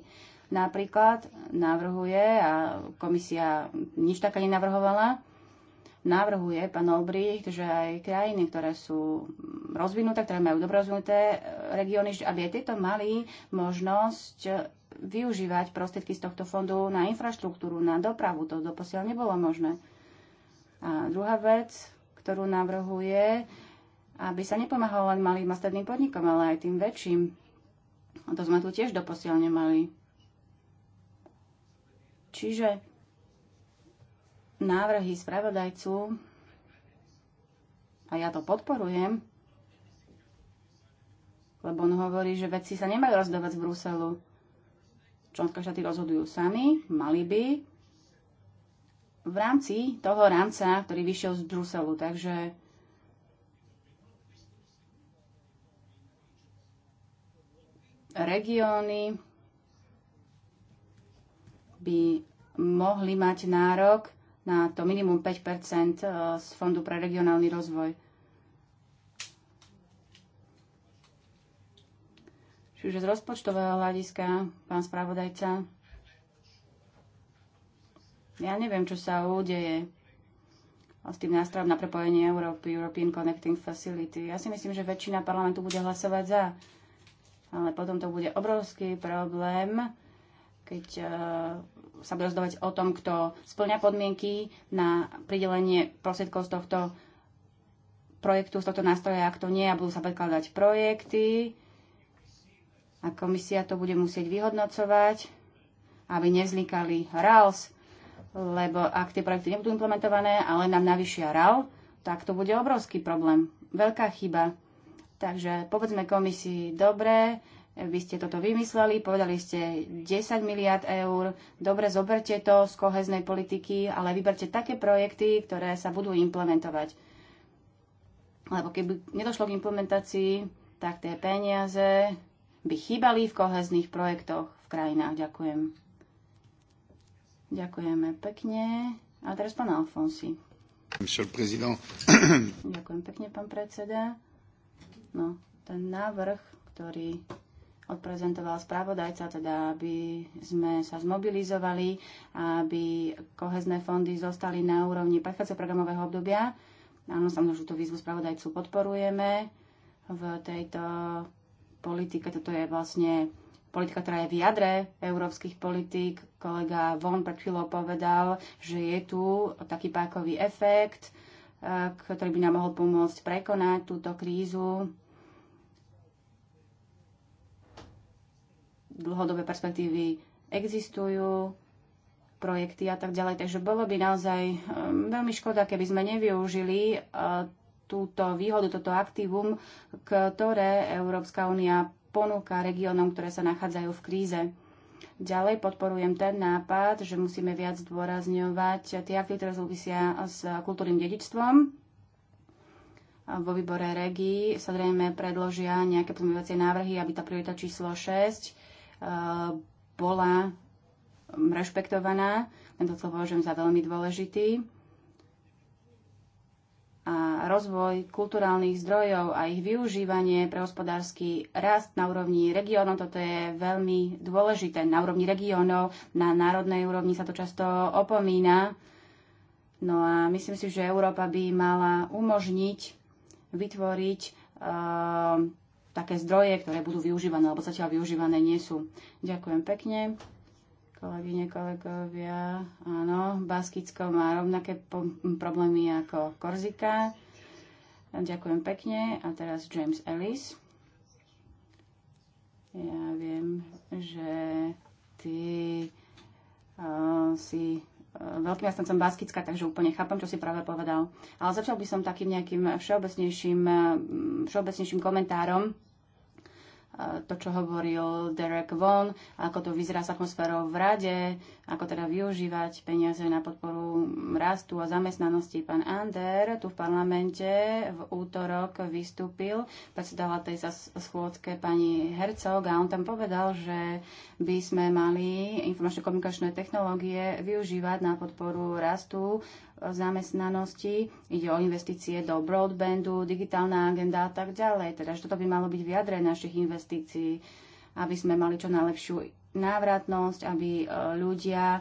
Napríklad navrhuje, a komisia nič také nenavrhovala, navrhuje pán Olbricht, že aj krajiny, ktoré sú rozvinuté, ktoré majú dobre rozvinuté eh, regióny, aby aj tieto mali možnosť využívať prostriedky z tohto fondu na infraštruktúru, na dopravu. To doposiaľ nebolo možné. A druhá vec, ktorú navrhuje, aby sa nepomáhalo len malým a stredným podnikom, ale aj tým väčším. A to sme tu tiež doposiaľ nemali. Čiže návrhy spravodajcu, a ja to podporujem, lebo on hovorí, že veci sa nemajú rozdávať z Bruselu členské štáty rozhodujú sami, mali by, v rámci toho rámca, ktorý vyšiel z Bruselu. Takže regióny by mohli mať nárok na to minimum 5 eh, z Fondu pre regionálny rozvoj. Čiže z rozpočtového hľadiska, pán spravodajca, ja neviem, čo sa udeje s tým nástrojom na prepojenie Európy, European Connecting Facility. Ja si myslím, že väčšina parlamentu bude hlasovať za, ale potom to bude obrovský problém, keď uh, sa bude rozdovať o tom, kto splňa podmienky na pridelenie prostriedkov z tohto projektu, z tohto nástroja, a kto nie, a budú sa predkladať projekty a komisia to bude musieť vyhodnocovať, aby nevznikali RALS, lebo ak tie projekty nebudú implementované, ale nám navyšia RAL, tak to bude obrovský problém, veľká chyba. Takže povedzme komisii, dobre, vy ste toto vymysleli, povedali ste 10 miliard eur, dobre, zoberte to z koheznej politiky, ale vyberte také projekty, ktoré sa budú implementovať. Lebo keby nedošlo k implementácii, tak tie peniaze by chýbali v kohezných projektoch v krajinách. Ďakujem. Ďakujeme pekne. A teraz pán Alfonsi. Ďakujem pekne, pán predseda. No, ten návrh, ktorý odprezentoval správodajca, teda aby sme sa zmobilizovali, aby kohezné fondy zostali na úrovni prechádzajúceho programového obdobia. Áno, samozrejme, tú výzvu spravodajcu podporujeme v tejto politika, toto je vlastne politika, ktorá je v jadre európskych politík. Kolega Von pred chvíľou povedal, že je tu taký pákový efekt, e, ktorý by nám mohol pomôcť prekonať túto krízu. Dlhodobé perspektívy existujú, projekty a tak ďalej. Takže bolo by naozaj e, veľmi škoda, keby sme nevyužili e, túto výhodu, toto aktívum, ktoré Európska únia ponúka regiónom, ktoré sa nachádzajú v kríze. Ďalej podporujem ten nápad, že musíme viac zdôrazňovať tie aktivity, ktoré súvisia s kultúrnym dedičstvom, vo výbore REGI sa zrejme predložia nejaké pozmeňovacie návrhy, aby tá priorita číslo 6 e, bola rešpektovaná. Tento slovo považujem za veľmi dôležitý a rozvoj kulturálnych zdrojov a ich využívanie pre hospodársky rast na úrovni regiónov. Toto je veľmi dôležité. Na úrovni regiónov, na národnej úrovni sa to často opomína. No a myslím si, že Európa by mala umožniť vytvoriť e, také zdroje, ktoré budú využívané, alebo zatiaľ využívané nie sú. Ďakujem pekne. Kolegyne, kolegovia, áno, Baskicko má rovnaké problémy ako Korzika. Ďakujem pekne. A teraz James Ellis. Ja viem, že ty uh, si e, veľkým jastancom Baskická, takže úplne chápem, čo si práve povedal. Ale začal by som takým nejakým všeobecnejším, všeobecnejším komentárom Eh, to, čo hovoril Derek Von, ako to vyzerá s atmosférou v rade, ako teda využívať peniaze na podporu rastu a zamestnanosti. Pán Ander tu v parlamente v útorok vystúpil, predsedala tej sa schôdke pani Hercog a on tam povedal, že by sme mali informačné komunikačné technológie využívať na podporu rastu zamestnanosti, ide o investície do broadbandu, digitálna agenda a tak ďalej. Teda, že toto by malo byť vyjadre našich investícií, aby sme mali čo najlepšiu návratnosť, aby e, ľudia e,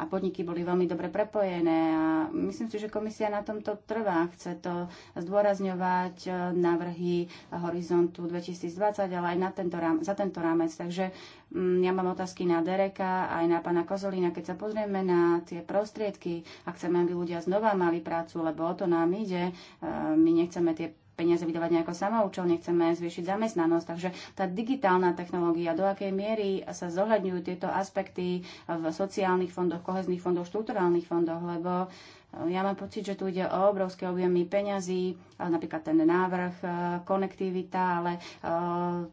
a podniky boli veľmi dobre prepojené. A myslím si, že komisia na tomto trvá. Chce to zdôrazňovať e, návrhy horizontu 2020, ale aj na tento rám, za tento rámec. Takže mm, ja mám otázky na Dereka aj na pána Kozolína. Keď sa pozrieme na tie prostriedky a chceme, aby ľudia znova mali prácu, lebo o to nám ide, my nechceme tie peniaze vydávať nejako samoučelne, chceme zvýšiť zamestnanosť. Takže tá digitálna technológia, do akej miery sa zohľadňujú tieto aspekty v sociálnych fondoch, kohezných fondoch, štruktúrálnych fondoch, lebo eh, ja mám pocit, že tu ide o obrovské objemy peňazí, eh, napríklad ten návrh, eh, konektivita, ale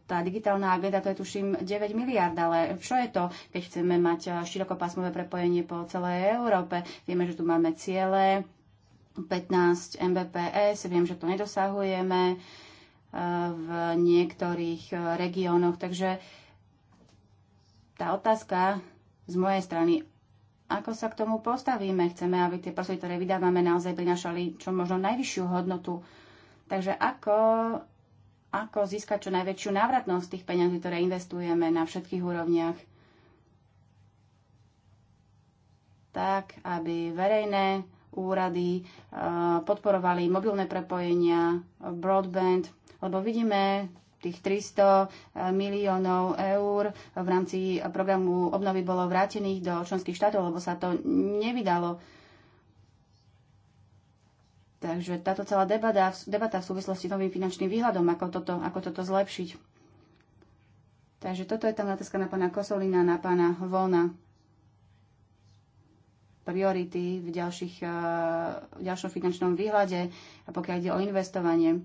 tá digitálna agenda, to je tuším 9 miliard, ale čo je to, keď chceme mať širokopásmové prepojenie po celej Európe? Vieme, že tu máme ciele, 15 Mbps. Viem, že to nedosahujeme eh, v niektorých eh, regiónoch. Takže tá otázka z mojej strany, ako sa k tomu postavíme? Chceme, aby tie prostriedky, ktoré vydávame, naozaj prinašali čo možno najvyššiu hodnotu. Takže ako, ako získať čo najväčšiu návratnosť tých peňazí, ktoré investujeme na všetkých úrovniach? Tak, aby verejné úrady eh, podporovali mobilné prepojenia, eh, broadband, lebo vidíme tých 300 eh, miliónov eur v rámci programu obnovy bolo vrátených do členských štátov, lebo sa to nevydalo. Takže táto celá debata, debata v súvislosti s novým finančným výhľadom, ako toto, ako toto zlepšiť. Takže toto je tam otázka na pána Kosolina, na pána Volna priority v, ďalších, eh, v ďalšom finančnom výhľade a pokiaľ ide o investovanie.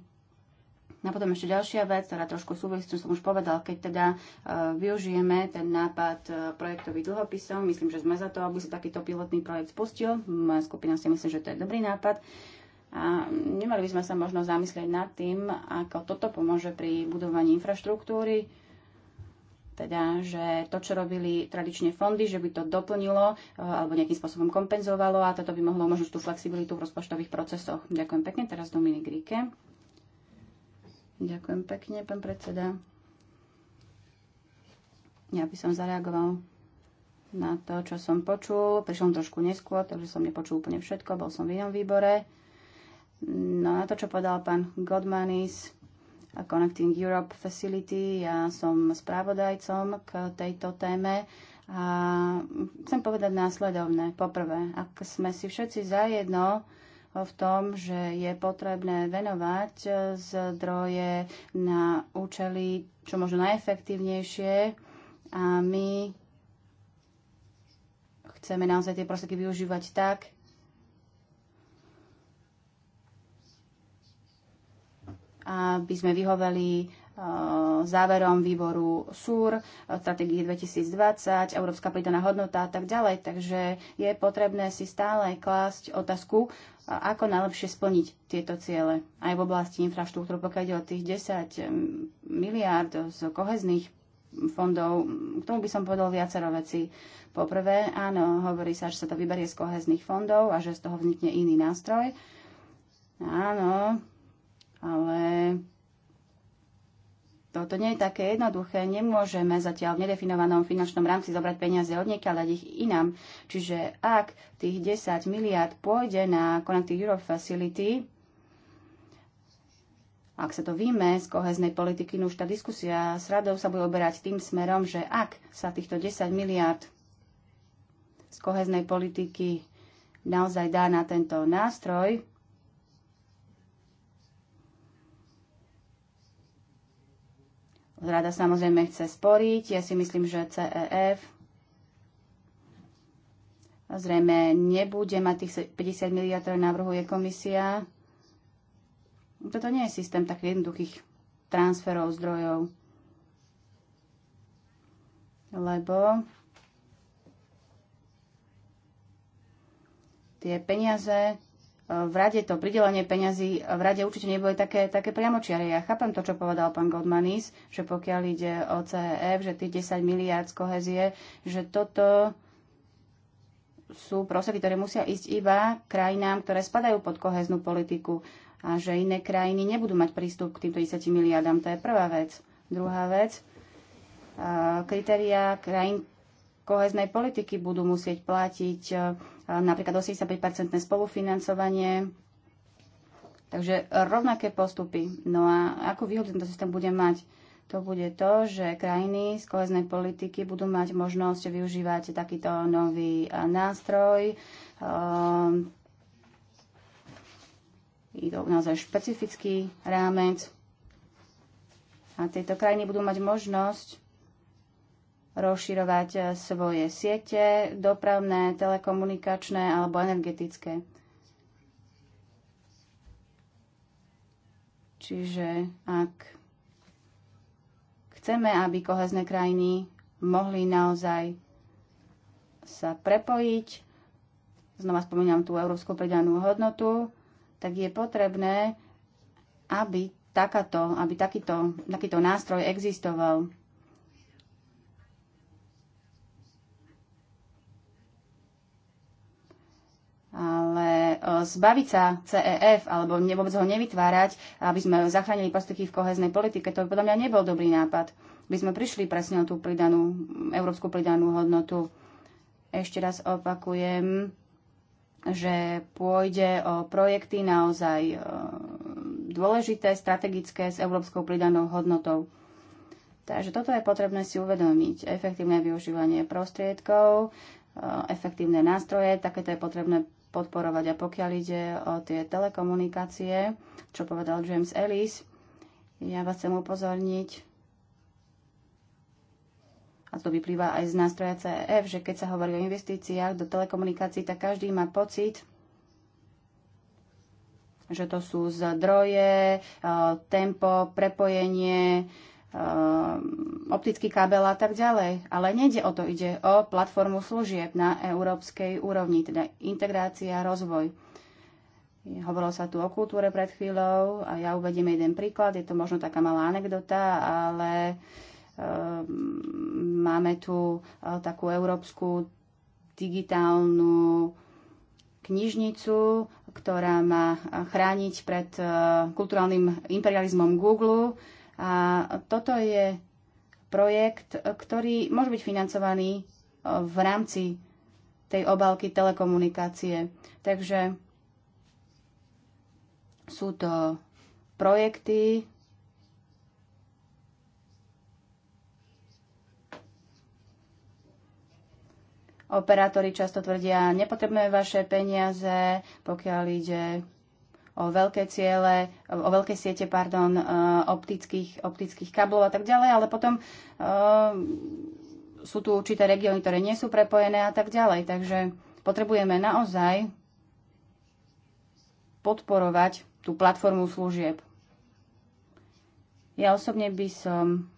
A potom ešte ďalšia vec, ktorá trošku súvisí, čo som už povedal, keď teda eh, využijeme ten nápad eh, projektových dlhopisov, myslím, že sme za to, aby sa takýto pilotný projekt spustil. Moja skupina si myslí, že to je dobrý nápad. A nemali by sme sa možno zamyslieť nad tým, ako toto pomôže pri budovaní infraštruktúry, teda, že to, čo robili tradične fondy, že by to doplnilo eh, alebo nejakým spôsobom kompenzovalo a toto by mohlo umožniť tú flexibilitu v rozpočtových procesoch. Ďakujem pekne. Teraz Dominik Ríke. Ďakujem pekne, pán predseda. Ja by som zareagoval na to, čo som počul. Prišiel trošku neskôr, takže som nepočul úplne všetko, bol som v inom výbore. No na to, čo povedal pán Godmanis, Connecting Europe Facility. Ja som správodajcom k tejto téme a chcem povedať následovné. Poprvé, ak sme si všetci zajedno v tom, že je potrebné venovať zdroje na účely čo možno najefektívnejšie a my chceme naozaj tie prostriedky využívať tak, aby sme vyhoveli eh, záverom výboru SUR, eh, stratégie 2020, Európska pridaná hodnota a tak ďalej. Takže je potrebné si stále klásť otázku, eh, ako najlepšie splniť tieto ciele aj v oblasti infraštruktúry, pokiaľ ide o tých 10 miliárd z kohezných fondov. K tomu by som povedal viacero veci. Poprvé, áno, hovorí sa, že sa to vyberie z kohezných fondov a že z toho vznikne iný nástroj. Áno, ale toto nie je také jednoduché. Nemôžeme zatiaľ v nedefinovanom finančnom rámci zobrať peniaze od niekiaľ dať ich inám. Čiže ak tých 10 miliard pôjde na Connected Europe Facility, ak sa to víme z koheznej politiky, no už tá diskusia s radou sa bude oberať tým smerom, že ak sa týchto 10 miliard z koheznej politiky naozaj dá na tento nástroj, Rada samozrejme chce sporiť. Ja si myslím, že CEF zrejme nebude mať tých 50 miliard, ktoré navrhuje komisia. Toto nie je systém takých jednoduchých transferov zdrojov, lebo tie peniaze v rade to pridelenie peňazí v rade určite nebude také, také priamočiare. Ja chápem to, čo povedal pán Goldmanis, že pokiaľ ide o CEF, že tých 10 miliárd z kohezie, že toto sú prostriedky, ktoré musia ísť iba krajinám, ktoré spadajú pod koheznú politiku a že iné krajiny nebudú mať prístup k týmto 10 miliardám. To je prvá vec. Druhá vec, kritéria krajín koheznej politiky budú musieť platiť napríklad 85-percentné spolufinancovanie, takže rovnaké postupy. No a akú výhodu tento systém bude mať? To bude to, že krajiny z koheznej politiky budú mať možnosť využívať takýto nový nástroj. Ehm, je to naozaj špecifický rámec. A tieto krajiny budú mať možnosť rozširovať eh, svoje siete, dopravné, telekomunikačné alebo energetické. Čiže ak chceme, aby kohezné krajiny mohli naozaj sa prepojiť, znova spomínam tú európsku pridanú hodnotu, tak je potrebné, aby, takáto, aby takýto, takýto nástroj existoval. ale e, zbaviť sa CEF alebo vôbec ho nevytvárať, aby sme zachránili prostriedky v koheznej politike, to by podľa mňa nebol dobrý nápad. By sme prišli presne o tú pridanú, európsku pridanú hodnotu. Ešte raz opakujem, že pôjde o projekty naozaj e, dôležité, strategické s európskou pridanou hodnotou. Takže toto je potrebné si uvedomiť. Efektívne využívanie prostriedkov, e, efektívne nástroje, takéto je potrebné podporovať. A pokiaľ ide o tie telekomunikácie, čo povedal James Ellis, ja vás chcem upozorniť, a to vyplýva aj z nástroja CEF, že keď sa hovorí o investíciách do telekomunikácií, tak každý má pocit, že to sú zdroje, eh, tempo, prepojenie, Um, optický kábel a tak ďalej. Ale nejde o to, ide o platformu služieb na európskej úrovni, teda integrácia, a rozvoj. Hovorilo sa tu o kultúre pred chvíľou a ja uvediem jeden príklad, je to možno taká malá anekdota, ale e, máme tu e, takú európsku digitálnu knižnicu, ktorá má uh, chrániť pred e, kulturálnym imperializmom Google. A toto je projekt, ktorý môže byť financovaný e, v rámci tej obálky telekomunikácie. Takže sú to projekty, Operátori často tvrdia, nepotrebujeme vaše peniaze, pokiaľ ide o veľké ciele, o veľké siete, pardon, e, optických, optických kablov a tak ďalej, ale potom e, sú tu určité regióny, ktoré nie sú prepojené a tak ďalej. Takže potrebujeme naozaj podporovať tú platformu služieb. Ja osobne by som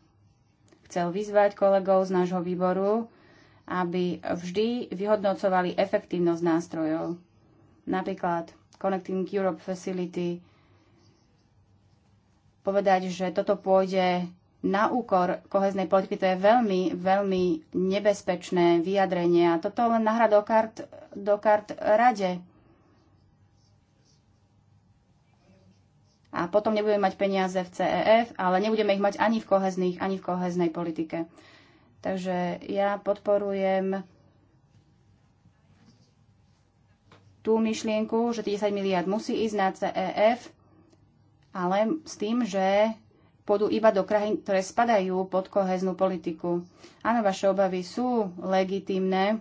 chcel vyzvať kolegov z nášho výboru, aby vždy vyhodnocovali efektívnosť nástrojov. Napríklad Connecting Europe Facility, povedať, že toto pôjde na úkor koheznej politiky, to je veľmi, veľmi nebezpečné vyjadrenie. A toto len nahrá do kart, do kart rade. A potom nebudeme mať peniaze v CEF, ale nebudeme ich mať ani v ani v koheznej politike. Takže ja podporujem tú myšlienku, že 10 miliard musí ísť na CEF, ale s tým, že pôjdu iba do krajín, ktoré spadajú pod koheznú politiku. Áno, vaše obavy sú legitimné,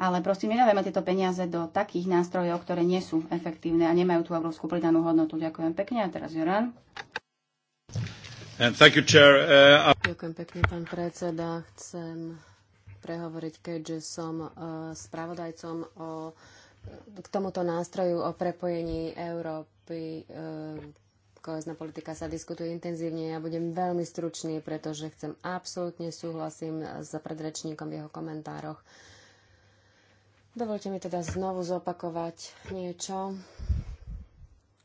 ale prosím, nedávame tieto peniaze do takých nástrojov, ktoré nie sú efektívne a nemajú tú európsku pridanú hodnotu. Ďakujem pekne. A teraz Joran. You, uh, Ďakujem pekne, pán predseda. Chcem prehovoriť, keďže som e, spravodajcom o, e, k tomuto nástroju o prepojení Európy. E, kohezná politika sa diskutuje intenzívne. Ja budem veľmi stručný, pretože chcem absolútne súhlasím s predrečníkom v jeho komentároch. Dovolte mi teda znovu zopakovať niečo.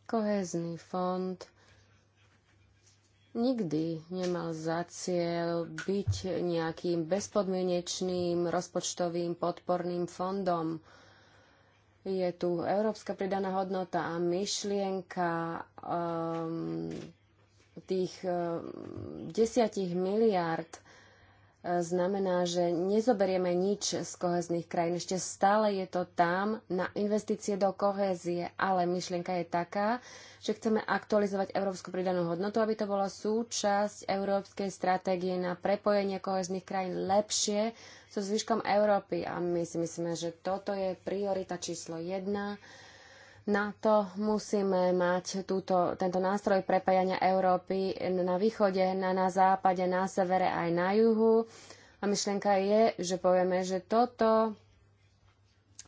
Kohezný fond nikdy nemal za cieľ byť nejakým bezpodmienečným rozpočtovým podporným fondom. Je tu európska pridaná hodnota a myšlienka um, tých um, desiatich miliárd znamená, že nezoberieme nič z kohezných krajín. Ešte stále je to tam na investície do kohézie, ale myšlienka je taká, že chceme aktualizovať európsku pridanú hodnotu, aby to bola súčasť európskej stratégie na prepojenie kohezných krajín lepšie so zvyškom Európy. A my si myslíme, že toto je priorita číslo jedna na to musíme mať túto, tento nástroj prepájania Európy na východe, na, na západe, na severe aj na juhu. A myšlienka je, že povieme, že toto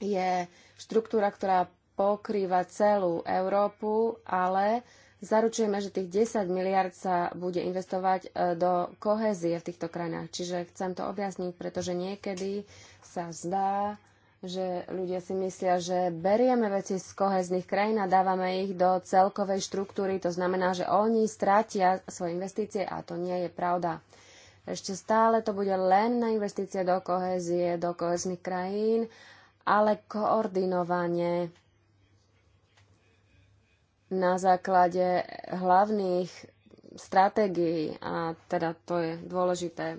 je štruktúra, ktorá pokrýva celú Európu, ale zaručujeme, že tých 10 miliard sa bude investovať e, do kohézie v týchto krajinách. Čiže chcem to objasniť, pretože niekedy sa zdá, že ľudia si myslia, že berieme veci z kohezných krajín a dávame ich do celkovej štruktúry. To znamená, že oni stratia svoje investície a to nie je pravda. Ešte stále to bude len na investície do kohezie, do kohezných krajín, ale koordinovanie na základe hlavných stratégií a teda to je dôležité.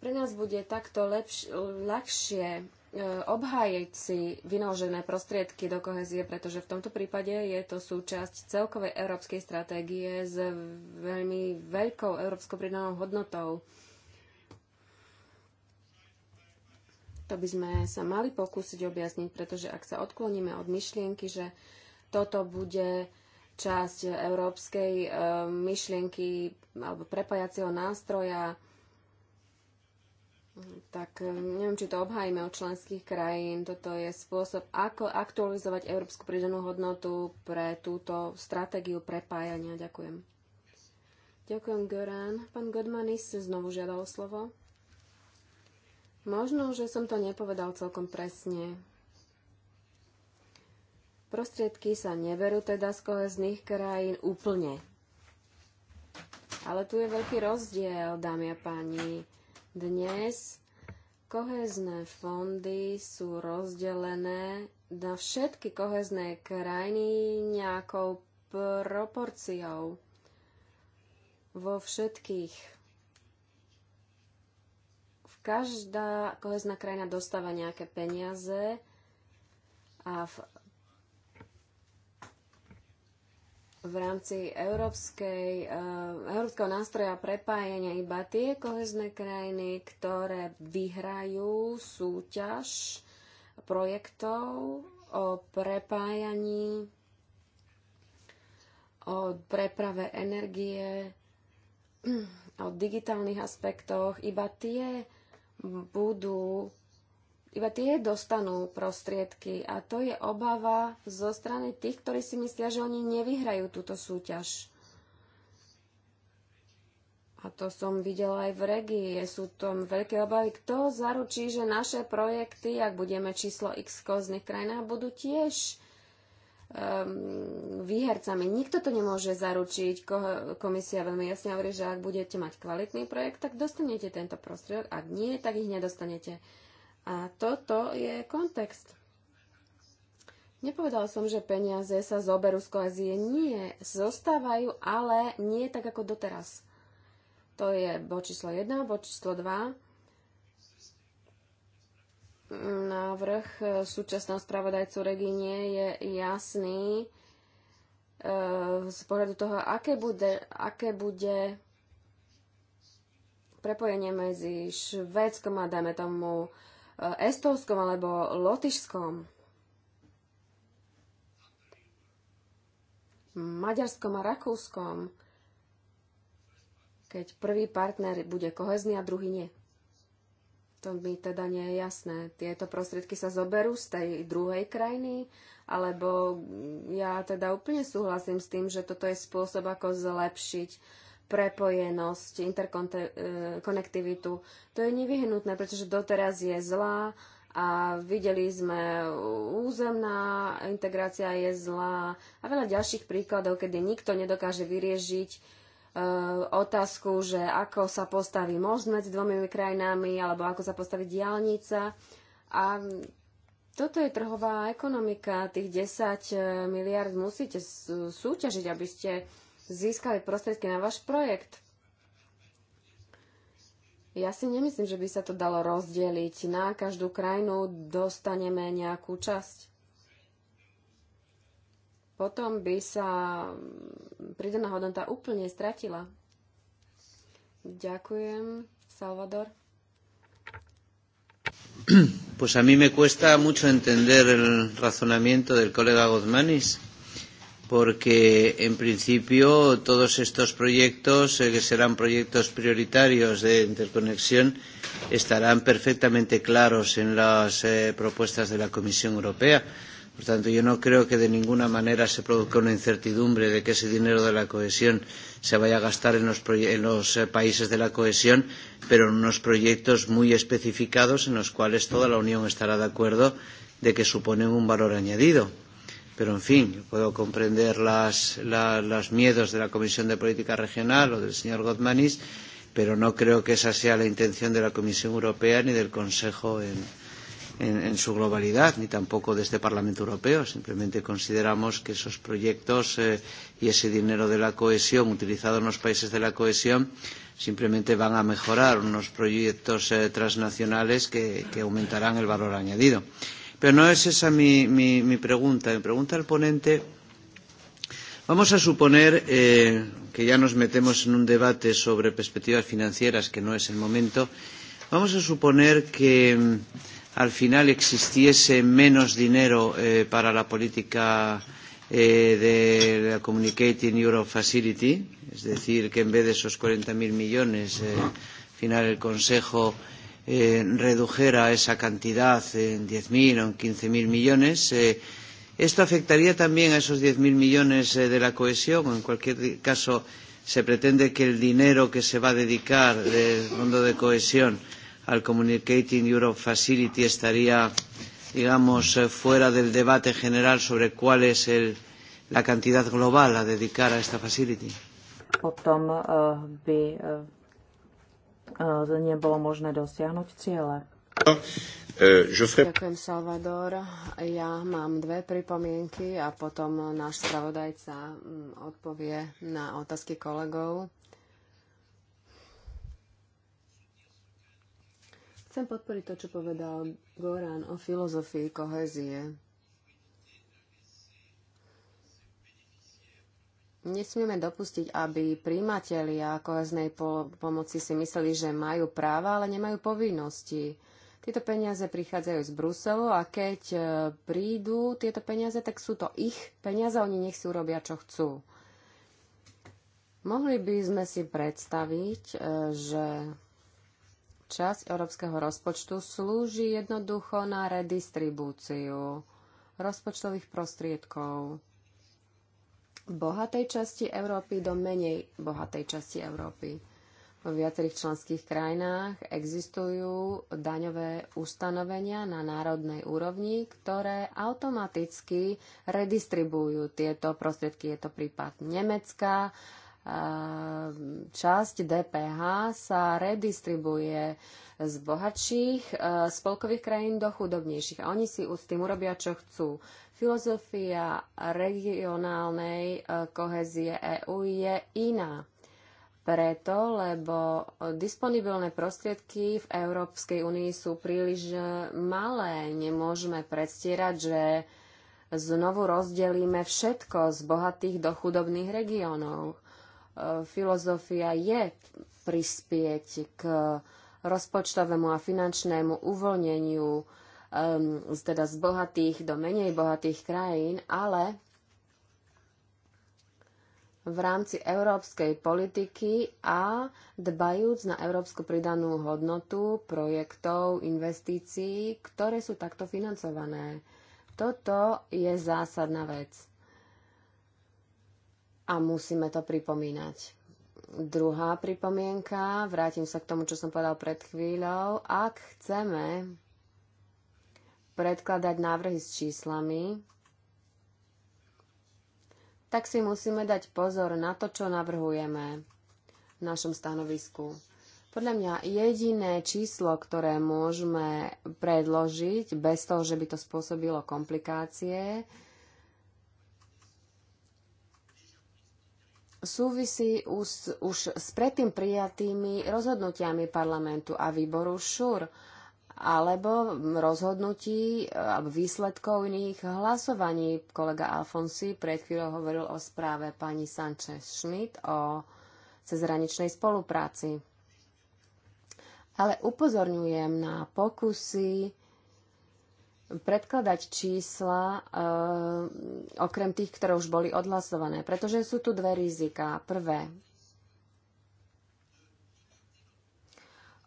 Pre nás bude takto lepš- ľahšie E, obhájiť si vynaložené prostriedky do kohezie, pretože v tomto prípade je to súčasť celkovej európskej stratégie s veľmi veľkou európskou pridanou hodnotou. To by sme sa mali pokúsiť objasniť, pretože ak sa odkloníme od myšlienky, že toto bude časť európskej e, myšlienky alebo prepájacieho nástroja, tak e, neviem, či to obhájime od členských krajín. Toto je spôsob, ako aktualizovať európsku pridanú hodnotu pre túto stratégiu prepájania. Ďakujem. Ďakujem, Goran. Pán Godmanis znovu žiadal slovo. Možno, že som to nepovedal celkom presne. Prostriedky sa neberú teda z kohezných krajín úplne. Ale tu je veľký rozdiel, dámy a páni dnes kohezné fondy sú rozdelené na všetky kohezné krajiny nejakou proporciou vo všetkých. V každá kohezná krajina dostáva nejaké peniaze a v v rámci európskej, eh, európskeho nástroja prepájenia iba tie kohezné krajiny, ktoré vyhrajú súťaž projektov o prepájaní, o preprave energie, o digitálnych aspektoch, iba tie budú iba tie dostanú prostriedky a to je obava zo strany tých, ktorí si myslia, že oni nevyhrajú túto súťaž. A to som videla aj v regii. Sú tam veľké obavy. Kto zaručí, že naše projekty, ak budeme číslo x v rôznych krajinách, budú tiež um, výhercami. Nikto to nemôže zaručiť. Komisia veľmi jasne hovorí, že ak budete mať kvalitný projekt, tak dostanete tento prostriedok. Ak nie, tak ich nedostanete. A toto je kontext. Nepovedal som, že peniaze sa zoberú z koazie. Nie, zostávajú, ale nie tak ako doteraz. To je bod číslo 1, bod číslo 2 návrh súčasného spravodajcu Regine je jasný eh, z pohľadu toho, aké bude, aké bude prepojenie medzi Švédskom a dajme tomu Estovskom alebo Lotyšskom, Maďarskom a Rakúskom, keď prvý partner bude kohezný a druhý nie. To mi teda nie je jasné. Tieto prostriedky sa zoberú z tej druhej krajiny, alebo ja teda úplne súhlasím s tým, že toto je spôsob, ako zlepšiť prepojenosť, interkonektivitu. E, to je nevyhnutné, pretože doteraz je zlá a videli sme územná integrácia je zlá a veľa ďalších príkladov, kedy nikto nedokáže vyriešiť e, otázku, že ako sa postaví most medzi dvomi krajinami alebo ako sa postaví diálnica. A toto je trhová ekonomika, tých 10 e, miliard musíte súťažiť, aby ste získali prostriedky na váš projekt. Ja si nemyslím, že by sa to dalo rozdeliť. Na každú krajinu dostaneme nejakú časť. Potom by sa pridaná hodnota úplne stratila. Ďakujem, Salvador. Pues a mí me cuesta mucho entender el razonamiento del colega Gozmanis porque en principio todos estos proyectos, eh, que serán proyectos prioritarios de interconexión, estarán perfectamente claros en las eh, propuestas de la Comisión Europea. Por tanto, yo no creo que de ninguna manera se produzca una incertidumbre de que ese dinero de la cohesión se vaya a gastar en los, en los eh, países de la cohesión, pero en unos proyectos muy especificados en los cuales toda la Unión estará de acuerdo de que suponen un valor añadido Pero, en fin, puedo comprender las, la, los miedos de la Comisión de Política Regional o del señor Gotmanis, pero no creo que esa sea la intención de la Comisión Europea ni del Consejo en, en, en su globalidad, ni tampoco de este Parlamento Europeo. Simplemente consideramos que esos proyectos eh, y ese dinero de la cohesión utilizado en los países de la cohesión simplemente van a mejorar unos proyectos eh, transnacionales que, que aumentarán el valor añadido. Pero no es esa mi, mi, mi pregunta. Mi pregunta al ponente. Vamos a suponer eh, que ya nos metemos en un debate sobre perspectivas financieras, que no es el momento. Vamos a suponer que mm, al final existiese menos dinero eh, para la política eh, de la Communicating Europe Facility, es decir, que en vez de esos 40.000 millones, eh, al final el Consejo eh, redujera esa cantidad en diez 10.000 o en quince 15.000 millones. Eh, esto afectaría también a esos diez 10.000 millones eh, de la cohesión. o En cualquier caso, se pretende que el dinero que se va a dedicar del Fondo de Cohesión al Communicating Europe Facility estaría, digamos, eh, fuera del debate general sobre cuál es el, la cantidad global a dedicar a esta facility. Potom eh, by eh, nebolo možné dosiahnuť ciele. E, Ďakujem, Salvador. Ja mám dve pripomienky a potom náš spravodajca mm, odpovie na otázky kolegov. Chcem podporiť to, čo povedal Goran o filozofii kohezie. Nesmieme dopustiť, aby a koheznej pomoci si mysleli, že majú práva, ale nemajú povinnosti. Tieto peniaze prichádzajú z Bruselu a keď e, prídu tieto peniaze, tak sú to ich peniaze, oni nech si urobia, čo chcú. Mohli by sme si predstaviť, e, že časť európskeho rozpočtu slúži jednoducho na redistribúciu rozpočtových prostriedkov bohatej časti Európy do menej bohatej časti Európy. Vo viacerých členských krajinách existujú daňové ustanovenia na národnej úrovni, ktoré automaticky redistribujú tieto prostriedky. Je to prípad Nemecka. Časť DPH sa redistribuje z bohatších e, spolkových krajín do chudobnejších. A oni si s tým urobia, čo chcú. Filozofia regionálnej e, kohezie EÚ je iná. Preto, lebo disponibilné prostriedky v Európskej únii sú príliš e, malé. Nemôžeme predstierať, že znovu rozdelíme všetko z bohatých do chudobných regiónov. E, filozofia je prispieť k rozpočtovému a finančnému uvoľneniu um, teda z bohatých do menej bohatých krajín, ale v rámci európskej politiky a dbajúc na európsku pridanú hodnotu projektov, investícií, ktoré sú takto financované. Toto je zásadná vec. A musíme to pripomínať. Druhá pripomienka, vrátim sa k tomu, čo som povedal pred chvíľou. Ak chceme predkladať návrhy s číslami, tak si musíme dať pozor na to, čo navrhujeme v našom stanovisku. Podľa mňa jediné číslo, ktoré môžeme predložiť bez toho, že by to spôsobilo komplikácie, súvisí už, už s predtým prijatými rozhodnutiami parlamentu a výboru ŠUR. Sure alebo rozhodnutí alebo výsledkov iných hlasovaní. Kolega Alfonsi pred chvíľou hovoril o správe pani Sanchez Schmidt o cezhraničnej spolupráci. Ale upozorňujem na pokusy predkladať čísla e, okrem tých, ktoré už boli odhlasované, pretože sú tu dve rizika. Prvé,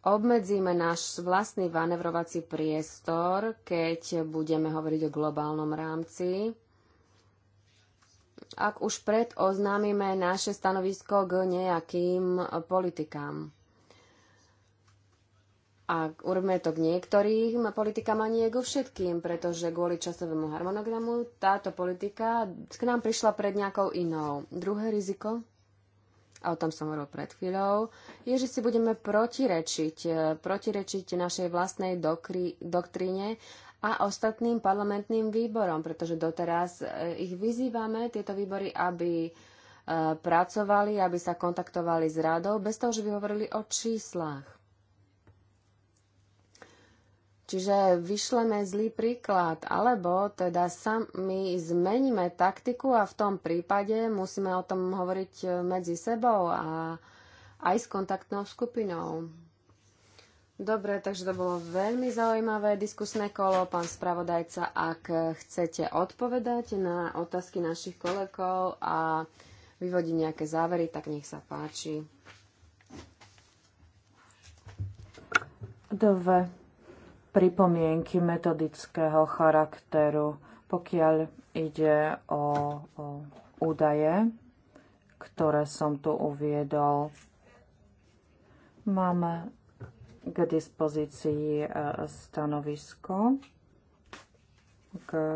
obmedzíme náš vlastný manevrovací priestor, keď budeme hovoriť o globálnom rámci. Ak už pred oznámime naše stanovisko k nejakým politikám. A urobíme to k niektorým politikám a nie ku všetkým, pretože kvôli časovému harmonogramu táto politika k nám prišla pred nejakou inou. Druhé riziko a o tom som hovoril pred chvíľou, je, že si budeme protirečiť, e, protirečiť našej vlastnej dokri, doktríne a ostatným parlamentným výborom, pretože doteraz e, ich vyzývame, tieto výbory, aby e, pracovali, aby sa kontaktovali s radou, bez toho, že by hovorili o číslach. Čiže vyšleme zlý príklad, alebo teda sami zmeníme taktiku a v tom prípade musíme o tom hovoriť e, medzi sebou a aj s kontaktnou skupinou. Dobre, takže to bolo veľmi zaujímavé diskusné kolo. Pán spravodajca, ak chcete odpovedať na otázky našich kolegov a vyvodiť nejaké závery, tak nech sa páči. Dobre pripomienky metodického charakteru, pokiaľ ide o, o údaje, ktoré som tu uviedol. Máme k dispozícii e, stanovisko k e,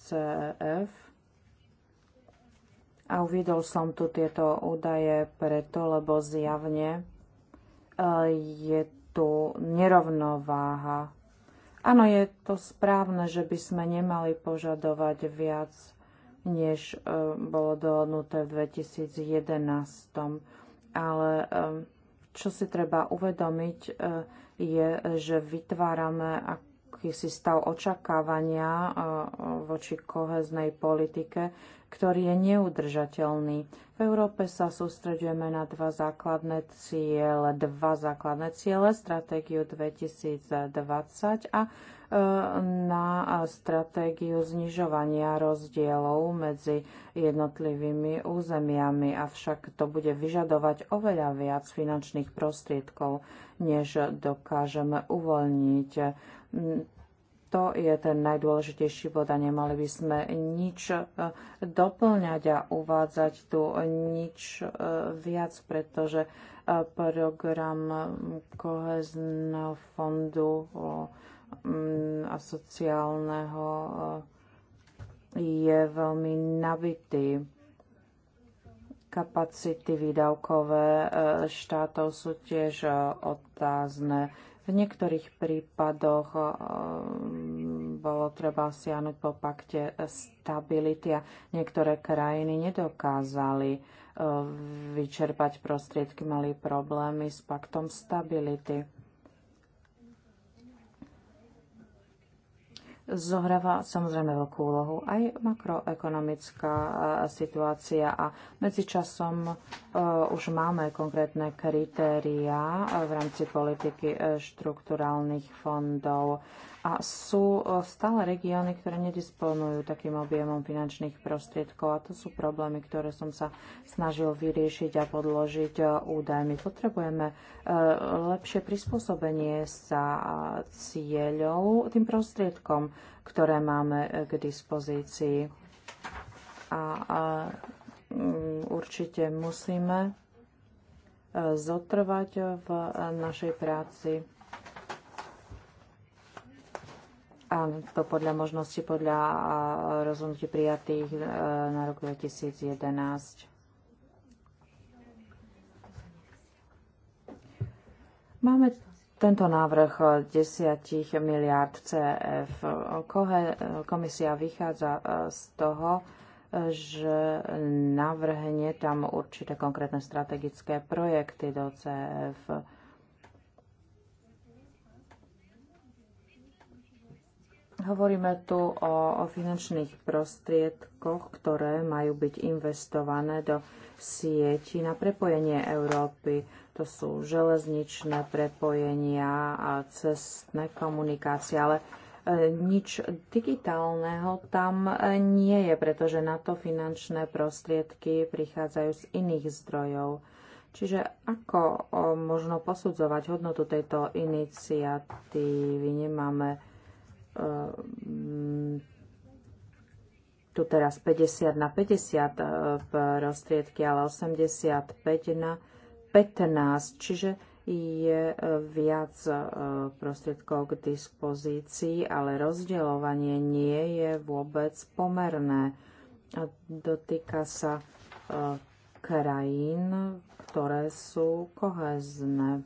CEF a uviedol som tu tieto údaje preto, lebo zjavne e, je tu nerovnováha. Áno, je to správne, že by sme nemali požadovať viac, než e, bolo dohodnuté v 2011. Ale e, čo si treba uvedomiť, e, je, že vytvárame akýsi stav očakávania voči koheznej politike, ktorý je neudržateľný. V Európe sa sústredujeme na dva základné ciele, dva základné ciele, stratégiu 2020 a e, na stratégiu znižovania rozdielov medzi jednotlivými územiami, avšak to bude vyžadovať oveľa viac finančných prostriedkov, než dokážeme uvoľniť to je ten najdôležitejší bod a nemali by sme nič e, doplňať a uvádzať tu nič e, viac, pretože e, program kohezného fondu mm, a sociálneho je veľmi nabitý kapacity výdavkové štátov sú tiež otázne. V niektorých prípadoch eh, bolo treba siahnuť po pakte stability a niektoré krajiny nedokázali eh, vyčerpať prostriedky, mali problémy s paktom stability. zohráva samozrejme veľkú úlohu aj makroekonomická e, situácia a medzičasom e, už máme konkrétne kritériá e, v rámci politiky štrukturálnych fondov. A sú e, stále regióny, ktoré nedisponujú takým objemom finančných prostriedkov a to sú problémy, ktoré som sa snažil vyriešiť a podložiť e, údajmi. Potrebujeme e, lepšie prispôsobenie sa cieľov tým prostriedkom, ktoré máme k dispozícii. A, a mm, určite musíme zotrvať v našej práci A to podľa možnosti, podľa rozhodnutí prijatých e, na rok 2011. Máme tento návrh 10 miliard CF. Komisia vychádza e, z toho, e, že navrhne tam určité konkrétne strategické projekty do CF Hovoríme tu o, o finančných prostriedkoch, ktoré majú byť investované do sieti na prepojenie Európy. To sú železničné prepojenia a cestné komunikácie, ale e, nič digitálneho tam e, nie je, pretože na to finančné prostriedky prichádzajú z iných zdrojov. Čiže ako možno posudzovať hodnotu tejto iniciatívy? Nemáme Ehm, tu teraz 50 na 50 ehm, prostriedky, ale 85 na 15, čiže je ehm, viac prostriedkov k dispozícii, ale rozdeľovanie nie je vôbec pomerné. Dotýka sa krajín, ktoré sú kohezné.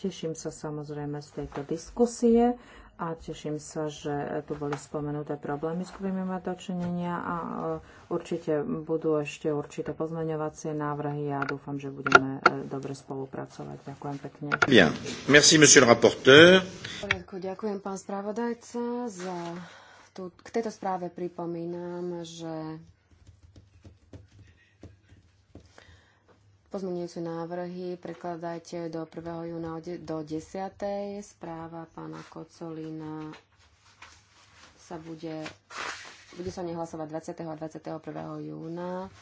Teším sa samozrejme z tejto diskusie a teším sa, že tu boli spomenuté problémy, s ktorými má dočinenia a e, určite budú ešte určité pozmeňovacie návrhy a dúfam, že budeme e, dobre spolupracovať. Ďakujem pekne. Bien. Merci, monsieur le rapporteur. Ďakujem, pán spravodajca, za tú, k tejto správe pripomínam, že Pozmenujúce návrhy prekladajte do 1. júna do 10. Správa pána Kocolina sa bude, bude sa nehlasovať 20. a 21. júna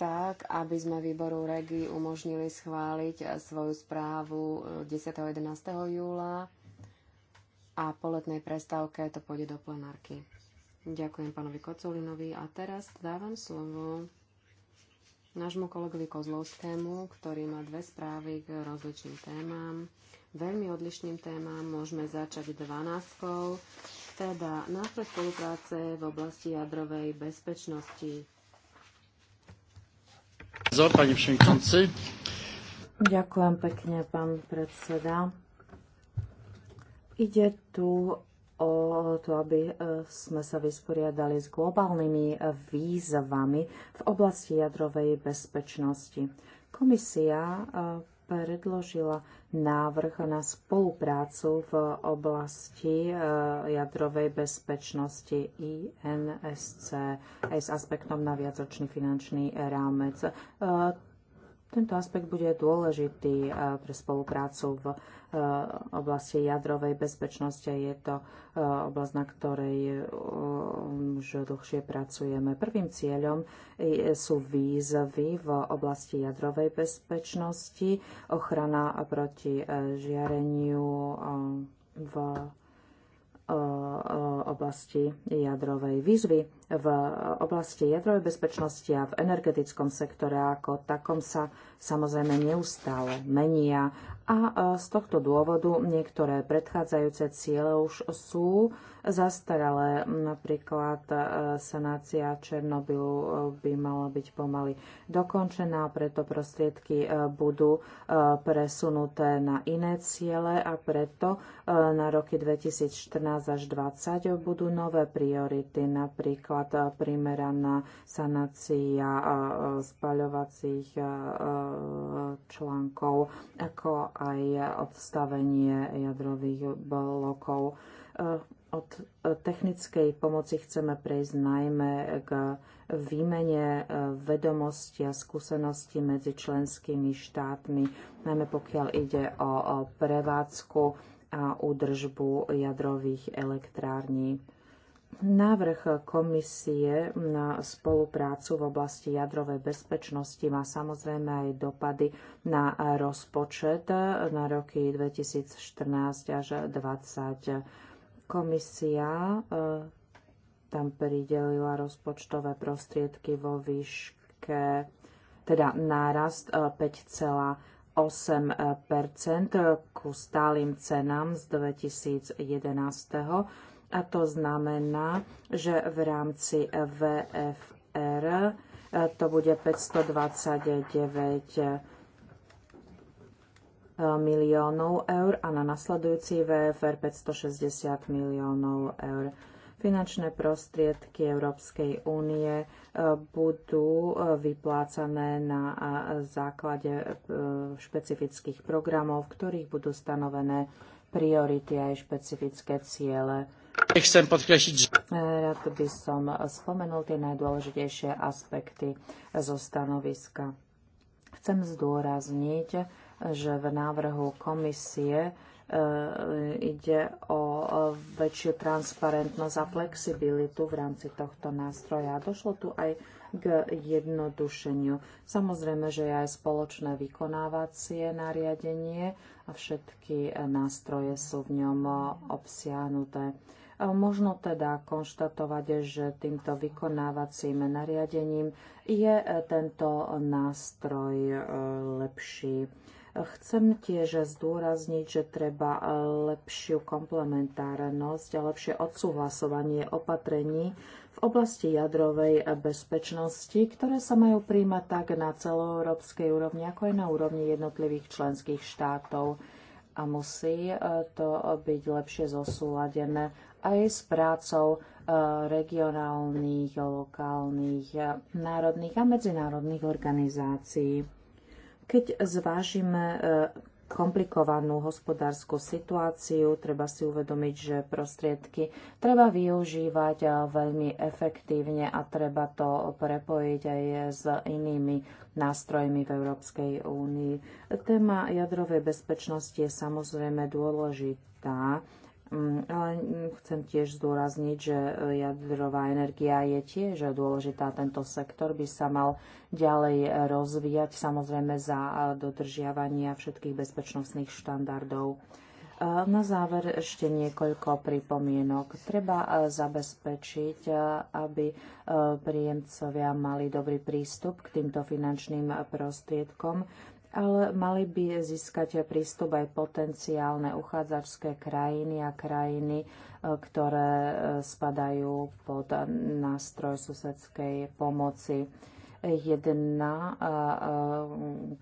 tak, aby sme výboru REGI umožnili schváliť eh, svoju správu 10. Eh, a 11. júla a po letnej prestávke to pôjde do plenárky. Ďakujem pánovi Kocolinovi a teraz dávam slovo nášmu kolegovi Kozlovskému, ktorý má dve správy k rozličným témam, veľmi odlišným témam. Môžeme začať 12, teda nástroj spolupráce v oblasti jadrovej bezpečnosti. Ďakujem pekne, pán predseda. Ide tu o to, aby e, sme sa vysporiadali s globálnymi e, výzvami v oblasti jadrovej bezpečnosti. Komisia e, predložila návrh na spoluprácu v oblasti jadrovej bezpečnosti INSC aj s aspektom na viacročný finančný rámec. Tento aspekt bude dôležitý eh, pre spoluprácu v eh, oblasti jadrovej bezpečnosti. Je to eh, oblasť, na ktorej už dlhšie pracujeme. Prvým cieľom sú výzvy v oblasti jadrovej bezpečnosti, ochrana proti žiareniu v oblasti jadrovej výzvy v oblasti jadrovej bezpečnosti a v energetickom sektore ako takom sa samozrejme neustále menia a e, z tohto dôvodu niektoré predchádzajúce ciele už sú zastaralé. Napríklad e, sanácia Černobylu e, by mala byť pomaly dokončená, preto prostriedky budú presunuté na iné ciele a preto na roky 2014 až 2020 budú nové priority, napríklad napríklad primeraná sanácia e, spaľovacích e, e, článkov, ako aj odstavenie jadrových blokov. Od technickej pomoci chceme prejsť najmä k výmene vedomosti a skúsenosti medzi členskými štátmi, najmä pokiaľ ide o prevádzku a údržbu jadrových elektrární. Návrh komisie na spoluprácu v oblasti jadrovej bezpečnosti má samozrejme aj dopady na rozpočet na roky 2014 až 2020. Komisia e, tam pridelila rozpočtové prostriedky vo výške, teda nárast 5,8% e, 8 ku stálym cenám z 2011 a to znamená, že v rámci VFR e, to bude 529 e, miliónov eur a na nasledujúci VFR 560 miliónov eur. Finančné prostriedky Európskej únie e, budú vyplácané na základe špecifických programov, v ktorých budú stanovené priority aj špecifické ciele. Chcem podkreślić, že... Rád by som spomenul tie najdôležitejšie aspekty zo stanoviska. Chcem zdôrazniť, že v návrhu komisie e, ide o väčšiu transparentnosť a flexibilitu v rámci tohto nástroja. Došlo tu aj k jednodušeniu. Samozrejme, že je aj spoločné vykonávacie nariadenie a všetky nástroje sú v ňom obsiahnuté. Možno teda konštatovať, že týmto vykonávacím nariadením je e, tento nástroj e, lepší. Chcem tiež zdôrazniť, že treba e, lepšiu komplementárnosť a lepšie odsúhlasovanie opatrení v oblasti jadrovej bezpečnosti, ktoré sa majú príjmať tak na celoeurópskej úrovni, ako aj na úrovni jednotlivých členských štátov a musí to byť lepšie zosúladené aj s prácou e, regionálnych, lokálnych, e, národných a medzinárodných organizácií. Keď zvážime e, komplikovanú hospodárskú situáciu, treba si uvedomiť, že prostriedky treba využívať veľmi efektívne a treba to prepojiť aj s inými nástrojmi v Európskej únii. Téma jadrovej bezpečnosti je samozrejme dôležitá Mm, ale mm, chcem tiež zdôrazniť, že eh, jadrová energia je tiež dôležitá. Tento sektor by sa mal ďalej rozvíjať, samozrejme za eh, dodržiavania všetkých bezpečnostných štandardov. Eh, na záver ešte niekoľko pripomienok. Treba zabezpečiť, aby príjemcovia mali dobrý prístup k týmto finančným prostriedkom ale mali by získať prístup aj potenciálne uchádzačské krajiny a krajiny, e, ktoré e, spadajú pod nástroj susedskej pomoci jedna e,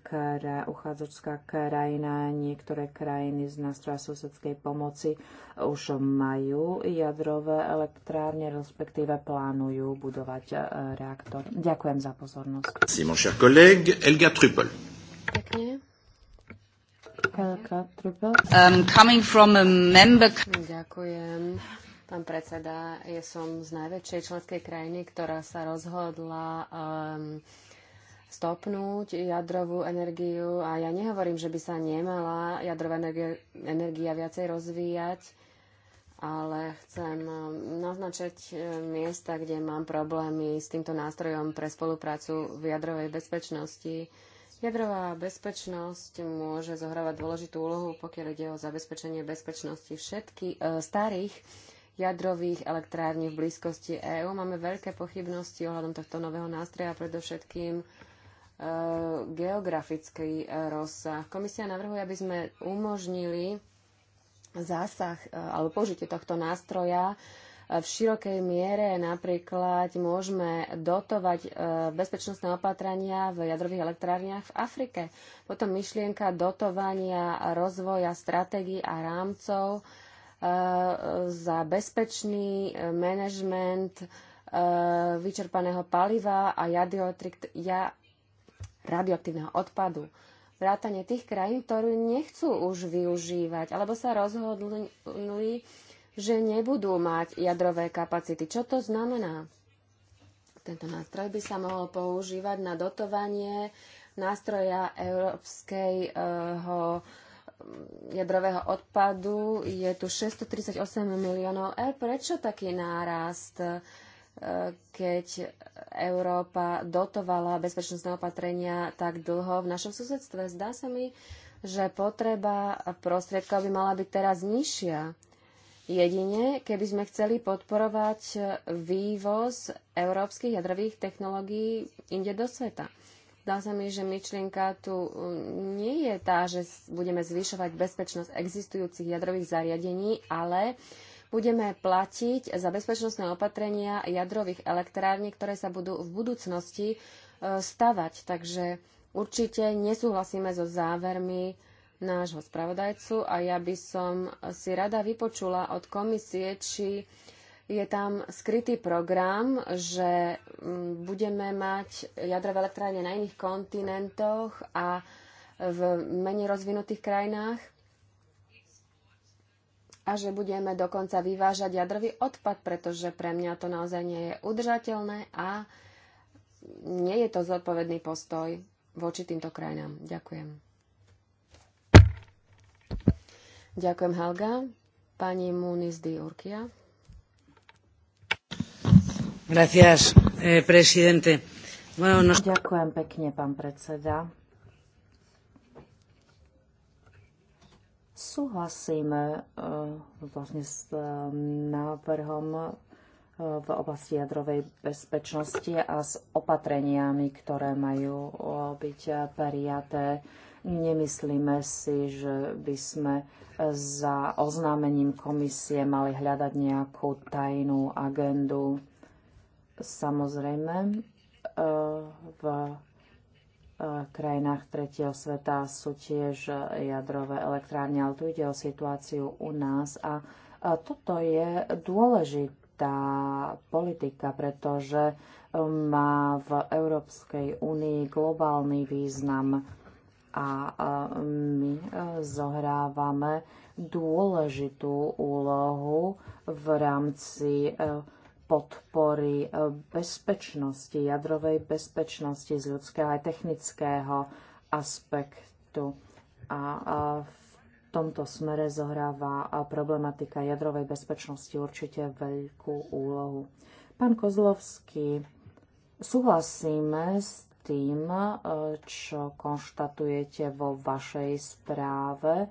kra, uchádzačská krajina, niektoré krajiny z nástroja susedskej pomoci už majú jadrové elektrárne, respektíve plánujú budovať reaktor. Ďakujem za pozornosť. Merci, mon cher collègue. Elga Um, coming from a member... Ďakujem. Pán predseda, ja som z najväčšej členskej krajiny, ktorá sa rozhodla um, stopnúť jadrovú energiu a ja nehovorím, že by sa nemala jadrová energia, energia viacej rozvíjať, ale chcem um, naznačiť um, miesta, kde mám problémy s týmto nástrojom pre spoluprácu v jadrovej bezpečnosti. Jadrová bezpečnosť môže zohrávať dôležitú úlohu, pokiaľ ide o zabezpečenie bezpečnosti všetkých e, starých jadrových elektrární v blízkosti EÚ. Máme veľké pochybnosti ohľadom tohto nového nástroja predovšetkým e, geografický e, rozsah. Komisia navrhuje, aby sme umožnili zásah e, alebo použitie tohto nástroja e, E, v širokej miere napríklad môžeme dotovať e, bezpečnostné opatrenia v jadrových elektrárniach v Afrike. Potom myšlienka dotovania rozvoja stratégií a rámcov e, za bezpečný manažment vyčerpaného paliva a radioaktívneho odpadu Vrátanie tých krajín, ktorú nechcú už využívať, alebo sa rozhodli že nebudú mať jadrové kapacity. Čo to znamená? Tento nástroj by sa mohol používať na dotovanie nástroja európskeho eh, jadrového odpadu. Je tu 638 miliónov eur. Prečo taký nárast, eh, keď Európa dotovala bezpečnostné opatrenia tak dlho v našom susedstve? Zdá sa mi, že potreba prostriedkov by mala byť teraz nižšia Jedine, keby sme chceli podporovať vývoz európskych jadrových technológií inde do sveta. Dá sa mi, že myšlienka tu nie je tá, že budeme zvyšovať bezpečnosť existujúcich jadrových zariadení, ale budeme platiť za bezpečnostné opatrenia jadrových elektrární, ktoré sa budú v budúcnosti e, stavať. Takže určite nesúhlasíme so závermi nášho spravodajcu a ja by som si rada vypočula od komisie, či je tam skrytý program, že mm, budeme mať jadrové elektrárne na iných kontinentoch a v menej rozvinutých krajinách a že budeme dokonca vyvážať jadrový odpad, pretože pre mňa to naozaj nie je udržateľné a nie je to zodpovedný postoj voči týmto krajinám. Ďakujem. Ďakujem, Helga. Pani Muniz de Urquia. Gracias, eh, presidente. Bueno, no... Ďakujem pekne, pán predseda. Súhlasím eh, vlastne s eh, návrhom eh, v oblasti jadrovej bezpečnosti a s opatreniami, ktoré majú eh, byť prijaté Nemyslíme si, že by sme za oznámením komisie mali hľadať nejakú tajnú agendu. Samozrejme, e, v e, krajinách tretieho sveta sú tiež jadrové elektrárne, ale tu ide o situáciu u nás a toto je dôležitá politika, pretože e, má v Európskej únii globálny význam a my e, zohrávame dôležitú úlohu v rámci e, podpory e, bezpečnosti, jadrovej bezpečnosti z ľudského aj technického aspektu. A v tomto smere zohráva problematika jadrovej bezpečnosti určite veľkú úlohu. Pán Kozlovský, súhlasíme s tým, e, čo konštatujete vo vašej správe. E,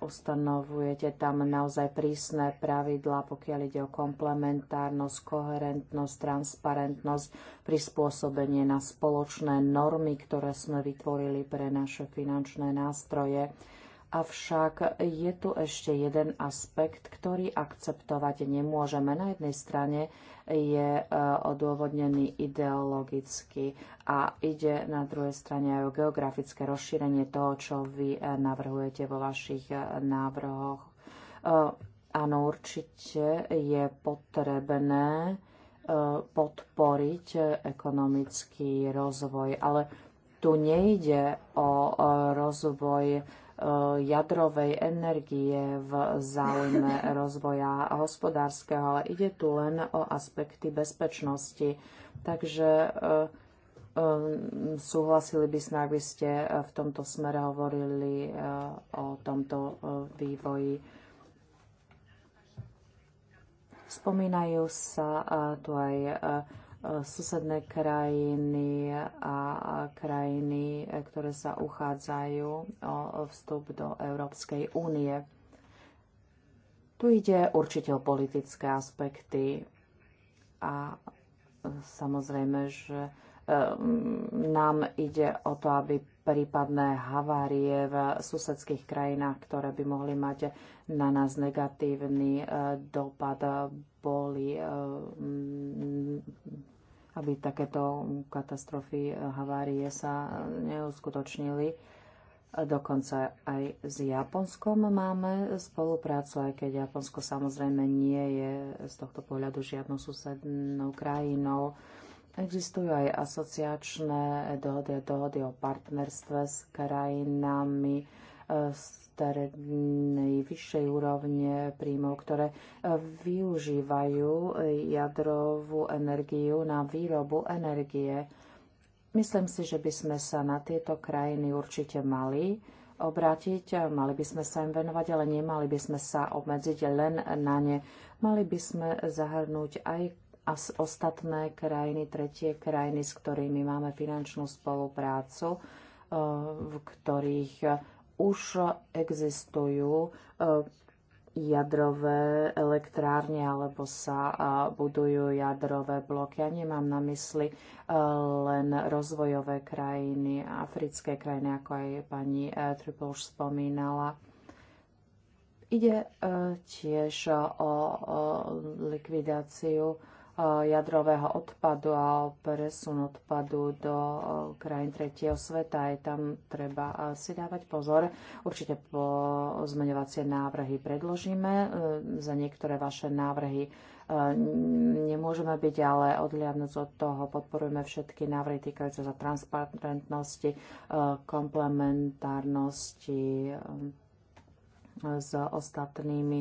ustanovujete tam naozaj prísne pravidlá, pokiaľ ide o komplementárnosť, koherentnosť, transparentnosť, prispôsobenie na spoločné normy, ktoré sme vytvorili pre naše finančné nástroje. Avšak je tu ešte jeden aspekt, ktorý akceptovať nemôžeme. Na jednej strane je e, odôvodnený ideologicky a ide na druhej strane aj o geografické rozšírenie toho, čo vy e, navrhujete vo vašich e, návrhoch. Áno, určite je potrebné podporiť ekonomický rozvoj, ale tu nejde o rozvoj Eh, jadrovej energie v záujme rozvoja hospodárskeho, ale ide tu len o aspekty bezpečnosti. Takže eh, súhlasili by sme, ak by ste eh, v tomto smere hovorili o tomto vývoji. Spomínajú sa tu aj E, susedné krajiny a krajiny, e, ktoré sa uchádzajú o vstup do Európskej únie. Tu ide určite o politické aspekty a samozrejme, že e, nám ide o to, aby prípadné havárie v susedských krajinách, ktoré by mohli mať na nás negatívny dopad, boli aby takéto katastrofy, eh, havárie sa eh, neuskutočnili. Dokonca aj s Japonskom máme spoluprácu, aj keď Japonsko samozrejme nie je z tohto pohľadu žiadnou susednou krajinou. Existujú aj asociačné dohody a dohody o partnerstve s krajinami eh, strednej, vyššej úrovne príjmov, ktoré e, využívajú jadrovú energiu na výrobu energie. Myslím si, že by sme sa na tieto krajiny určite mali obrátiť, mali by sme sa im venovať, ale nemali by sme sa obmedziť len na ne. Mali by sme zahrnúť aj a ostatné krajiny, tretie krajiny, s ktorými máme finančnú spoluprácu, e, v ktorých už existujú e, jadrové elektrárne alebo sa e, budujú jadrové bloky. Ja nemám na mysli e, len rozvojové krajiny, africké krajiny, ako aj pani Triple už spomínala. Ide tiež o likvidáciu Eh, jadrového odpadu a presun odpadu do eh, krajín tretieho sveta. Aj tam treba eh, si dávať pozor. Určite zmeňovacie návrhy predložíme. Za niektoré vaše návrhy nemôžeme byť, ale odliadnúť od toho podporujeme všetky návrhy týkajúce sa transparentnosti, komplementárnosti s ostatnými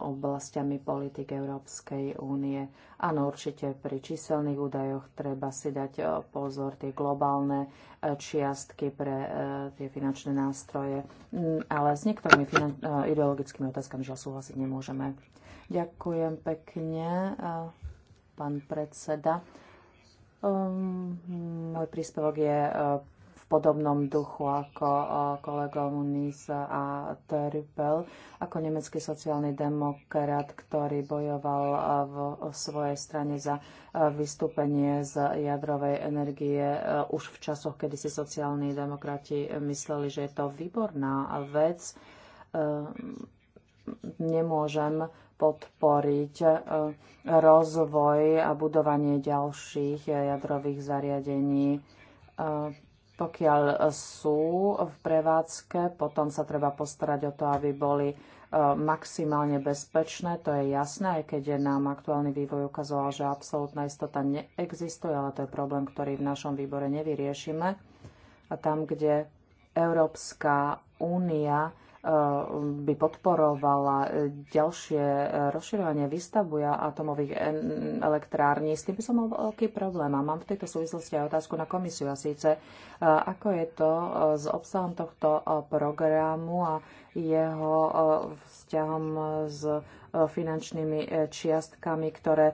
oblastiami politik Európskej únie. Áno, určite pri číselných údajoch treba si dať e, pozor tie globálne e, čiastky pre e, tie finančné nástroje, mm, ale s niektorými ideologickými otázkami žiaľ súhlasiť nemôžeme. Ďakujem pekne, pán predseda. Ehm, môj príspevok je podobnom duchu ako kolega Muniz a Terpel, ako nemecký sociálny demokrat, ktorý bojoval v svojej strane za vystúpenie z jadrovej energie už v časoch, kedy si sociálni demokrati mysleli, že je to výborná vec. Ehm, nemôžem podporiť rozvoj a budovanie ďalších jadrových zariadení ehm, pokiaľ sú v prevádzke, potom sa treba postarať o to, aby boli e, maximálne bezpečné, to je jasné, aj keď je nám aktuálny vývoj ukazoval, že absolútna istota neexistuje, ale to je problém, ktorý v našom výbore nevyriešime. A tam, kde Európska únia Eh, by podporovala eh, ďalšie eh, rozširovanie výstavbu atomových elektrární. S tým by som mal veľký problém a mám v tejto súvislosti aj otázku na komisiu a síce, ako je to s obsahom tohto programu a jeho eh, vzťahom s eh, finančnými eh, čiastkami, ktoré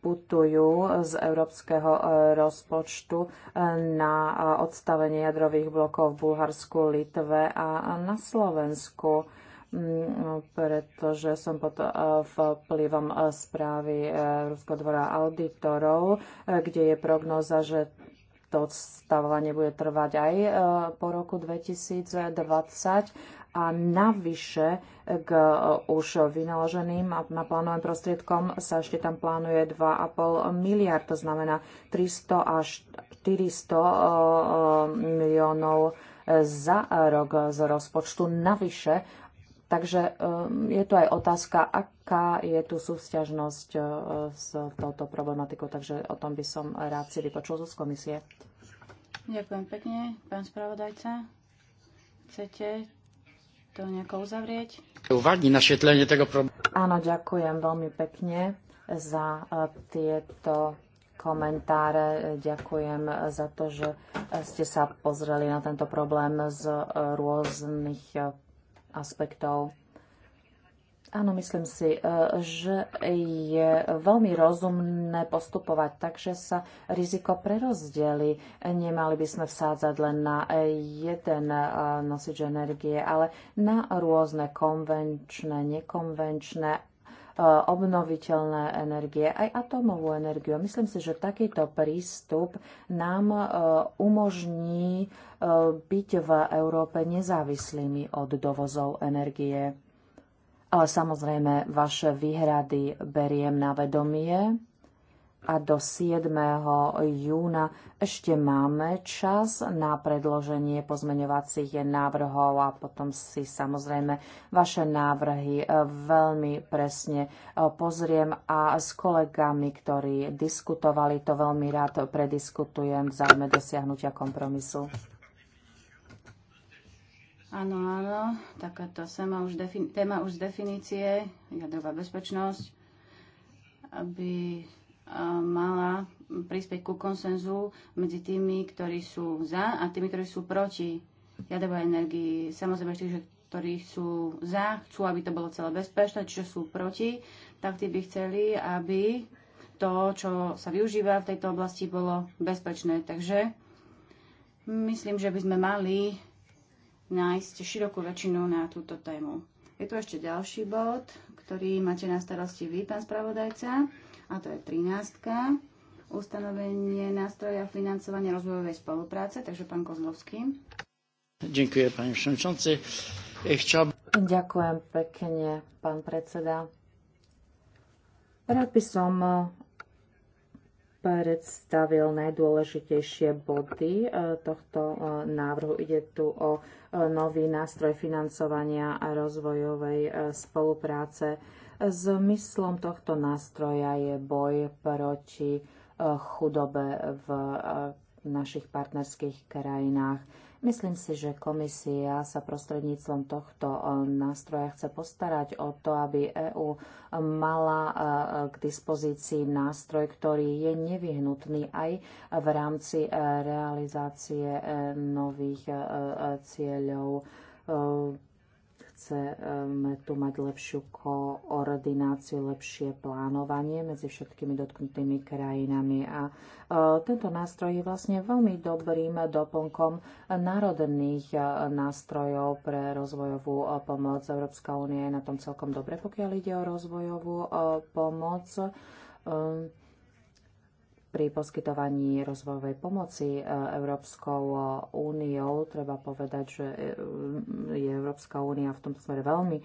putujú z európskeho rozpočtu na odstavenie jadrových blokov v Bulharsku, Litve a na Slovensku mm, pretože som pod vplyvom správy Ruského dvora auditorov, kde je prognoza, že to odstavovanie bude trvať aj po roku 2020 a navyše k e, už vynaloženým a plánovým prostriedkom sa ešte tam plánuje 2,5 miliard, to znamená 300 až 400 e, e, miliónov za rok z rozpočtu navyše. Takže je tu aj otázka, aká je tu súvzťažnosť s touto problematikou, takže o tom by som rád si vypočul zo komisie. Ďakujem pekne, pán spravodajca. Chcete to nejako uzavrieť? Uvádni našetlenie tego problému. Áno, ďakujem veľmi pekne za e, tieto komentáre. Ďakujem za to, že e, ste sa pozreli na tento problém z e, rôznych aspektov. Áno, myslím si, e, že je veľmi rozumné postupovať tak, že sa riziko prerozdeli. Nemali by sme vsádzať len na jeden e, nosič energie, ale na rôzne konvenčné, nekonvenčné e, obnoviteľné energie, aj atómovú energiu. Myslím si, že takýto prístup nám umožní byť v Európe nezávislými od dovozov energie. Ale samozrejme, vaše výhrady beriem na vedomie a do 7. júna ešte máme čas na predloženie pozmeňovacích návrhov a potom si samozrejme vaše návrhy e, veľmi presne e, pozriem a s kolegami, ktorí diskutovali, to veľmi rád prediskutujem v záujme dosiahnutia kompromisu. Áno, áno, takáto už téma už z definície, jadrová bezpečnosť, aby e, mala prispieť ku konsenzu medzi tými, ktorí sú za a tými, ktorí sú proti jadrovej energii. Samozrejme, tých, ktorí sú za, chcú, aby to bolo celé bezpečné, čiže sú proti, tak tí by chceli, aby to, čo sa využíva v tejto oblasti, bolo bezpečné. Takže myslím, že by sme mali nájsť širokú väčšinu na túto tému. Je tu ešte ďalší bod, ktorý máte na starosti vy, pán spravodajca, a to je 13. Ustanovenie nástroja financovania rozvojovej spolupráce, takže pán Kozlovský. Ďakujem, pani Šenčonci. Ďakujem pekne, pán predseda. Rád by som predstavil najdôležitejšie body e, tohto e, návrhu. Ide tu o e, nový nástroj financovania a rozvojovej spolupráce. Zmyslom tohto nástroja je boj proti chudobe v našich partnerských krajinách. Myslím si, že komisia sa prostredníctvom tohto eh, nástroja chce postarať o to, aby EÚ eh, mala eh, k dispozícii nástroj, ktorý je nevyhnutný aj v rámci realizácie nových cieľov Chceme tu mať lepšiu koordináciu, lepšie plánovanie medzi všetkými dotknutými krajinami a e, tento nástroj je vlastne veľmi dobrým doplnkom národných e, nástrojov pre rozvojovú e, pomoc. Európska únia je na tom celkom dobre, pokiaľ ide o rozvojovú pomoc pri poskytovaní rozvojovej pomoci e, Európskou úniou. Treba povedať, že e, je Európska únia v tomto smere veľmi e,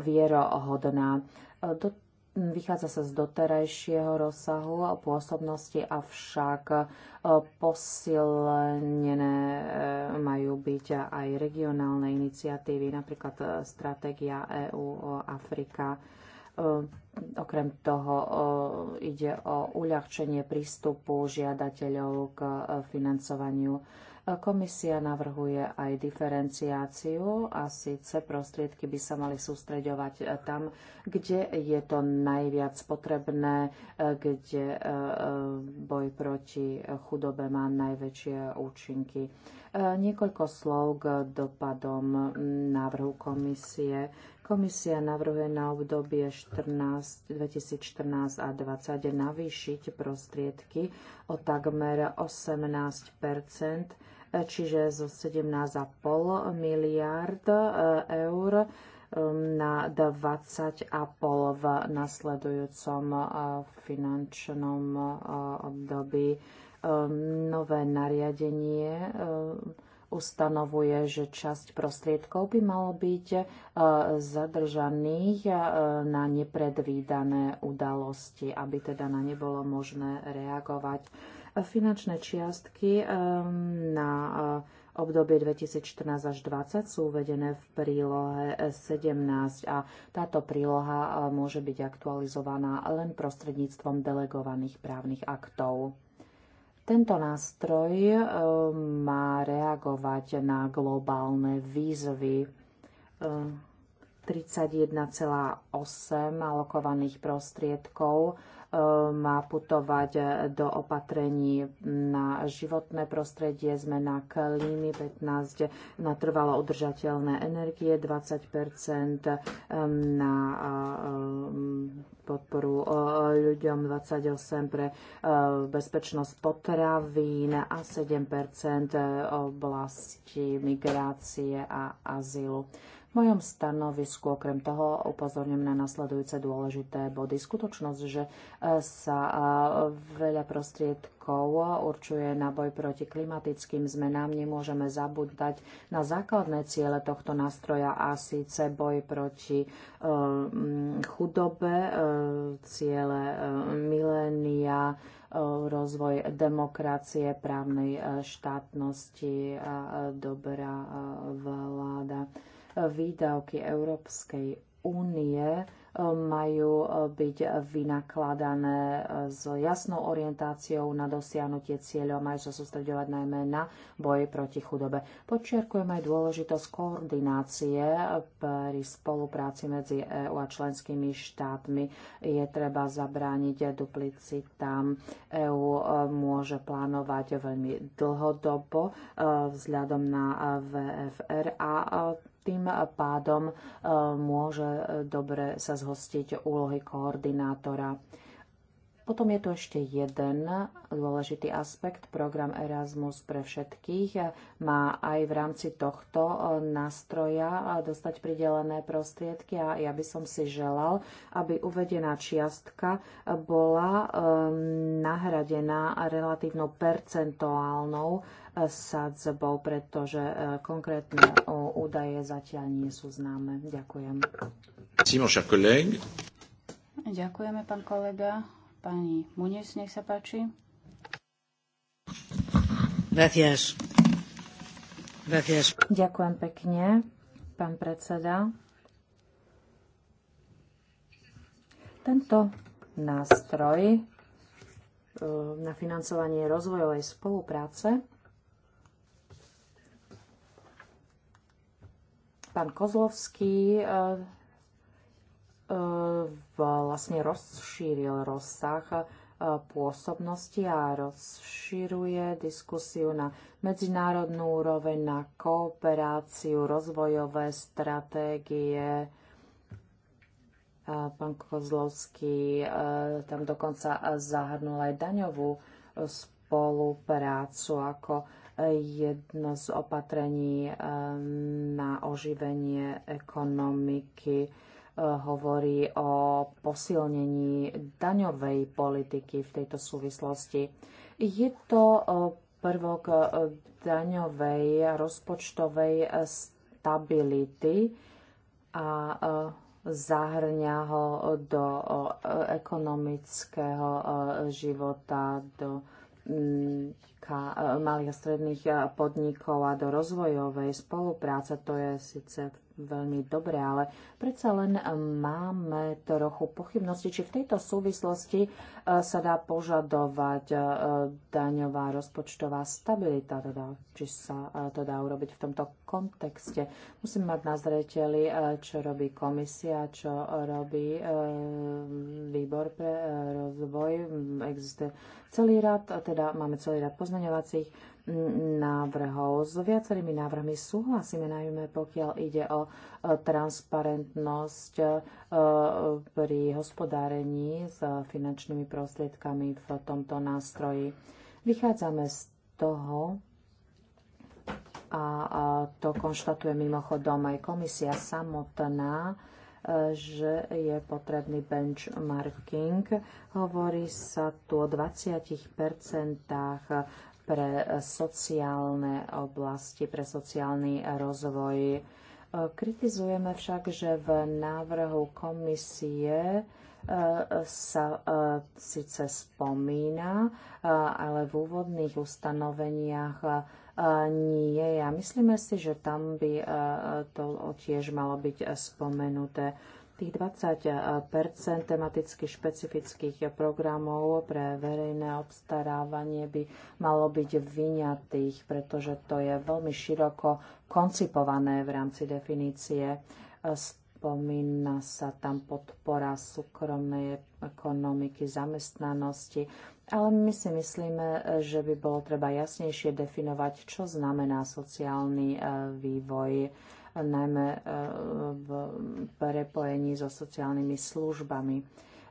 vierohodná. Do Vychádza sa z doterajšieho rozsahu pôsobnosti, avšak posilnené majú byť aj regionálne iniciatívy, napríklad stratégia EU Afrika E, okrem toho e, ide o uľahčenie prístupu žiadateľov k e, financovaniu. Komisia navrhuje aj diferenciáciu a síce prostriedky by sa mali sústreďovať tam, kde je to najviac potrebné, kde boj proti chudobe má najväčšie účinky. Niekoľko slov k dopadom návrhu komisie. Komisia navrhuje na obdobie 14, 2014 a 2020 navýšiť prostriedky o takmer 18 čiže zo 17,5 miliárd eh, eur mm, na 20,5 v nasledujúcom eh, finančnom eh, období. Ehm, nové nariadenie ehm, ustanovuje, že časť prostriedkov by malo byť eh, zadržaných eh, na nepredvídané udalosti, aby teda na ne bolo možné reagovať. Finančné čiastky ehm, na eh, obdobie 2014 až 2020 sú uvedené v prílohe 17 a táto príloha môže byť aktualizovaná len prostredníctvom delegovaných právnych aktov. Tento nástroj e, má reagovať na globálne výzvy. 31,8 e, alokovaných prostriedkov E, má putovať e, do opatrení na životné prostredie, zmena klímy 15 na trvalo udržateľné energie, 20 e, na podporu ľuďom 28 pre bezpečnosť potravín a 7 oblasti migrácie a azylu mojom stanovisku okrem toho upozorňujem na nasledujúce dôležité body. Skutočnosť, že e, sa e, veľa prostriedkov určuje na boj proti klimatickým zmenám, nemôžeme zabúdať na základné ciele tohto nástroja a síce boj proti e, chudobe, ciele milénia, rozvoj demokracie, právnej štátnosti a dobrá vláda výdavky Európskej únie eh, majú eh, byť vynakladané eh, s jasnou orientáciou na dosiahnutie cieľov, majú sa sústredovať najmä na boj proti chudobe. Podčiarkujem aj dôležitosť koordinácie pri spolupráci medzi EÚ a členskými štátmi. Je treba zabrániť duplicitám. EÚ môže plánovať veľmi dlhodobo vzhľadom na VFR a tým pádom e, môže e, dobre sa zhostiť úlohy koordinátora. Potom je tu ešte jeden dôležitý aspekt. Program Erasmus pre všetkých má aj v rámci tohto e, nástroja dostať pridelené prostriedky a ja by som si želal, aby uvedená čiastka bola nahradená relatívnou percentuálnou sadzbou, pretože e, konkrétne údaje zatiaľ nie sú známe. Ďakujem. Ďakujeme, pán kolega. Pani Muniz, nech sa páči. Gracias. Gracias. Ďakujem pekne, pán predseda. Tento nástroj e, na financovanie rozvojovej spolupráce pán Kozlovský e, e, vlastne rozšíril rozsah e, pôsobnosti a rozširuje diskusiu na medzinárodnú úroveň, na kooperáciu, rozvojové stratégie. Pán Kozlovský tam dokonca zahrnul aj daňovú spoluprácu ako jedno z opatrení eh, na oživenie ekonomiky eh, hovorí o posilnení daňovej politiky v tejto súvislosti. Je to eh, prvok daňovej rozpočtovej stability a zahrňa ho do ekonomického života, do Eh, malých a stredných eh, podnikov a do rozvojovej spolupráce. To je síce v veľmi dobre, ale predsa len eh, máme trochu pochybnosti, či v tejto súvislosti eh, sa dá požadovať eh, daňová rozpočtová stabilita, teda, či sa to dá urobiť v tomto kontexte. Musím mať na zreteli, čo robí komisia, čo robí výbor pre rozvoj. Existuje celý rad, teda máme celý rad pozmeňovacích návrhov. S viacerými návrhmi súhlasíme, najmä pokiaľ ide o e, transparentnosť e, pri hospodárení s finančnými prostriedkami v tomto nástroji. Vychádzame z toho, a to konštatuje mimochodom aj komisia samotná, e, že je potrebný benchmarking. Hovorí sa tu o 20% pre sociálne oblasti, pre sociálny rozvoj. Kritizujeme však, že v návrhu komisie e, sa e, síce spomína, e, ale v úvodných ustanoveniach nie. A myslíme si, že tam by to tiež malo byť spomenuté. Tých 20 tematicky špecifických programov pre verejné obstarávanie by malo byť vyňatých, pretože to je veľmi široko koncipované v rámci definície. Spomína sa tam podpora súkromnej ekonomiky, zamestnanosti, ale my si myslíme, že by bolo treba jasnejšie definovať, čo znamená sociálny e, vývoj najmä e, v prepojení so sociálnymi službami.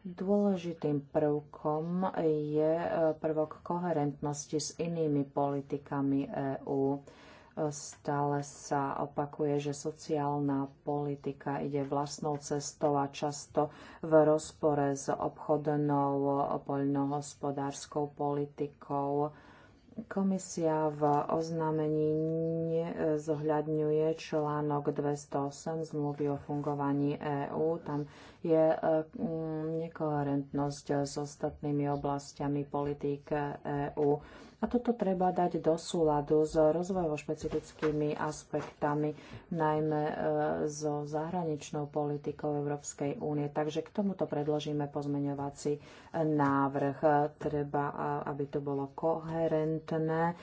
Dôležitým prvkom je e, prvok koherentnosti s inými politikami EÚ. E, stále sa opakuje, že sociálna politika ide vlastnou cestou a často v rozpore s obchodnou poľnohospodárskou politikou Komisia v oznámení nezohľadňuje článok 208 zmluvy o fungovaní EÚ. Tam je mm, nekoherentnosť s ostatnými oblastiami politík EÚ. A toto treba dať do súladu s rozvojovo špecifickými aspektami, najmä e, so zahraničnou politikou Európskej únie. Takže k tomuto predložíme pozmeňovací e, návrh. E, treba, aby to bolo koherentné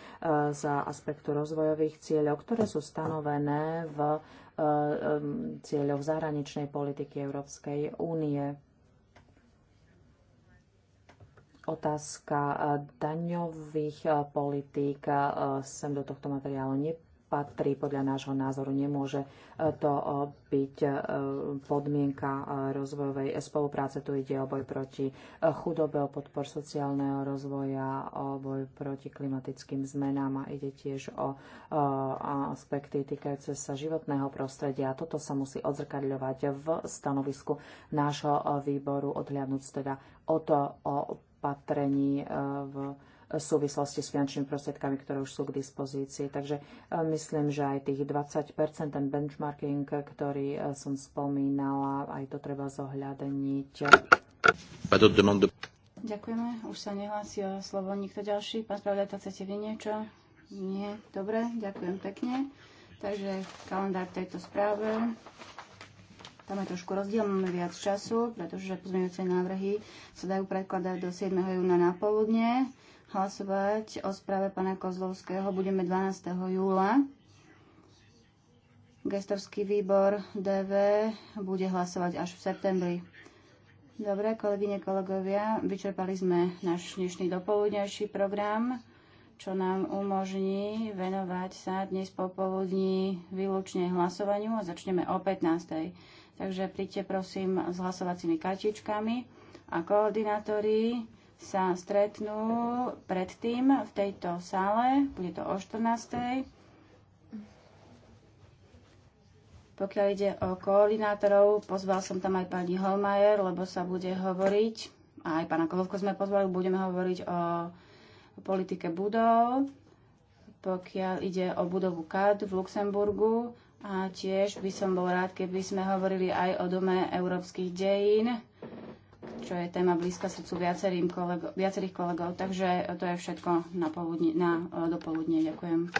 za aspektu rozvojových cieľov, ktoré sú stanovené v cieľoch zahraničnej politiky Európskej únie otázka eh, daňových eh, politík eh, sem do tohto materiálu nepatrí. Podľa nášho názoru nemôže to byť podmienka rozvojovej spolupráce. Tu ide o boj proti chudobe, o podpor sociálneho rozvoja, o boj proti klimatickým zmenám a ide tiež o aspekty týkajúce sa životného prostredia. Toto sa musí odzrkadľovať v stanovisku nášho výboru, odhľadnúť teda o to, o opatrení e, v súvislosti s finančnými prostriedkami, ktoré už sú k dispozícii. Takže e, myslím, že aj tých 20%, ten benchmarking, ktorý e, som spomínala, aj to treba zohľadeniť. Ďakujeme. Už sa nehlási o slovo nikto ďalší. Pán spravodajca, chcete vy niečo? Nie. Dobre, ďakujem pekne. Takže kalendár tejto správe tam je trošku rozdiel, máme viac času, pretože pozmeňujúce návrhy sa dajú predkladať do 7. júna na poludne. Hlasovať o správe pána Kozlovského budeme 12. júla. Gestorský výbor DV bude hlasovať až v septembri. Dobre, kolegyne, kolegovia, vyčerpali sme náš dnešný dopoludňajší program čo nám umožní venovať sa dnes popoludní výlučne hlasovaniu a začneme o 15. Takže príďte prosím s hlasovacími kartičkami a koordinátori sa stretnú predtým v tejto sále, bude to o 14. Pokiaľ ide o koordinátorov, pozval som tam aj pani Holmajer, lebo sa bude hovoriť, a aj pána Kolovko sme pozvali, budeme hovoriť o politike budov. Pokiaľ ide o budovu KAD v Luxemburgu, a tiež by som bol rád, keby sme hovorili aj o Dome európskych dejín, čo je téma blízka srdcu kolego, viacerých kolegov. Takže to je všetko na, poludne, na eh, dopoludne. Ďakujem.